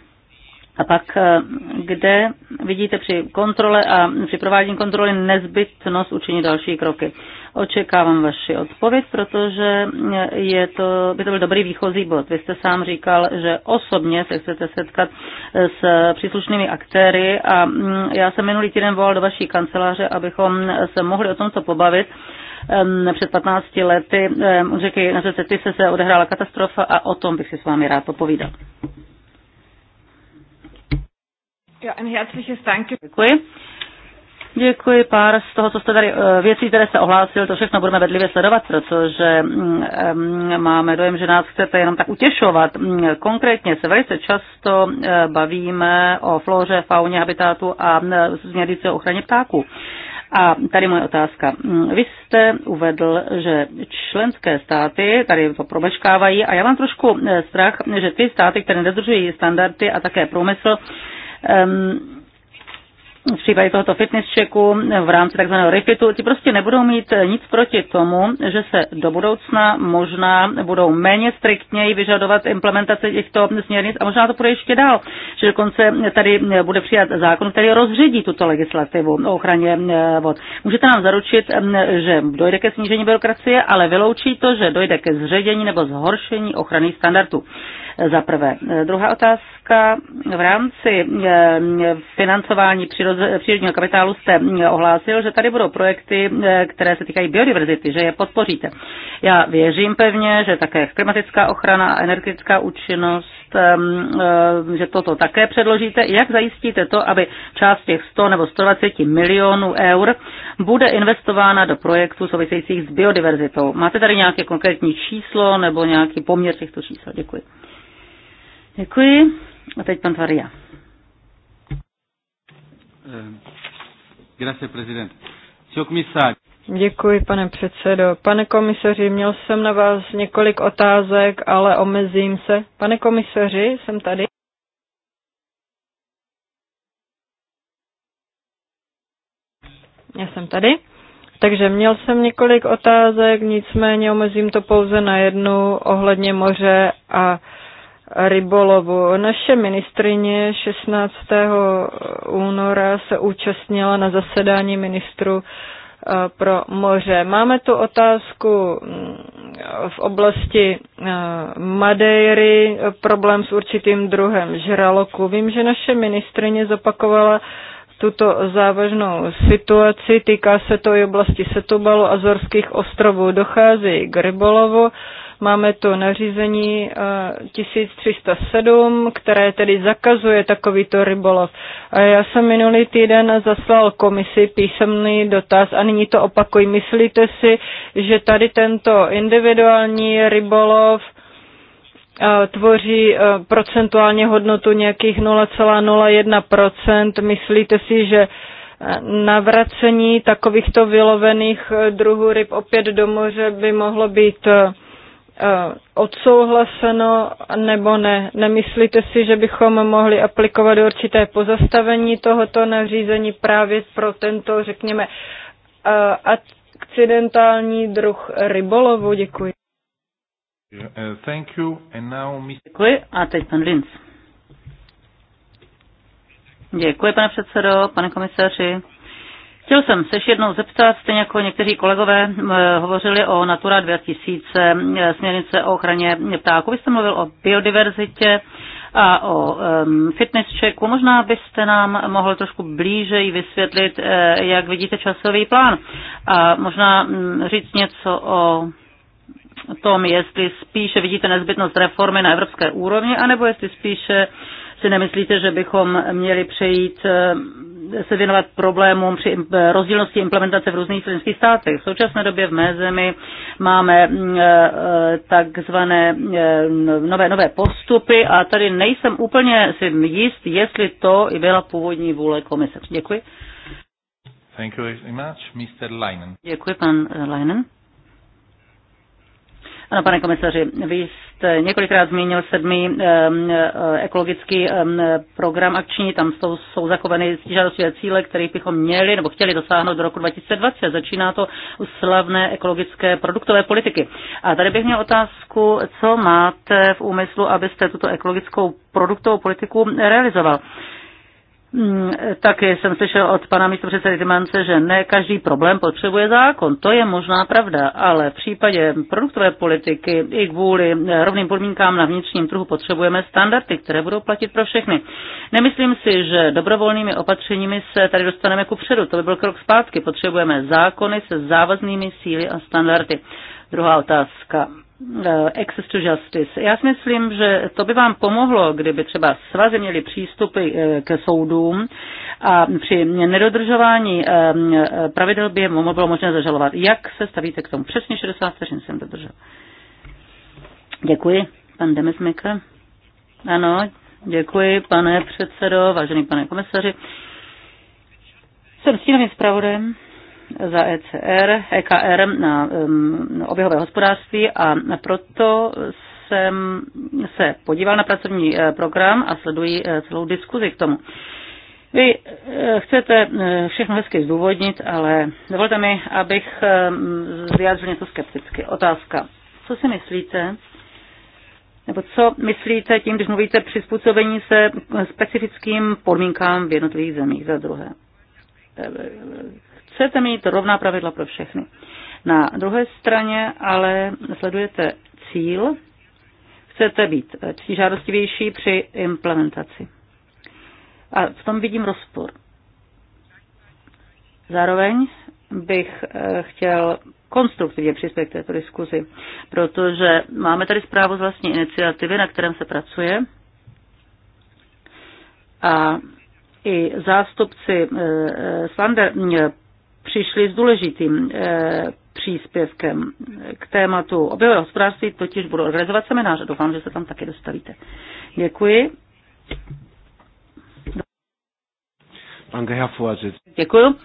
a pak, eh, kde vidíte při kontrole a při provádění kontroly nezbytnost učinit další kroky. Očekávám vaši odpověď, protože je to, by to byl dobrý výchozí bod. Vy jste sám říkal, že osobně se chcete setkat s příslušnými aktéry a mm, já jsem minulý týden volal do vaší kanceláře, abychom se mohli o tomto pobavit před 15 lety řeky na řece Tise se odehrála katastrofa a o tom bych si s vámi rád popovídal. Ja, ein herzliches Danke. Děkuji. Děkuji pár z toho, co jste tady, eh, věcí, které jste ohlásil, to všechno budeme vedlivě sledovat, protože mm, máme dojem, že nás chcete jenom tak utěšovat. Mm, konkrétně se velice často eh, bavíme o flóře, fauně, habitatu a eh, směrnici o ochraně ptáků. A tady moje otázka. Mm, vy jste uvedl, že členské státy tady to promeškávají a já mám trošku strach, že ty státy, které nedodržují standardy a také průmysl, v případě tohoto fitness checku v rámci takzvaného refitu, ti prostě nebudou mít nic proti tomu, že se do budoucna možná budou méně striktněji vyžadovat implementace těchto směrnic a možná to bude ještě dál, že dokonce tady bude přijat zákon, který rozředí tuto legislativu o ochraně vod. Můžete nám zaručit, že dojde ke snížení byrokracie, ale vyloučí to, že dojde ke zředění nebo zhoršení ochrany standardů za prvé. Druhá otázka. V rámci eh, financování přírodního kapitálu jste eh, ohlásil, že tady budou projekty, eh, které se týkají biodiverzity, že je podpoříte. Já věřím pevně, že také klimatická ochrana a energetická účinnost Eh, že toto také předložíte. Jak zajistíte to, aby část těch 100 nebo 120 milionů eur bude investována do projektů souvisejících s biodiverzitou? Máte tady nějaké konkrétní číslo nebo nějaký poměr těchto čísel? Děkuji. Děkuji. A teď pan Tvaria. Eh, grazie, prezident. Senhor Comissário. Děkuji, pane předsedo. Pane komisaři, měl jsem na vás několik otázek, ale omezím se. Pane komisaři, jsem tady. Já jsem tady. Takže měl jsem několik otázek, nicméně omezím to pouze na jednu ohledně moře a rybolovu. Naše ministrině 16. února se účastnila na zasedání ministru Eh, pro moře. Máme tu otázku mm, v oblasti eh, Madeiry, problém s určitým druhem žraloku. Vím, že naše ministrině zopakovala tuto závažnou situaci. Týká se to i oblasti Setubalu, Azorských ostrovů. Dochází k rybolovu Máme to nařízení 1307, eh, které tedy zakazuje takovýto rybolov. A já jsem minulý týden zaslal komisi písemný dotaz a nyní to opakuji. Myslíte si, že tady tento individuální rybolov eh, tvoří eh, procentuálně hodnotu nějakých 0,01%. Myslíte si, že navracení takovýchto vylovených druhů ryb opět do moře by mohlo být Eh, odsouhlaseno nebo ne. Nemyslíte si, že bychom mohli aplikovat určité pozastavení tohoto nařízení právě pro tento, řekněme, eh, akcidentální druh rybolovu? Děkuji. Eh, Děkuji. A teď pan Linz. Děkuji, pane předsedo, pane komisaři. Chtěl jsem se ještě jednou zeptat, stejně jako někteří kolegové eh, hovořili o Natura 2000, eh, směrnice o ochraně ptáků. Vy jste mluvil o biodiverzitě a o um, fitness checku. Možná byste nám mohl trošku blíže vysvětlit, eh, jak vidíte časový plán. A možná mm, říct něco o tom, jestli spíše vidíte nezbytnost reformy na evropské úrovni, anebo jestli spíše si nemyslíte, že bychom měli přejít ehm, se věnovat problémům při rozdílnosti implementace v různých členských státech. V současné době v mé zemi máme mm, e, e, takzvané e, nové, nové postupy a tady nejsem úplně si jist, jestli to byla původní vůle komise. Děkuji. Thank you very much, Mr. Leinen. Děkuji, pan Leinen. Ano, pane komisaři, vy jste několikrát zmínil sedmý e, ekologický program akční, tam jsou, jsou zachovány žádostivé cíle, kterých bychom měli nebo chtěli dosáhnout do roku 2020. Začíná to u slavné ekologické produktové politiky. A tady bych měl otázku, co máte v úmyslu, abyste tuto ekologickou produktovou politiku realizoval. Hmm, taky jsem slyšel od pana předsedy Dimance, že ne každý problém potřebuje zákon. To je možná pravda, ale v případě produktové politiky i kvůli eh, rovným podmínkám na vnitřním trhu potřebujeme standardy, které budou platit pro všechny. Nemyslím si, že dobrovolnými opatřeními se tady dostaneme ku předu. To by byl krok zpátky. Potřebujeme zákony se závaznými síly a standardy. Druhá otázka. Eh, access to Justice. Já si myslím, že to by vám pomohlo, kdyby třeba svazy měly přístupy eh, ke soudům a při nedodržování eh, pravidel by je bylo možné zažalovat. Jak se stavíte k tomu? Přesně 60 vteřin jsem dodržel. Děkuji, pan Demesmaker. Ano, děkuji, pane předsedo, vážený pane komisaři. Jsem stínovým zpravodajem za ECR, EKR na oběhové hospodářství a proto jsem se podíval na pracovní eh, program a sleduji eh, celou diskuzi k tomu. Vy eh, chcete všechno hezky zdůvodnit, ale dovolte mi, abych vyjádřil něco skepticky. Otázka. Co si myslíte, nebo co myslíte tím, když mluvíte přizpůsobení se specifickým podmínkám v jednotlivých zemích za druhé? chcete mít rovná pravidla pro všechny. Na druhé straně ale sledujete cíl, chcete být žádostivější při implementaci. A v tom vidím rozpor. Zároveň bych eh, chtěl konstruktivně přispět k této diskuzi, protože máme tady zprávu z vlastní iniciativy, na kterém se pracuje. A i zástupci eh, eh, Slander přišli s důležitým eh, příspěvkem k tématu objevové hospodářství, totiž budu organizovat seminář doufám, že se tam taky dostavíte. Děkuji. Děkuji.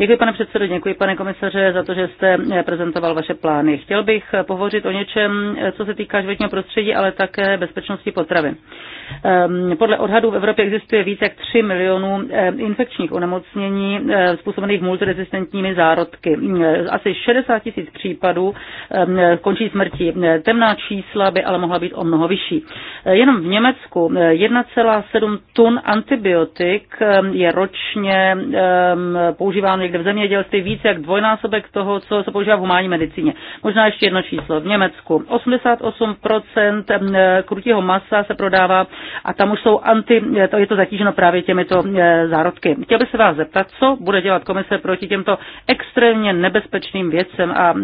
Děkuji, pane předsedo, děkuji, pane komisaře, za to, že jste eh, prezentoval vaše plány. Chtěl bych eh, pohovořit o něčem, eh, co se týká životního prostředí, ale také bezpečnosti potravy. Ehm, podle odhadů v Evropě existuje více jak 3 milionů infekčních onemocnění způsobených multiresistentními zárodky. Mm, asi 60 tisíc případů ehm, končí smrtí. Temná čísla by ale mohla být o mnoho vyšší. Jenom v Německu 1,7 tun antibiotik ehm, je ročně používán kde v zemědělství více jak dvojnásobek toho, co se používá v humánní medicíně. Možná ještě jedno číslo. V Německu 88% eh, krutího masa se prodává a tam už jsou anti, eh, to je to zatíženo právě těmito eh, zárodky. Chtěl bych se vás zeptat, co bude dělat komise proti těmto extrémně nebezpečným věcem a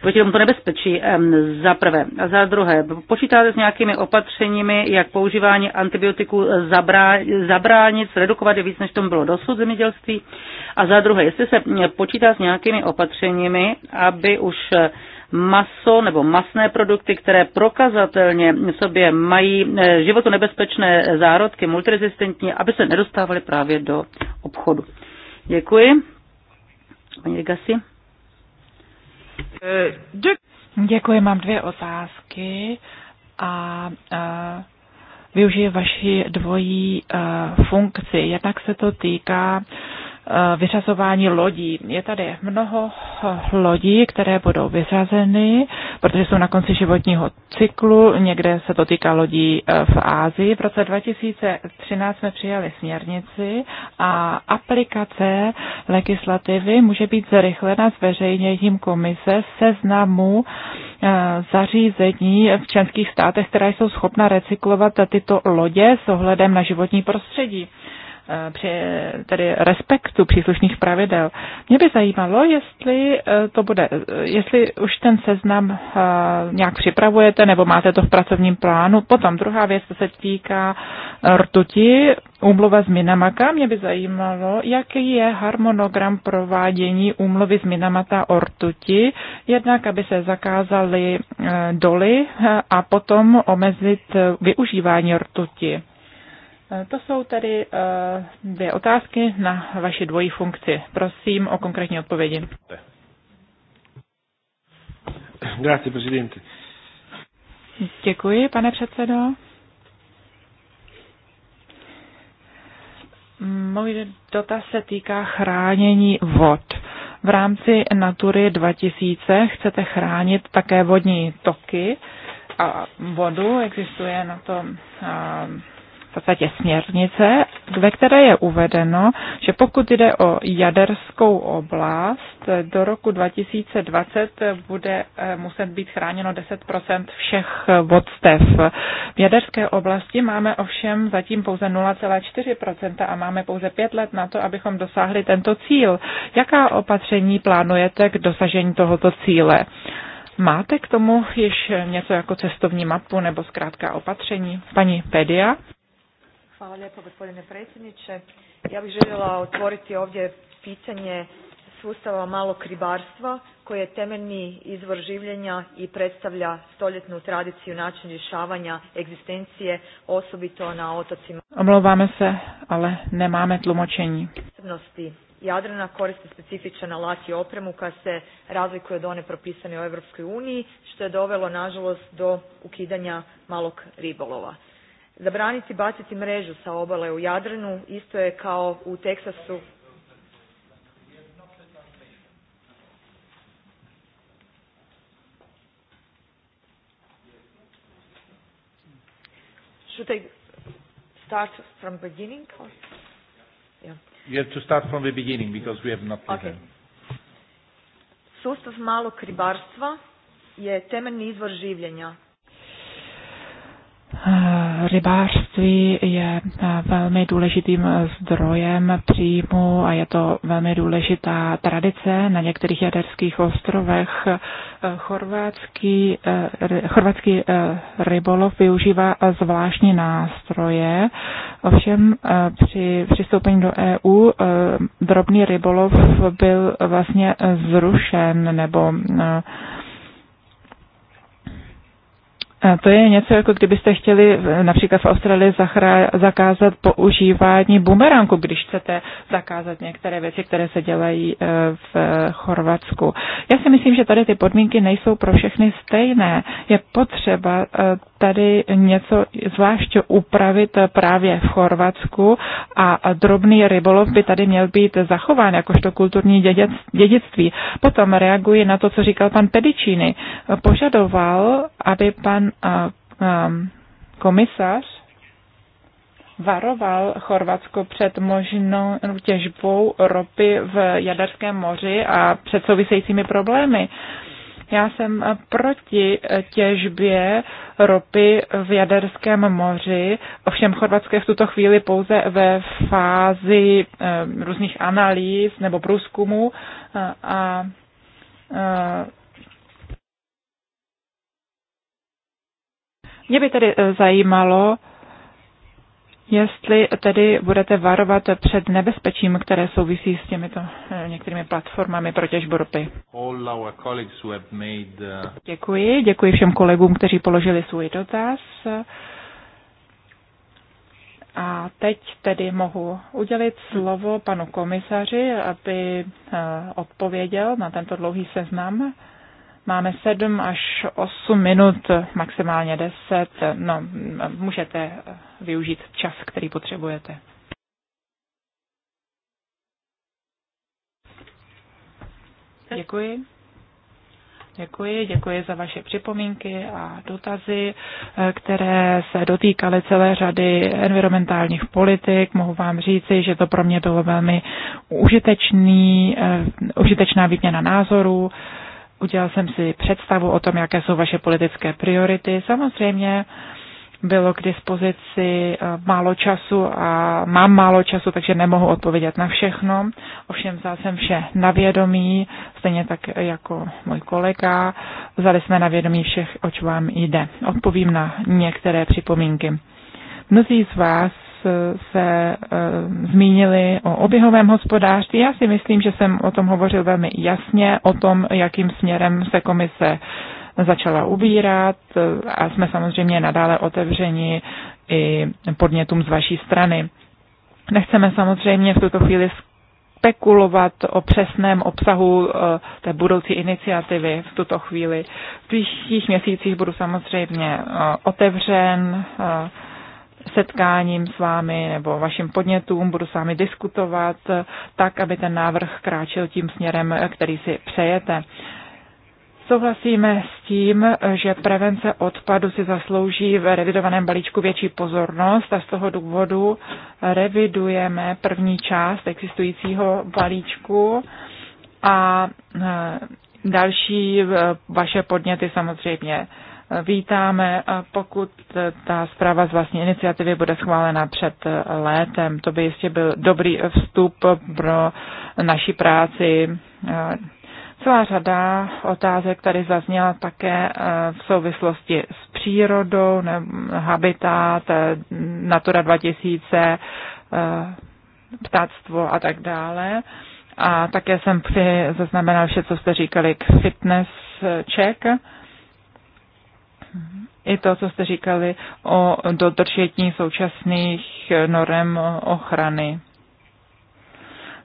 proti tomuto nebezpečí ehm, za prvé. A za druhé, počítáte s nějakými opatřeními, jak používání antibiotiků zabránit, zredukovat je víc, než tomu bylo dosud v zemědělství? A za druhé, jestli se počítá s nějakými opatřeními, aby už maso nebo masné produkty, které prokazatelně v sobě mají eh, životu nebezpečné zárodky, multiresistentní, aby se nedostávaly právě do obchodu. Děkuji. Paní Rigasi. Eh, Děkuji, mám dvě otázky a uh, eh, využije vaši dvojí uh, funkci. Jednak se to týká Eh, vyřazování lodí. Je tady mnoho eh, lodí, které budou vyřazeny, protože jsou na konci životního cyklu. Někde se to týká lodí eh, v Ázii. V roce 2013 jsme přijali směrnici a aplikace legislativy může být zrychlena zveřejněním komise seznamu zařízení v členských státech, která jsou schopna recyklovat tyto lodě s ohledem na životní prostředí. Eh, při tedy respektu příslušných pravidel. Mě by zajímalo, jestli eh, to bude, eh, jestli už ten seznam nějak připravujete nebo máte to v pracovním plánu. Potom druhá věc, co se týká rtuti, úmluva z Minamaka. Mě by zajímalo, jaký je harmonogram provádění úmluvy z Minamata o rtuti, jednak aby se zakázaly doly a potom omezit využívání rtuti. Eh, to jsou tedy eh, dvě otázky na vaši dvojí funkci. Prosím o konkrétní odpovědi. Grazie, presidente. Děkuji, pane předsedo. Můj dotaz se týká chránění vod. V rámci Natury 2000 chcete chránit také vodní toky a vodu. Existuje na to eh, podstatě směrnice, ve které je uvedeno, že pokud jde o jaderskou oblast, do roku 2020 bude eh, muset být chráněno 10 všech vodstev. V jaderské oblasti máme ovšem zatím pouze 0,4 a máme pouze pět let na to, abychom dosáhli tento cíl. Jaká opatření plánujete k dosažení tohoto cíle? Máte k tomu již něco jako cestovní mapu nebo zkrátka opatření? Paní Pedia? Hvala lijepo gospodine predsjedniče. Ja bih željela otvoriti ovdje pitanje sustava malog ribarstva koji je temeljni izvor življenja i predstavlja stoljetnu tradiciju način rješavanja egzistencije osobito na otocima. Omlouváme se, ale nemáme tlumočení. Jadrana koriste specifičan alat i opremu koja se razlikuje od one propisane u Europskoj uniji, što je dovelo nažalost do ukidanja malog ribolova. Zabraniti baciti mrežu sa obale u Jadranu isto je kao u Teksasu Should I start from beginning? Yeah. You have to start from the beginning because we have not okay. Sustav malog ribarstva je temeljni izvor življenja Rybářství je eh, velmi důležitým eh, zdrojem příjmu a je to velmi důležitá tradice na některých jaderských ostrovech. Eh, chorvatský, chorvatský rybolov využívá zvláštní nástroje, ovšem při přistoupení do EU drobný rybolov byl vlastně zrušen nebo to je něco, jako kdybyste chtěli například v Austrálii zakázat používání bumeranku, když chcete zakázat některé věci, které se dělají e, v Chorvatsku. Já si myslím, že tady ty podmínky nejsou pro všechny stejné. Je potřeba e, tady něco zvlášť upravit právě v Chorvatsku a drobný rybolov by tady měl být zachován jakožto kulturní dědictví. Potom reaguji na to, co říkal pan Pedicini. Požadoval, aby pan komisař varoval Chorvatsko před možnou těžbou ropy v Jaderském moři a před souvisejícími problémy. Já jsem proti těžbě ropy v Jaderském moři, ovšem Chorvatské v tuto chvíli pouze ve fázi eh, různých analýz nebo průzkumu eh, a, a eh, mě by tedy zajímalo, jestli tedy budete varovat před nebezpečím, které souvisí s těmito eh, některými platformami pro těžbu ropy. Uh, děkuji, děkuji všem kolegům, kteří položili svůj dotaz. A teď tedy mohu udělit slovo panu komisaři, aby eh, odpověděl na tento dlouhý seznam Máme 7 až 8 minut, maximálně 10. No, můžete využít čas, který potřebujete. Děkuji. Děkuji, děkuji za vaše připomínky a dotazy, které se dotýkaly celé řady environmentálních politik. Mohu vám říci, že to pro mě bylo velmi užitečný, eh, užitečná výměna názorů. Udělal jsem si představu o tom, jaké jsou vaše politické priority. Samozřejmě bylo k dispozici eh, málo času a mám málo času, takže nemohu odpovědět na všechno. Ovšem vzal jsem vše na vědomí, stejně tak jako můj kolega. Vzali jsme na vědomí všech, oč vám jde. Odpovím na některé připomínky. Mnozí z vás eh, se eh, zmínili o oběhovém hospodářství. Já si myslím, že jsem o tom hovořil velmi jasně, o tom, jakým směrem se komise začala ubírat eh, a jsme samozřejmě nadále otevřeni i podnětům z vaší strany. Nechceme samozřejmě v tuto chvíli spekulovat o přesném obsahu té budoucí iniciativy v tuto chvíli. V příštích měsících budu samozřejmě otevřen setkáním s vámi nebo vašim podnětům, budu s vámi diskutovat tak, aby ten návrh kráčel tím směrem, který si přejete. Souhlasíme s tím, že prevence odpadu si zaslouží v revidovaném balíčku větší pozornost a z toho důvodu revidujeme první část existujícího balíčku a e, další e, vaše podněty samozřejmě vítáme, pokud ta zpráva z vlastní iniciativy bude schválena před létem. To by jistě byl dobrý vstup pro naši práci. Celá řada otázek tady zazněla také e, v souvislosti s přírodou, habitat, e, Natura 2000, e, ptáctvo a tak dále. A také jsem při zaznamenal vše, co jste říkali k fitness check i to, co jste říkali o dodržení současných norem ochrany.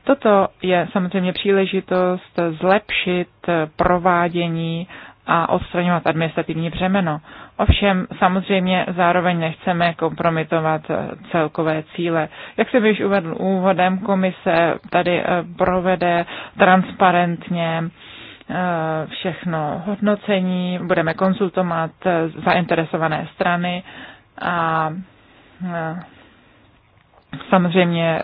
Toto je samozřejmě příležitost zlepšit provádění a odstraňovat administrativní břemeno. Ovšem samozřejmě zároveň nechceme kompromitovat celkové cíle. Jak jsem již uvedl úvodem, komise tady eh, provede transparentně Eh, všechno hodnocení, budeme konzultovat eh, zainteresované strany a eh, samozřejmě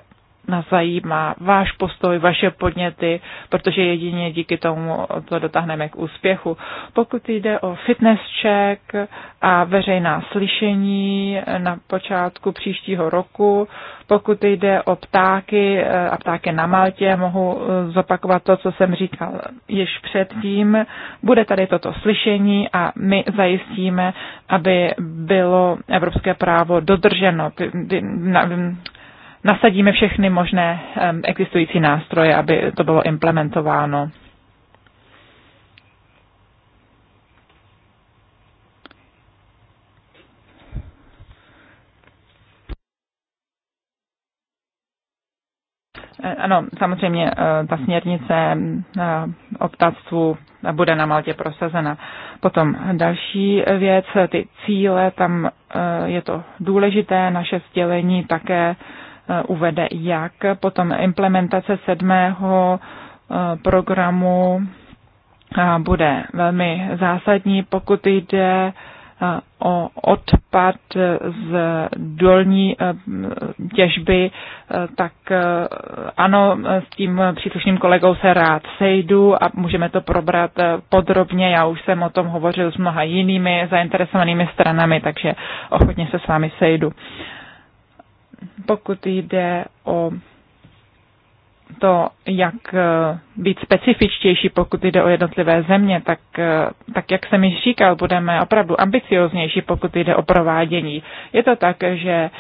nás zajímá váš postoj, vaše podněty, protože jedině díky tomu to dotáhneme k úspěchu. Pokud jde o fitness check a veřejná slyšení na počátku příštího roku, pokud jde o ptáky eh, a ptáky na Maltě, mohu eh, zopakovat to, co jsem říkal již předtím. Bude tady toto slyšení a my zajistíme, aby bylo evropské právo dodrženo nasadíme všechny možné existující nástroje, aby to bylo implementováno. E, ano, samozřejmě e, ta směrnice e, o ptactvu bude na Maltě prosazena. Potom další věc, ty cíle, tam je to důležité, naše sdělení také Eh, uvede, jak. Potom implementace sedmého eh, programu eh, bude velmi zásadní, pokud jde o odpad z dolní těžby, tak ano, s tím příslušným kolegou se rád sejdu a můžeme to probrat podrobně. Já už jsem o tom hovořil s mnoha jinými zainteresovanými stranami, takže ochotně se s vámi sejdu pokud jde o to, jak eh, být specifičtější, pokud jde o jednotlivé země, tak, eh, tak jak jsem již říkal, budeme opravdu ambicioznější, pokud jde o provádění. Je to tak, že eh,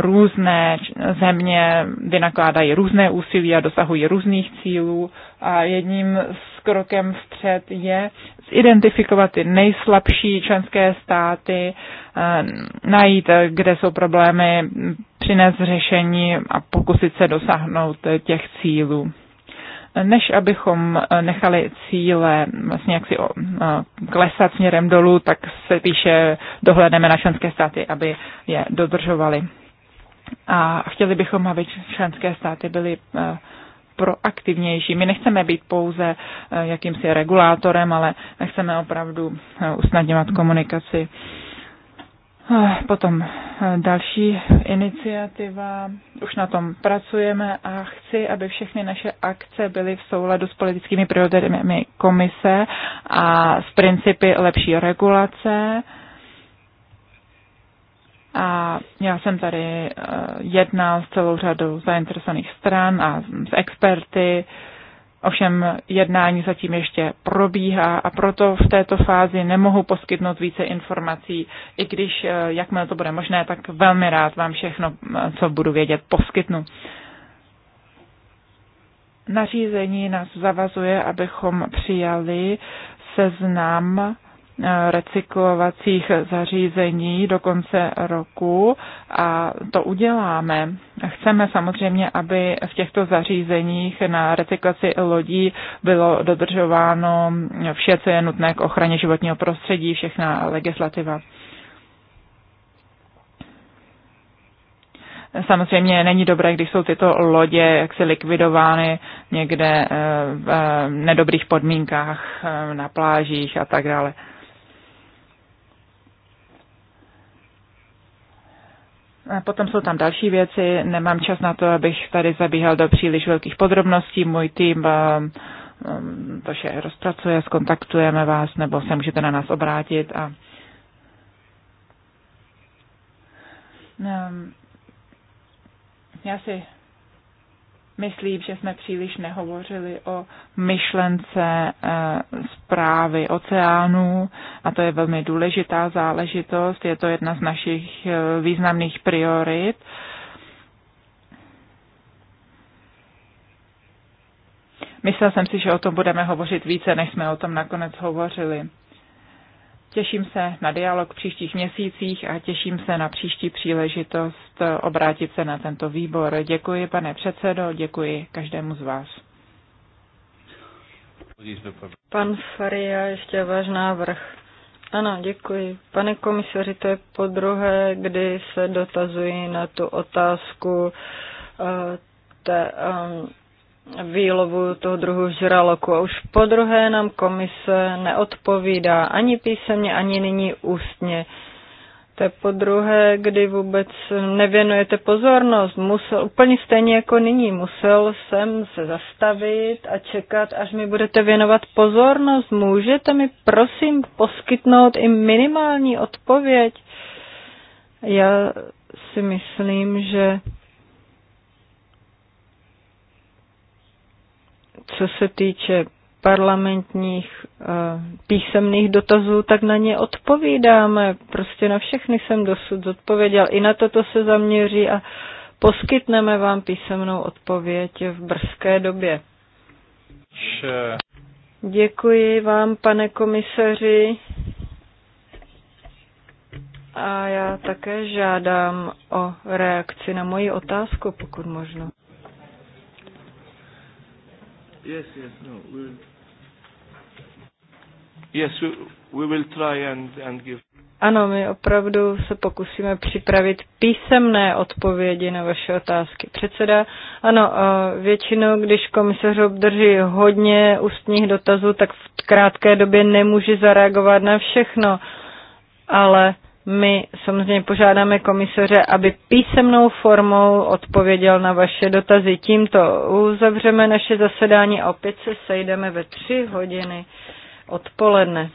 různé země vynakládají různé úsilí a dosahují různých cílů a jedním z krokem vstřed je identifikovat ty nejslabší členské státy, eh, najít, kde jsou problémy, přinést řešení a pokusit se dosáhnout těch cílů než abychom eh, nechali cíle vlastně jaksi eh, klesat směrem dolů, tak se píše dohledneme na členské státy, aby je dodržovali. A chtěli bychom, aby členské státy byly eh, proaktivnější. My nechceme být pouze jakýmsi regulátorem, ale nechceme opravdu usnadňovat komunikaci Eh, potom eh, další iniciativa, už na tom pracujeme a chci, aby všechny naše akce byly v souladu s politickými prioritami komise a s principy lepší regulace. A já jsem tady eh, jednal s celou řadou zainteresovaných stran a s experty, Ovšem jednání zatím ještě probíhá a proto v této fázi nemohu poskytnout více informací, i když eh, jakmile to bude možné, tak velmi rád vám všechno, eh, co budu vědět, poskytnu. Nařízení nás zavazuje, abychom přijali seznam recyklovacích zařízení do konce roku a to uděláme. Chceme samozřejmě, aby v těchto zařízeních na recyklaci lodí bylo dodržováno vše, co je nutné k ochraně životního prostředí, všechna legislativa. Samozřejmě není dobré, když jsou tyto lodě jaksi likvidovány někde eh, eh, v nedobrých podmínkách eh, na plážích a tak dále. Potom jsou tam další věci, nemám čas na to, abych tady zabíhal do příliš velkých podrobností. Můj tým eh, eh, to vše rozpracuje, skontaktujeme vás, nebo se můžete na nás obrátit a ehm, já si Myslím, že jsme příliš nehovořili o myšlence eh, zprávy oceánů a to je velmi důležitá záležitost. Je to jedna z našich eh, významných priorit. Myslel jsem si, že o tom budeme hovořit více, než jsme o tom nakonec hovořili. Těším se na dialog v příštích měsících a těším se na příští příležitost obrátit se na tento výbor. Děkuji, pane předsedo, děkuji každému z vás. Pan Faria, ještě váš návrh. Ano, děkuji. Pane komisaři, to je po druhé, kdy se dotazuji na tu otázku eh, te, um, výlovu toho druhu žraloku. A už po druhé nám komise neodpovídá ani písemně, ani nyní ústně. To je po druhé, kdy vůbec nevěnujete pozornost. Musel, úplně stejně jako nyní, musel jsem se zastavit a čekat, až mi budete věnovat pozornost. Můžete mi prosím poskytnout i minimální odpověď? Já si myslím, že co se týče parlamentních eh, písemných dotazů, tak na ně odpovídáme. Prostě na všechny jsem dosud odpověděl. I na toto se zaměří a poskytneme vám písemnou odpověď v brzké době. Děkuji vám, pane komisaři. A já také žádám o reakci na moji otázku, pokud možno. Yes, yes, no. We will... Yes, we will try and, and give. Ano, my opravdu se pokusíme připravit písemné odpovědi na vaše otázky. Předseda, ano, většinou, když komisař obdrží hodně ústních dotazů, tak v krátké době nemůže zareagovat na všechno, ale my samozřejmě požádáme komisaře, aby písemnou formou odpověděl na vaše dotazy. Tímto uzavřeme naše zasedání a opět se sejdeme ve tři hodiny odpoledne.